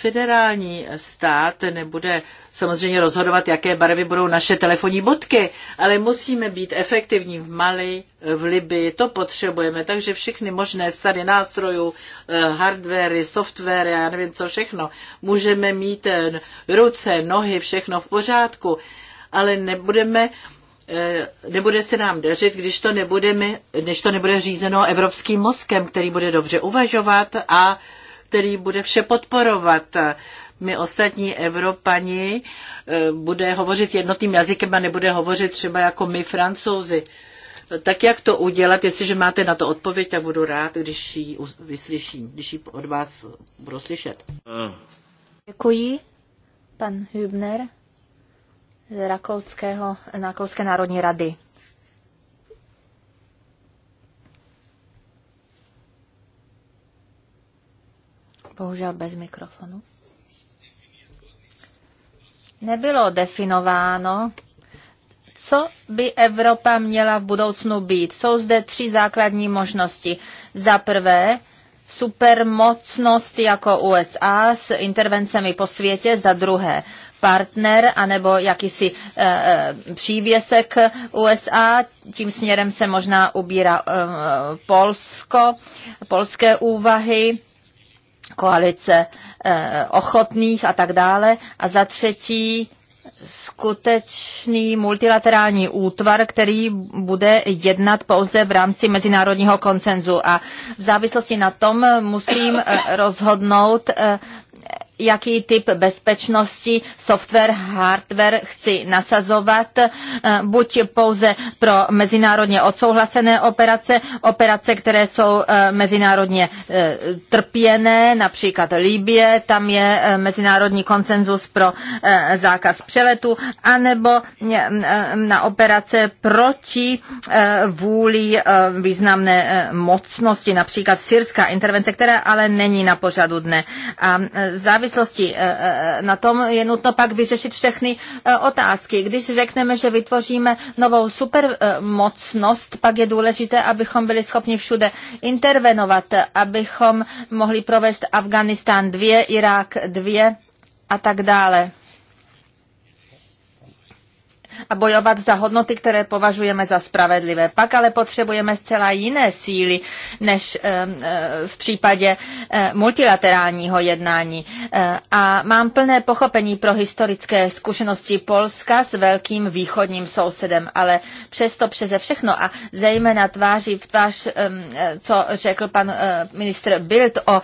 federální stát nebude samozřejmě rozhodovat, jaké barvy budou naše telefonní bodky, ale musíme být efektivní v Mali, v Libii, to potřebujeme, takže všechny možné sady nástrojů, eh, hardwary, software, já nevím co všechno, můžeme mít eh, ruce, nohy, všechno v pořádku, ale nebudeme eh, nebude se nám dařit, když to, nebudeme, když to nebude řízeno evropským mozkem, který bude dobře uvažovat a který bude vše podporovat. My ostatní Evropani eh, bude hovořit jednotným jazykem a nebude hovořit třeba jako my francouzi. Tak jak to udělat, jestliže máte na to odpověď, tak budu rád, když ji vyslyším, když ji od vás budu slyšet. Děkuji, pan Hübner z Rakouského, Rakouské národní rady. bohužel bez mikrofonu. Nebylo definováno, co by Evropa měla v budoucnu být. Jsou zde tři základní možnosti. Za prvé, supermocnost jako USA s intervencemi po světě, za druhé partner anebo jakýsi e, přívěsek USA. Tím směrem se možná ubírá e, Polsko, polské úvahy koalice eh, ochotných a tak dále. A za třetí skutečný multilaterální útvar, který bude jednat pouze v rámci mezinárodního koncenzu. A v závislosti na tom musím eh, rozhodnout, eh, jaký typ bezpečnosti, software, hardware chci nasazovat, eh, buď pouze pro mezinárodně odsouhlasené operace, operace, které jsou eh, mezinárodně eh, trpěné, například Libie, tam je mezinárodní konsenzus pro zákaz přeletu, anebo na operace proti vůli významné mocnosti, například syrská intervence, která ale není na pořadu dne. A závisí závislosti eh, eh, na tom je nutno pak vyřešit všechny eh, otázky. Když řekneme, že vytvoříme novou supermocnost, pak je důležité, abychom byli schopni všude intervenovat, abychom mohli provést Afganistán 2, Irák 2 a tak dále a bojovat za hodnoty, které považujeme za spravedlivé. Pak ale potřebujeme zcela jiné síly než eh, eh, v případě eh, multilaterálního jednání. A mám plné pochopení pro historické zkušenosti Polska s velkým východním sousedem, ale přesto přeze všechno a zejména tváří v tvář, co řekl pan ministr Bild o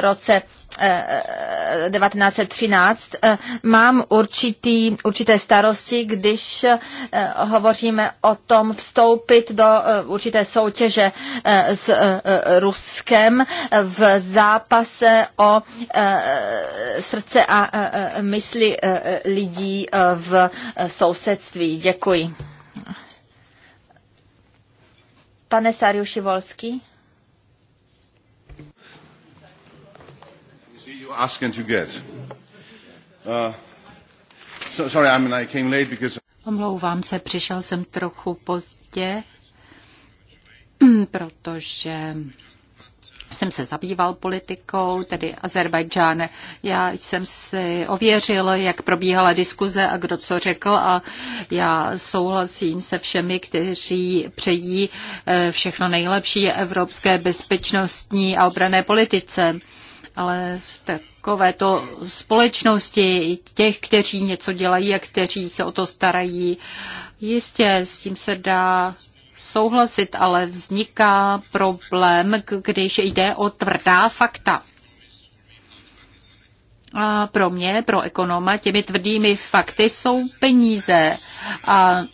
roce 1913, eh, mám určitý, určité starosti, když eh, hovoříme o tom vstoupit do eh, určité soutěže s Ruskem v zápase o srdce a mysli lidí v sousedství. Děkuji. Pane Sariuši Volský. ask and get. Uh, so, sorry, I mean, I came late because... Omlouvám se, přišel jsem trochu pozdě, protože jsem se zabýval politikou, tedy Azerbajdžáne. Já jsem si ověřil, jak probíhala diskuze a kdo co řekl a já souhlasím se všemi, kteří přejí eh, všechno nejlepší evropské bezpečnostní a obrané politice ale v takovéto společnosti těch, kteří něco dělají a kteří se o to starají, jistě s tím se dá souhlasit, ale vzniká problém, když jde o tvrdá fakta. A pro mě, pro ekonoma, těmi tvrdými fakty jsou peníze. A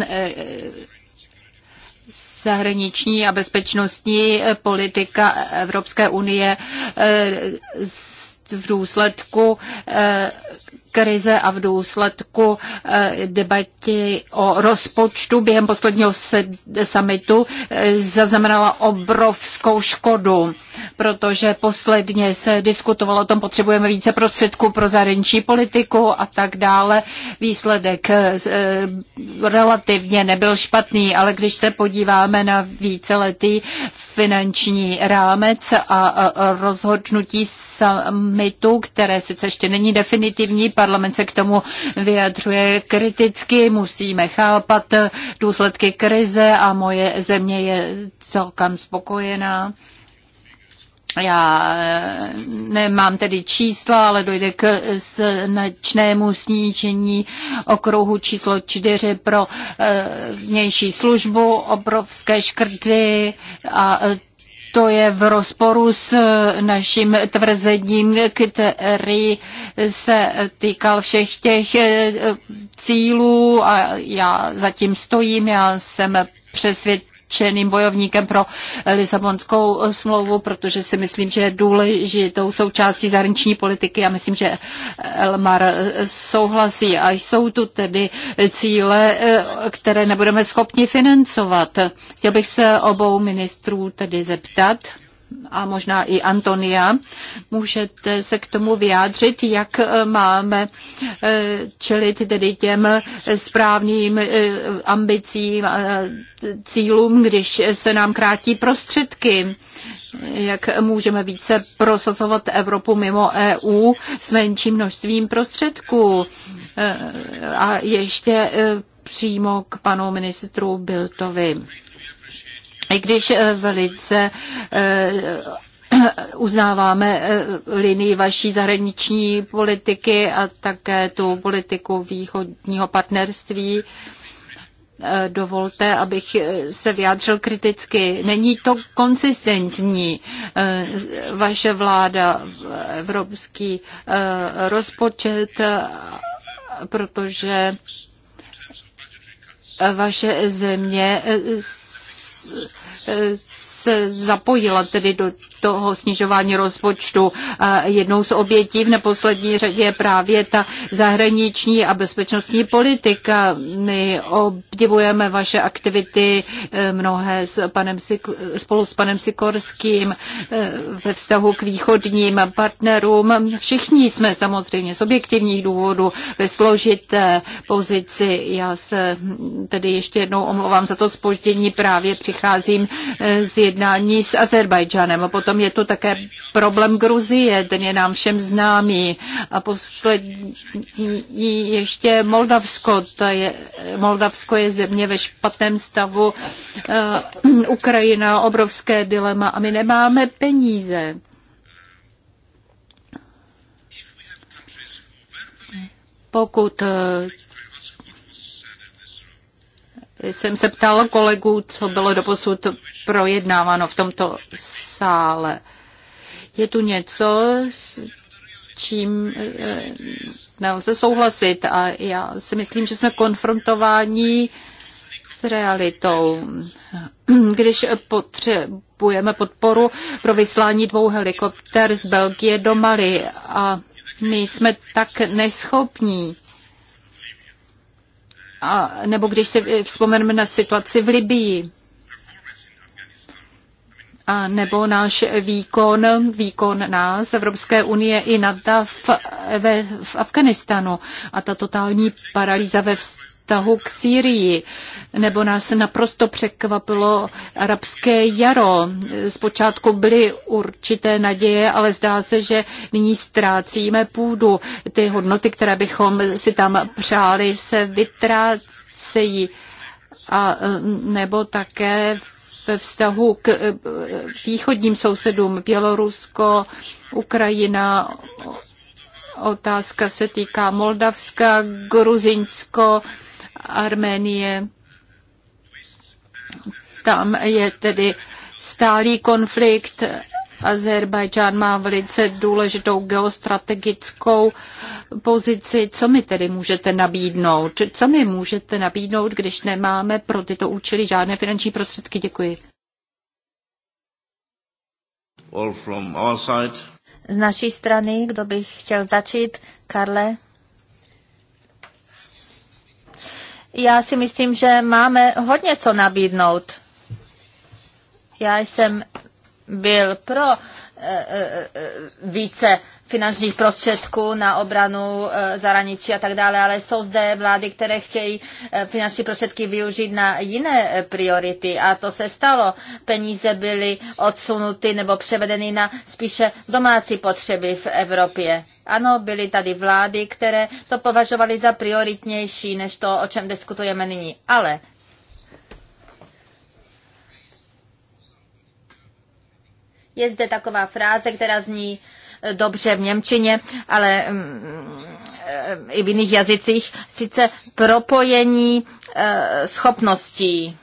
e, zahraniční a bezpečnostní politika Evropské unie eh, v důsledku eh, krize a v důsledku eh, debaty o rozpočtu během posledního summitu eh, zaznamenala obrovskou škodu, protože posledně se diskutovalo o tom, potřebujeme více prostředků pro zahraniční politiku a tak dále. Výsledek eh, relativně nebyl špatný, ale když se podíváme na víceletý finanční rámec a rozhodnutí summitu, které sice ještě není definitivní, parlament se k tomu vyjadřuje kriticky, musíme chápat důsledky krize a moje země je celkem spokojená. Já eh, nemám tedy čísla, ale dojde k značnému snížení okruhu číslo čtyři pro eh, vnější službu, obrovské škrty a eh, to je v rozporu s eh, naším tvrzením, který se týkal všech těch eh, cílů a já zatím stojím, já jsem přesvědčen, nadšeným bojovníkem pro eh, Lisabonskou eh, smlouvu, protože si myslím, že je důležitou součástí zahraniční politiky a myslím, že Elmar eh, souhlasí. A jsou tu tedy cíle, které nebudeme schopni financovat. Chtěl bych se obou ministrů tedy zeptat a možná i Antonia, můžete se k tomu vyjádřit, jak eh, máme eh, čelit tedy těm eh, správným ambicím a cílům, když se nám krátí prostředky. Jak můžeme více prosazovat Evropu mimo EU s menším množstvím prostředků. A ještě přímo k panu ministru Biltovi i když eh, velice eh, uznáváme eh, linii vaší zahraniční politiky a také tu politiku východního partnerství, dovolte, abych se vyjádřil kriticky. Není to konsistentní. Vaše vláda, evropský rozpočet, protože vaše země se zapojila tedy do toho snižování rozpočtu. E, jednou z obětí v neposlední řadě je právě ta zahraniční a bezpečnostní politika. My obdivujeme vaše aktivity e, mnohé s panem, spolu s panem Sikorským e, ve vztahu k východním partnerům. Všichni jsme samozřejmě z objektivních důvodů ve složité pozici. Já se tedy ještě jednou omlouvám za to spoždění. Právě přicházím z jednání s Azerbajdžanem. Potom Potom je to také problém Gruzie, ten je nám všem známý. A poslední ještě Moldavsko. To je, Moldavsko je země ve špatném stavu. Uh, Ukrajina, obrovské dilema a my nemáme peníze. Pokud eh, jsem se ptal kolegů, co bylo doposud projednáváno v tomto sále. Je tu něco, s čím eh, nelze souhlasit a já si myslím, že jsme konfrontováni s realitou. Když potřebujeme podporu pro vyslání dvou helikopter z Belgie do Mali a my jsme tak neschopní a, nebo když se vzpomeneme na situaci v Libii, a nebo náš výkon, výkon nás, Evropské unie i NATO v, v, v Afganistanu a ta totální paralýza ve vztahu vztahu k Sýrii, nebo nás naprosto překvapilo arabské jaro. Zpočátku byly určité naděje, ale zdá se, že nyní ztrácíme půdu. Ty hodnoty, které bychom si tam přáli, se vytrácejí. A, nebo také ve vztahu k e, východním sousedům Bělorusko, Ukrajina, otázka se týká Moldavska, Gruzinsko, Arménie. Tam je tedy stálý konflikt. Azerbajdžán má velice důležitou geostrategickou pozici. Co mi tedy můžete nabídnout? Co mi můžete nabídnout, když nemáme pro tyto účely žádné finanční prostředky? Děkuji. Z naší strany, kdo by chtěl začít? Karle? já si myslím, že máme hodně co nabídnout. Já jsem byl pro eh, eh, více finančních prostředků na obranu eh, zahraničí a tak dále, ale jsou zde vlády, které chtějí finanční prostředky využít na jiné priority a to se stalo. Peníze byly odsunuty nebo převedeny na spíše domácí potřeby v Evropě. Ano, byly tady vlády, které to považovaly za prioritnější než to, o čem diskutujeme nyní. Ale je zde taková fráze, která zní eh, dobře v Němčině, ale mm, eh, i v jiných jazycích, sice propojení eh, schopností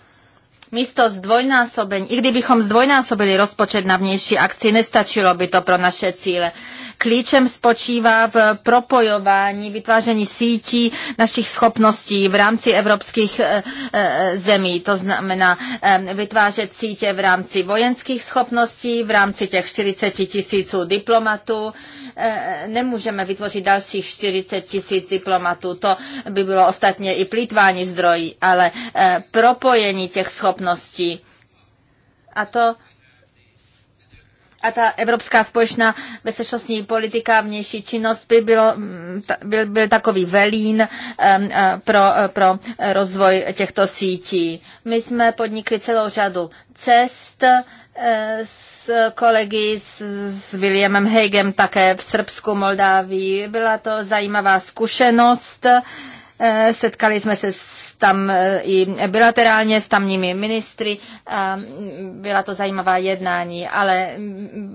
místo zdvojnásobení, i kdybychom zdvojnásobili rozpočet na vnější akci, nestačilo by to pro naše cíle. Klíčem spočívá v propojování, vytváření sítí našich schopností v rámci evropských eh, eh, zemí. To znamená eh, vytvářet sítě v rámci vojenských schopností, v rámci těch 40 tisíců diplomatů. Nemůžeme vytvořit dalších 40 tisíc diplomatů, to by bylo ostatně i plítvání zdrojí, ale propojení těch schopností a to a ta evropská společná bezpečnostní politika, vnější činnost by bylo, mm, byl, byl takový velín e, pro, e, pro rozvoj těchto sítí. My jsme podnikli celou řadu cest e, s kolegy s, s Williamem Hegem také v Srbsku, Moldávii. Byla to zajímavá zkušenost. Setkali jsme se s tam e, i bilaterálně s tamními ministry. Byla to zajímavá jednání, ale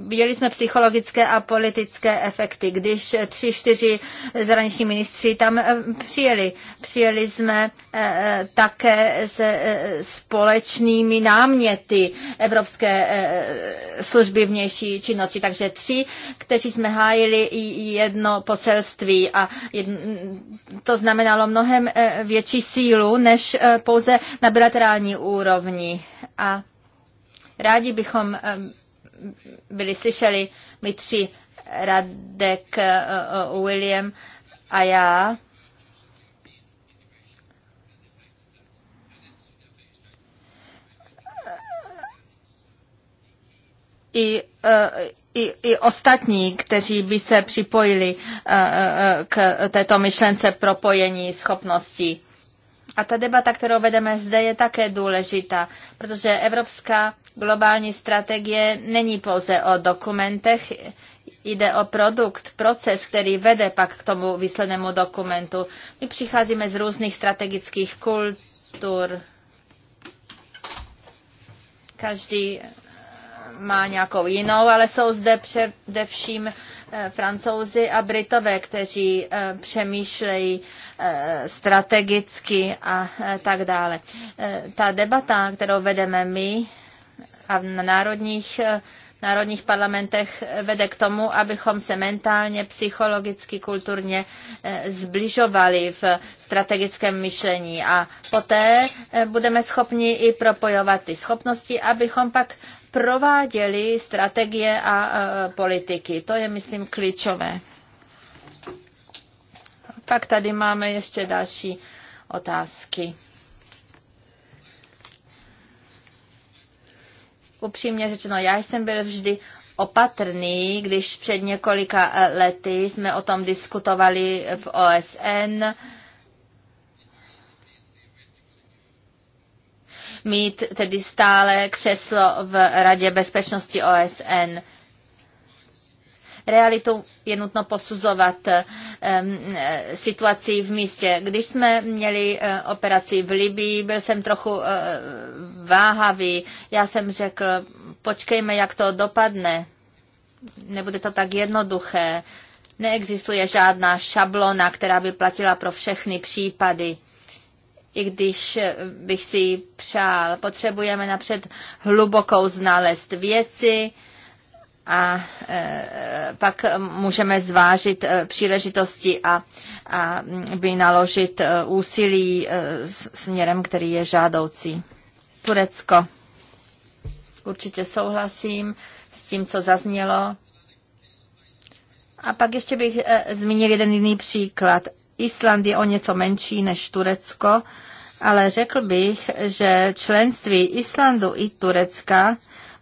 viděli jsme psychologické a politické efekty, když tři, čtyři zahraniční ministři tam e, přijeli. Přijeli jsme e, také se společnými náměty Evropské služby vnější činnosti. Takže tři, kteří jsme hájili jedno poselství a to znamenalo mnohem větší sílu než eh, pouze na bilaterální úrovni. A rádi bychom eh, byli slyšeli my tři, Radek, eh, William a já, i, i, i ostatní, kteří by se připojili k této myšlence propojení schopností. A ta debata, kterou vedeme zde, je také důležitá, protože evropská globální strategie není pouze o dokumentech, jde o produkt, proces, který vede pak k tomu výslednému dokumentu. My přicházíme z různých strategických kultur. Každý má nějakou jinou, ale jsou zde především Eh, francouzi a Britové, kteří eh, přemýšlejí eh, strategicky a tak dále. Ta debata, kterou vedeme my a na národních národních parlamentech vede k tomu, abychom se mentálně, psychologicky, kulturně zbližovali v strategickém myšlení a poté budeme schopni i propojovat ty schopnosti, abychom pak prováděli strategie a politiky. To je, myslím, klíčové. Pak tady máme ještě další otázky. Upřímně řečeno, já jsem byl vždy opatrný, když před několika eh, lety jsme o tom diskutovali v OSN mít tedy stále křeslo v Radě bezpečnosti OSN. Realitu je nutno posuzovat eh, eh, situaci v místě. Když jsme měli eh, operaci v Libii, byl jsem trochu váhavý. Já jsem řekl, počkejme, jak to dopadne. Nebude to tak jednoduché. Neexistuje žádná šablona, která by platila pro všechny případy i když bych si ji přál. Potřebujeme napřed hlubokou znalost věci a e, pak můžeme zvážit e, příležitosti a, a vynaložit e, úsilí směrem, který je žádoucí. Turecko. Určitě souhlasím s tím, co zaznělo. A pak ještě bych zmínil jeden jiný příklad. Island je o něco menší než Turecko, ale řekl bych, že členství Islandu i Turecka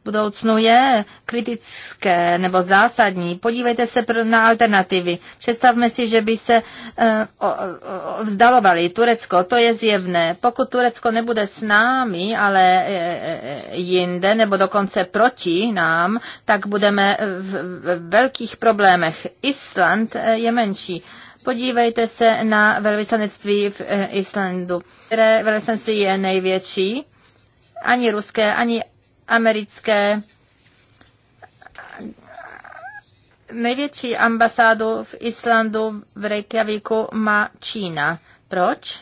budoucnu je kritické nebo zásadní. Podívejte se na alternativy. Představme si, že by se eh, vzdalovali Turecko, to je zjevné. Pokud Turecko nebude s námi, ale eh, eh, jinde, nebo dokonce proti nám, tak budeme v velkých problémech. Island je menší Podívejte se na velvyslanectví v eh, Islandu, které velvyslanectví je největší, ani ruské, ani americké. Největší ambasádu v Islandu v Reykjavíku má Čína. Proč?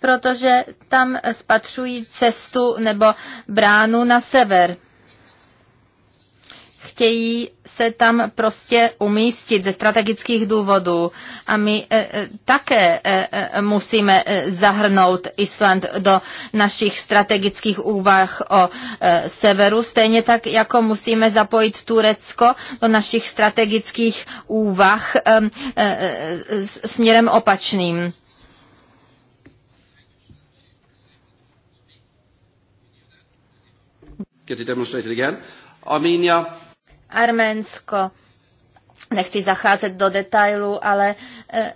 Protože tam spatřují cestu nebo bránu na sever chtějí se tam prostě umístit ze strategických důvodů. A my eh, eh, také eh, musíme zahrnout Island do našich strategických úvah o severu, stejně tak jako musíme zapojit Turecko do našich strategických úvah směrem opačným. Get it demonstrated again. Armenia Arménsko. Nechci zacházet do detailů, ale e,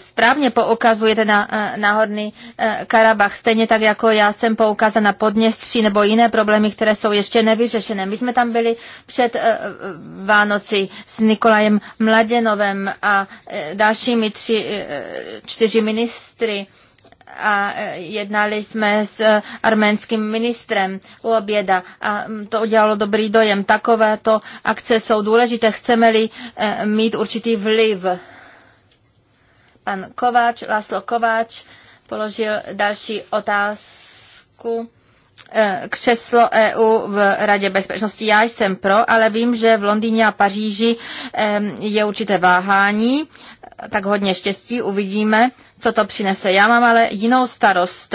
správně poukazujete na e, náhodný e, Karabach, stejně tak jako já jsem poukázal na Podněstří nebo jiné problémy, které jsou ještě nevyřešené. My jsme tam byli před Vánoci s Nikolajem Mladěnovem a dalšími tři, čtyři ministry a e, jednali jsme s e, arménským ministrem u oběda a to udělalo dobrý dojem. Takovéto akce jsou důležité, chceme-li e, mít určitý vliv. Pan Kováč, Laslo Kováč, položil další otázku křeslo EU v Radě bezpečnosti. Já jsem pro, ale vím, že v Londýně a Paříži je určité váhání tak hodně štěstí, uvidíme, co to přinese. Já mám ale jinou starost,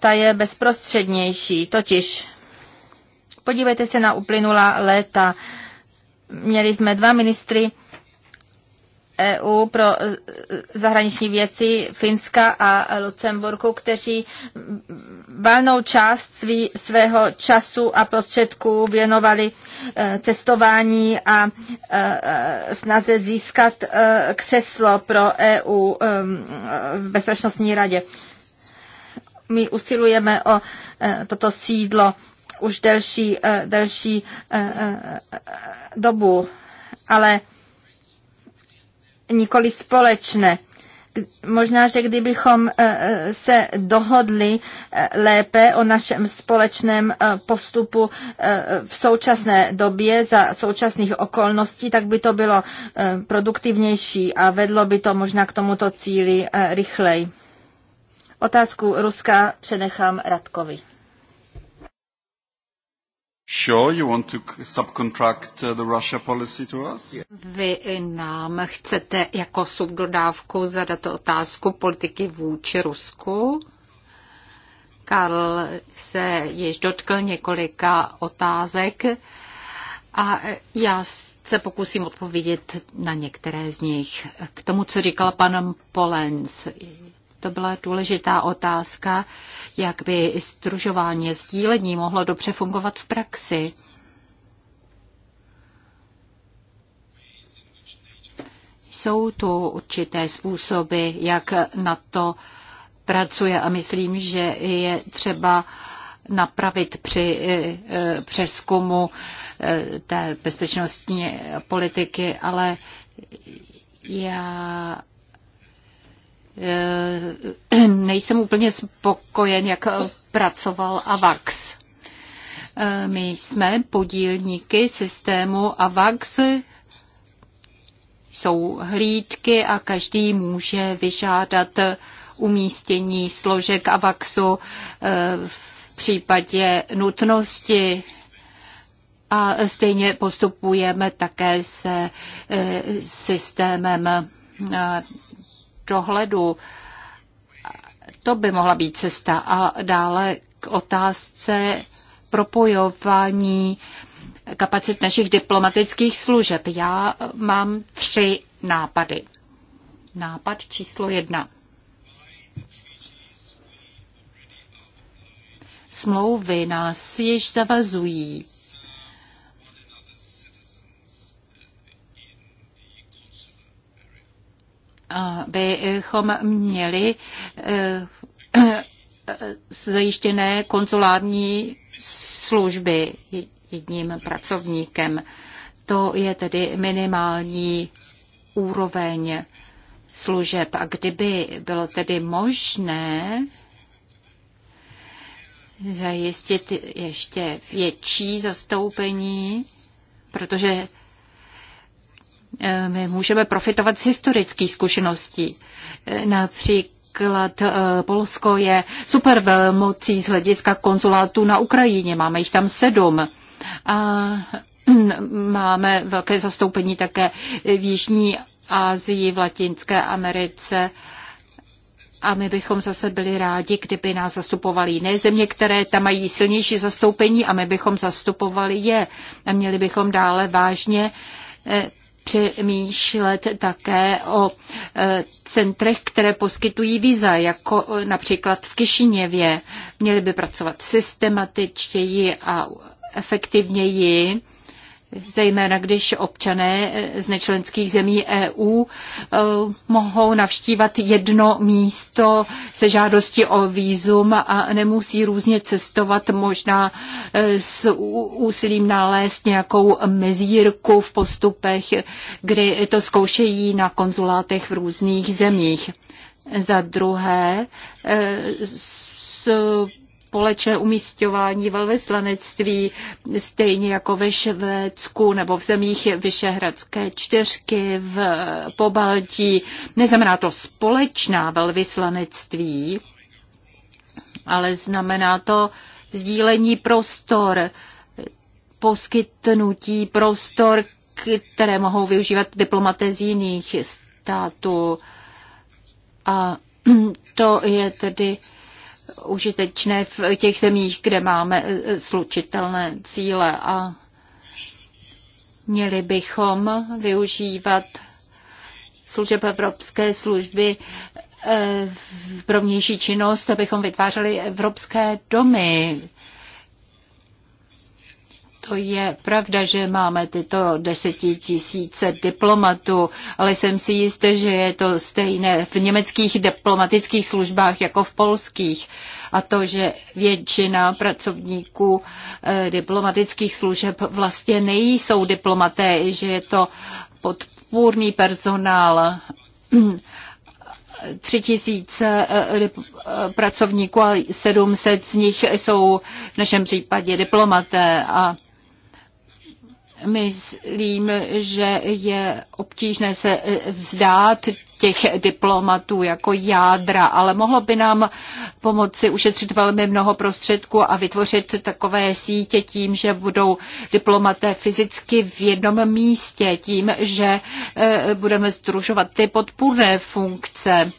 ta je bezprostřednější, totiž podívejte se na uplynulá léta. Měli jsme dva ministry EU pro e, e, zahraniční věci Finska a Lucemburku, kteří valnou část svý, svého času a prostředků věnovali e, cestování a snaze získat křeslo pro EU v Bezpečnostní radě. My usilujeme o toto sídlo už delší, delší dobu, ale nikoli společné. Možná, že kdybychom e, e, se dohodli e, lépe o našem společném postupu v současné době za současných okolností, tak by to bylo produktivnější a vedlo by to možná k tomuto cíli rychleji. Otázku Ruska přenechám Radkovi. Sure, you want to subcontract uh, the Russia policy to us? Vy nám chcete jako subdodávku zadat otázku politiky vůči Rusku? Karl se již dotkl několika otázek a já se pokusím odpovědět na některé z nich. K tomu, co říkal pan Polens, to byla důležitá otázka, jak by združování sdílení mohlo dobře fungovat v praxi. Jsou tu určité způsoby, jak na to pracuje a myslím, že je třeba napravit při eh, přeskumu eh, té bezpečnostní politiky, ale já Eh, nejsem úplně spokojen, jak eh, pracoval AVAX. Eh, my jsme podílníky systému AVAX, jsou hlídky a každý může vyžádat umístění složek AVAXu v případě nutnosti. A stejně postupujeme také se systémem dohledu. To by mohla být cesta. A dále k otázce propojování kapacit našich diplomatických služeb. Já mám tři nápady. Nápad číslo jedna. Smlouvy nás již zavazují bychom měli eh, eh, zajištěné konzulární služby jedním pracovníkem. To je tedy minimální úroveň služeb. A kdyby bylo tedy možné zajistit ještě větší zastoupení, protože Eh, my můžeme profitovat z historických zkušeností. Eh, například eh, Polsko je velmocí z hlediska konzulátů na Ukrajině. Máme jich tam sedm. A máme velké zastoupení také v Jižní Asii, v Latinské Americe. A my bychom zase byli rádi, kdyby nás zastupovali jiné země, které tam mají silnější zastoupení a my bychom zastupovali je. A měli bychom dále vážně přemýšlet také o e, centrech, které poskytují víza, jako e, například v Kišiněvě. Měli by pracovat systematičtěji a efektivněji zejména když občané eh, z nečlenských zemí EU eh, mohou navštívat jedno místo se žádostí o výzum a nemusí různě cestovat, možná eh, s úsilím nalézt nějakou mezírku v postupech, kdy to zkoušejí na konzulátech v různých zemích. Za druhé, s společné umístování velvyslanectví, stejně jako ve Švédsku nebo v zemích Vyšehradské čtyřky v Pobaltí. Neznamená to společná velvyslanectví, ale znamená to sdílení prostor, poskytnutí prostor, které mohou využívat diplomaté z jiných států. A to je tedy užitečné v těch zemích, kde máme e, e, slučitelné cíle a měli bychom využívat služeb Evropské služby e, pro vnější činnost, abychom vytvářeli evropské domy to je pravda, že máme tyto desetitisíce diplomatů, ale jsem si jistý, že je to stejné v německých diplomatických službách jako v polských. A to, že většina pracovníků eh, diplomatických služeb vlastně nejsou diplomaté, že je to podpůrný personál tři tisíce eh, eh, pracovníků a 700 z nich jsou v našem případě diplomaté a Myslím, že je obtížné se eh, vzdát těch diplomatů jako jádra, ale mohlo by nám pomoci ušetřit velmi mnoho prostředků a vytvořit takové sítě tím, že budou diplomaté fyzicky v jednom místě, tím, že eh, budeme združovat ty podpůrné funkce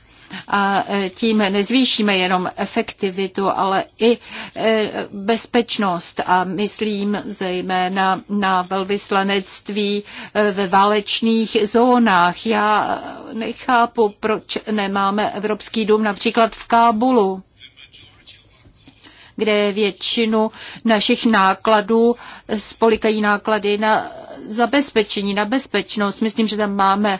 a e, tím nezvýšíme jenom efektivitu, ale i e, bezpečnost. A myslím zejména na velvyslanectví e, ve válečných zónách. Já nechápu, proč nemáme Evropský dům například v Kábulu kde většinu našich nákladů spolikají náklady na zabezpečení, na bezpečnost. Myslím, že tam máme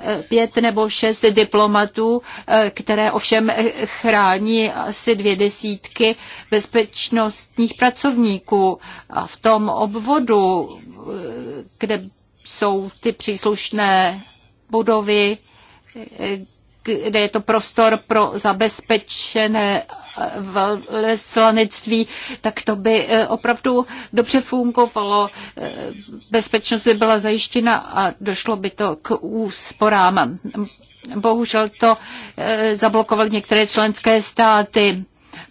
eh, pět nebo šest diplomatů, eh, které ovšem eh, chrání asi dvě desítky bezpečnostních pracovníků. A v tom obvodu, kde jsou ty příslušné budovy, kde je to prostor pro zabezpečené velvyslanectví, tak to by eh, opravdu dobře fungovalo. Eh, bezpečnost by byla zajištěna a došlo by to k úsporám. Bohužel to eh, zablokovaly některé členské státy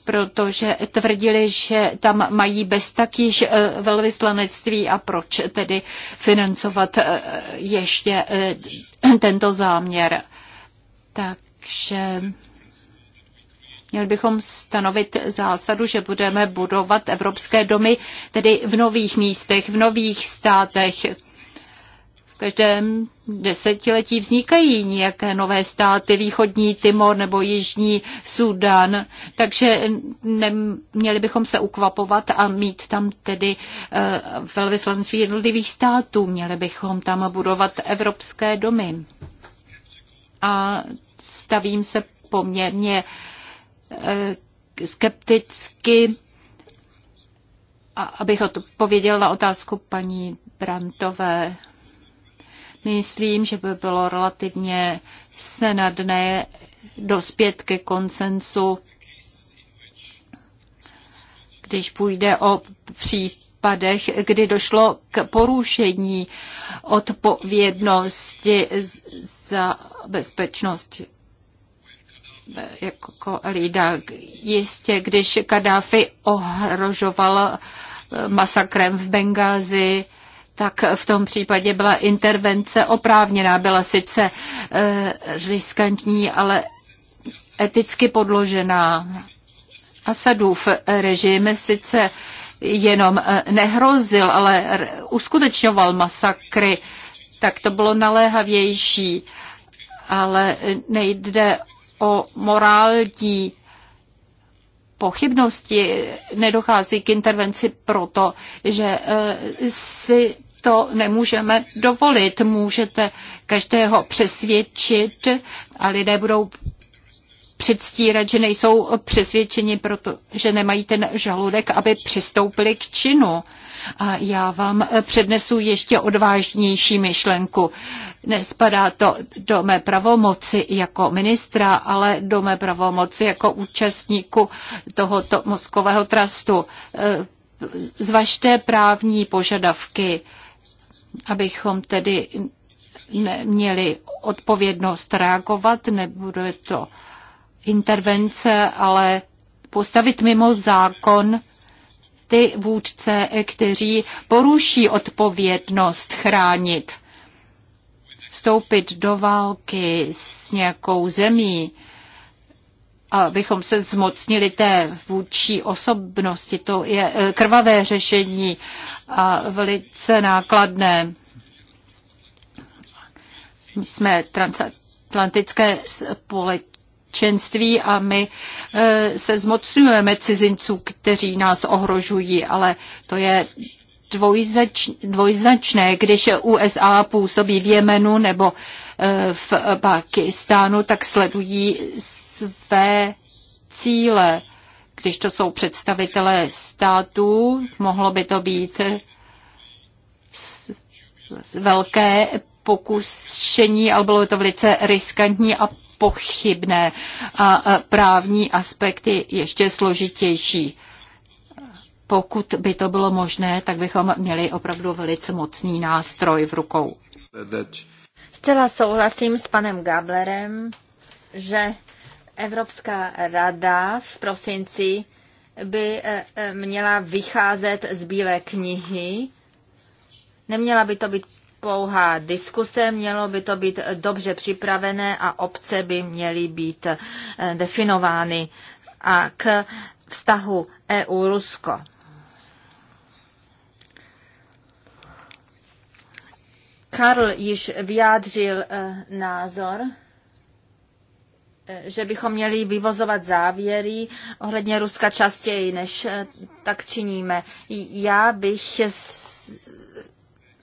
protože tvrdili, že tam mají bez tak již velvyslanectví a proč tedy financovat ještě tento záměr. Takže Měli bychom stanovit zásadu, že budeme budovat evropské domy, tedy v nových místech, v nových státech. V každém desetiletí vznikají nějaké nové státy, východní Timor nebo jižní Sudan, takže neměli bychom se ukvapovat a mít tam tedy uh, eh, velvyslanství jednotlivých států. Měli bychom tam budovat evropské domy. A stavím se poměrně uh, Eh, skepticky, abych odpověděl na otázku paní Brantové. Myslím, že by bylo relativně senadné dospět ke konsensu, když půjde o případech, kdy došlo k porušení odpovědnosti za bezpečnost jako lída. Jistě, když Kadáfi ohrožoval eh, masakrem v Bengázi, tak v tom případě byla intervence oprávněná, byla sice eh, riskantní, ale eticky podložená. Asadův režim sice jenom eh, nehrozil, ale uskutečňoval masakry, tak to bylo naléhavější. Ale nejde o morální pochybnosti, nedochází k intervenci proto, že e, si to nemůžeme dovolit. Můžete každého přesvědčit a lidé budou předstírat, že nejsou přesvědčeni, protože nemají ten žaludek, aby přistoupili k činu. A já vám přednesu ještě odvážnější myšlenku. Nespadá to do mé pravomoci jako ministra, ale do mé pravomoci jako účastníku tohoto mozkového trastu. Eh, zvažte právní požadavky, abychom tedy měli odpovědnost reagovat, nebude to intervence, ale postavit mimo zákon ty vůdce, kteří poruší odpovědnost chránit vstoupit do války s nějakou zemí, abychom se zmocnili té vůči osobnosti. To je eh, krvavé řešení a velice nákladné. My jsme transatlantické společenství a my eh, se zmocňujeme cizinců, kteří nás ohrožují, ale to je dvojzač, dvojznačné, když USA působí v Jemenu nebo eh, v Pakistánu, tak sledují své cíle. Když to jsou představitelé států, mohlo by to být velké pokušení, ale bylo to velice riskantní a pochybné a právní aspekty ještě složitější pokud by to bylo možné, tak bychom měli opravdu velice mocný nástroj v rukou. Zcela souhlasím s panem Gablerem, že Evropská rada v prosinci by eh, eh, měla vycházet z Bílé knihy. Neměla by to být pouhá diskuse, mělo by to být dobře připravené a obce by měly být eh, definovány. A k vztahu EU-Rusko. Karl již vyjádřil eh, názor, eh, že bychom měli vyvozovat závěry ohledně Ruska častěji, než eh, tak činíme. Já bych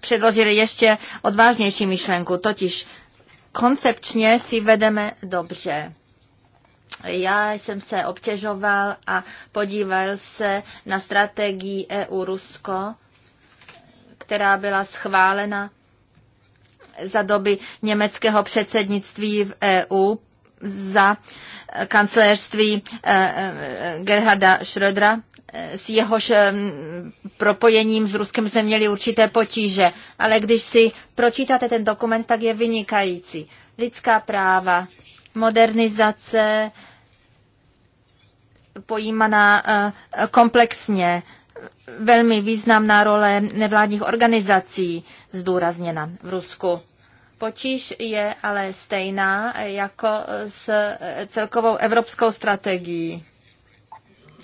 předložil ještě odvážnější myšlenku, totiž koncepčně si vedeme dobře. Já jsem se obtěžoval a podíval se na strategii EU-Rusko, která byla schválena za doby německého předsednictví v EU za kancelářství eh, eh, Gerharda Schrödera. Eh, s jehož propojením s Ruskem jsme měli určité potíže, ale když si pročítáte ten dokument, tak je vynikající. Lidská práva, modernizace, pojímaná komplexně, velmi významná role nevládních organizací zdůrazněna v Rusku. Potíž je ale stejná jako s celkovou evropskou strategií.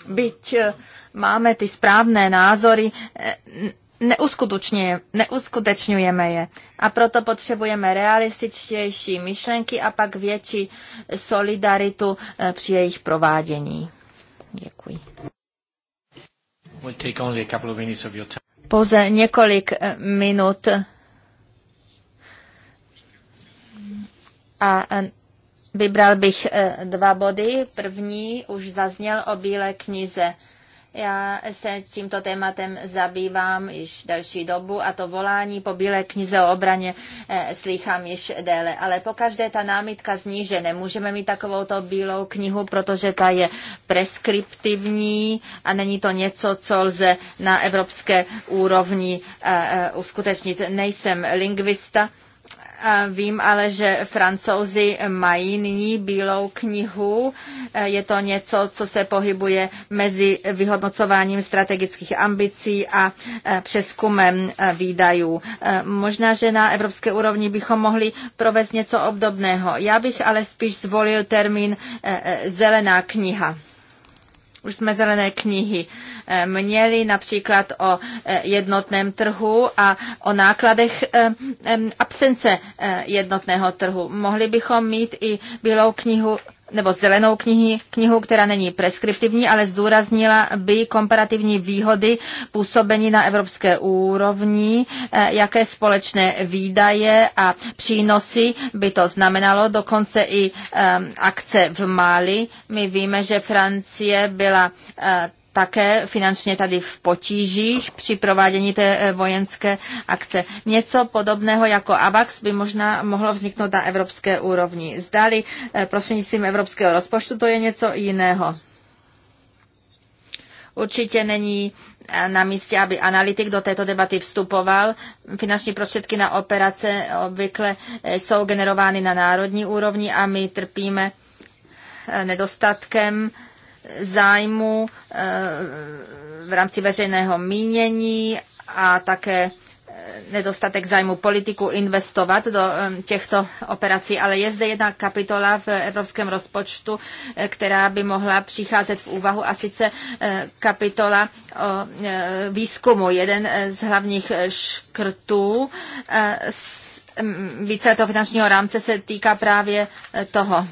Byť eh, máme ty správné názory, eh, neuskutečňujeme je. A proto potřebujeme realističtější myšlenky a pak větší solidaritu eh, při jejich provádění. Děkuji. Pouze několik eh, minut. A eh, vybral bych eh, dva body. První už zazněl o Bílé knize. Já se tímto tématem zabývám již další dobu a to volání po Bílé knize o obraně e, slýchám již déle. Ale pokaždé ta námitka zní, že nemůžeme mít to Bílou knihu, protože ta je preskriptivní a není to něco, co lze na evropské úrovni e, e, uskutečnit. Nejsem lingvista, Vím ale, že francouzi mají nyní bílou knihu. E, je to něco, co se pohybuje mezi vyhodnocováním strategických ambicí a e, přeskumem e, výdajů. Možná, že na evropské úrovni bychom mohli provést něco obdobného. Já bych ale spíš zvolil termín zelená kniha už jsme zelené knihy eh, měli například o eh, jednotném trhu a o nákladech eh, absence jednotného trhu. Mohli bychom mít i bílou knihu nebo zelenou knihy, knihu, která není preskriptivní, ale zdůraznila by komparativní výhody působení na evropské úrovni, eh, jaké společné výdaje a přínosy by to znamenalo, dokonce i eh, akce v Mali. My víme, že Francie byla eh, také finančně tady v potížích při provádění té eh, vojenské akce. Něco podobného jako AVAX by možná mohlo vzniknout na evropské úrovni. Zdali eh, prostřednictvím evropského rozpočtu to je něco jiného. Určitě není eh, na místě, aby analytik do této debaty vstupoval. Finanční prostředky na operace obvykle jsou generovány na národní úrovni a my trpíme nedostatkem zájmu eh, v rámci veřejného mínění a také eh, nedostatek zájmu politiků investovat do eh, těchto operací, ale je zde jedna kapitola v evropském rozpočtu, která by mohla přicházet v úvahu a sice kapitola o výzkumu. Jeden z hlavních škrtů mm, víceletého finančního rámce se týká právě toho.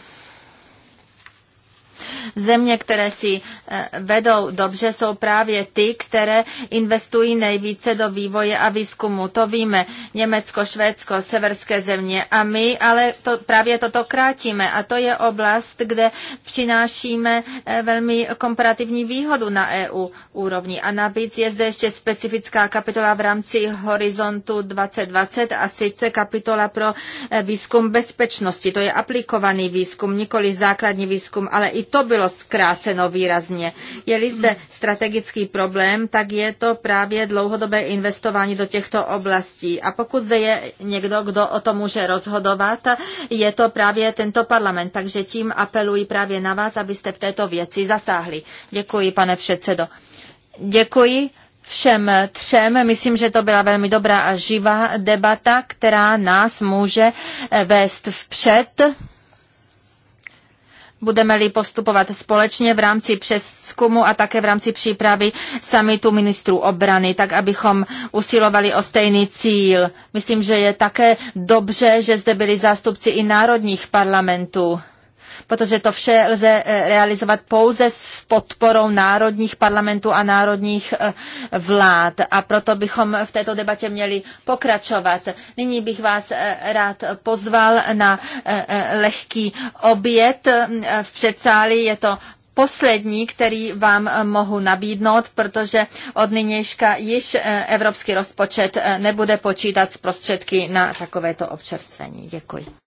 Země, které si eh, vedou dobře, jsou právě ty, které investují nejvíce do vývoje a výzkumu. To víme, Německo, Švédsko, severské země a my, ale to, právě toto krátíme a to je oblast, kde přinášíme eh, velmi komparativní výhodu na EU úrovni. A navíc je zde ještě specifická kapitola v rámci Horizontu 2020 a sice kapitola pro eh, výzkum bezpečnosti. To je aplikovaný výzkum, nikoli základní výzkum, ale i to bylo zkráceno výrazně. Je-li zde strategický problém, tak je to právě dlouhodobé investování do těchto oblastí. A pokud zde je někdo, kdo o tom může rozhodovat, je to právě tento parlament. Takže tím apeluji právě na vás, abyste v této věci zasáhli. Děkuji, pane předsedo. Děkuji všem třem. Myslím, že to byla velmi dobrá a živá debata, která nás může vést vpřed. Budeme-li postupovat společně v rámci přeskumu a také v rámci přípravy samitu ministrů obrany, tak abychom usilovali o stejný cíl. Myslím, že je také dobře, že zde byli zástupci i národních parlamentů protože to vše lze eh, realizovat pouze s podporou národních parlamentů a národních eh, vlád. A proto bychom v této debatě měli pokračovat. Nyní bych vás eh, rád pozval na lehký oběd v předsáli. Je to poslední, který vám mohu nabídnout, protože od nynějška již evropský rozpočet nebude počítat s prostředky na takovéto občerstvení. Děkuji.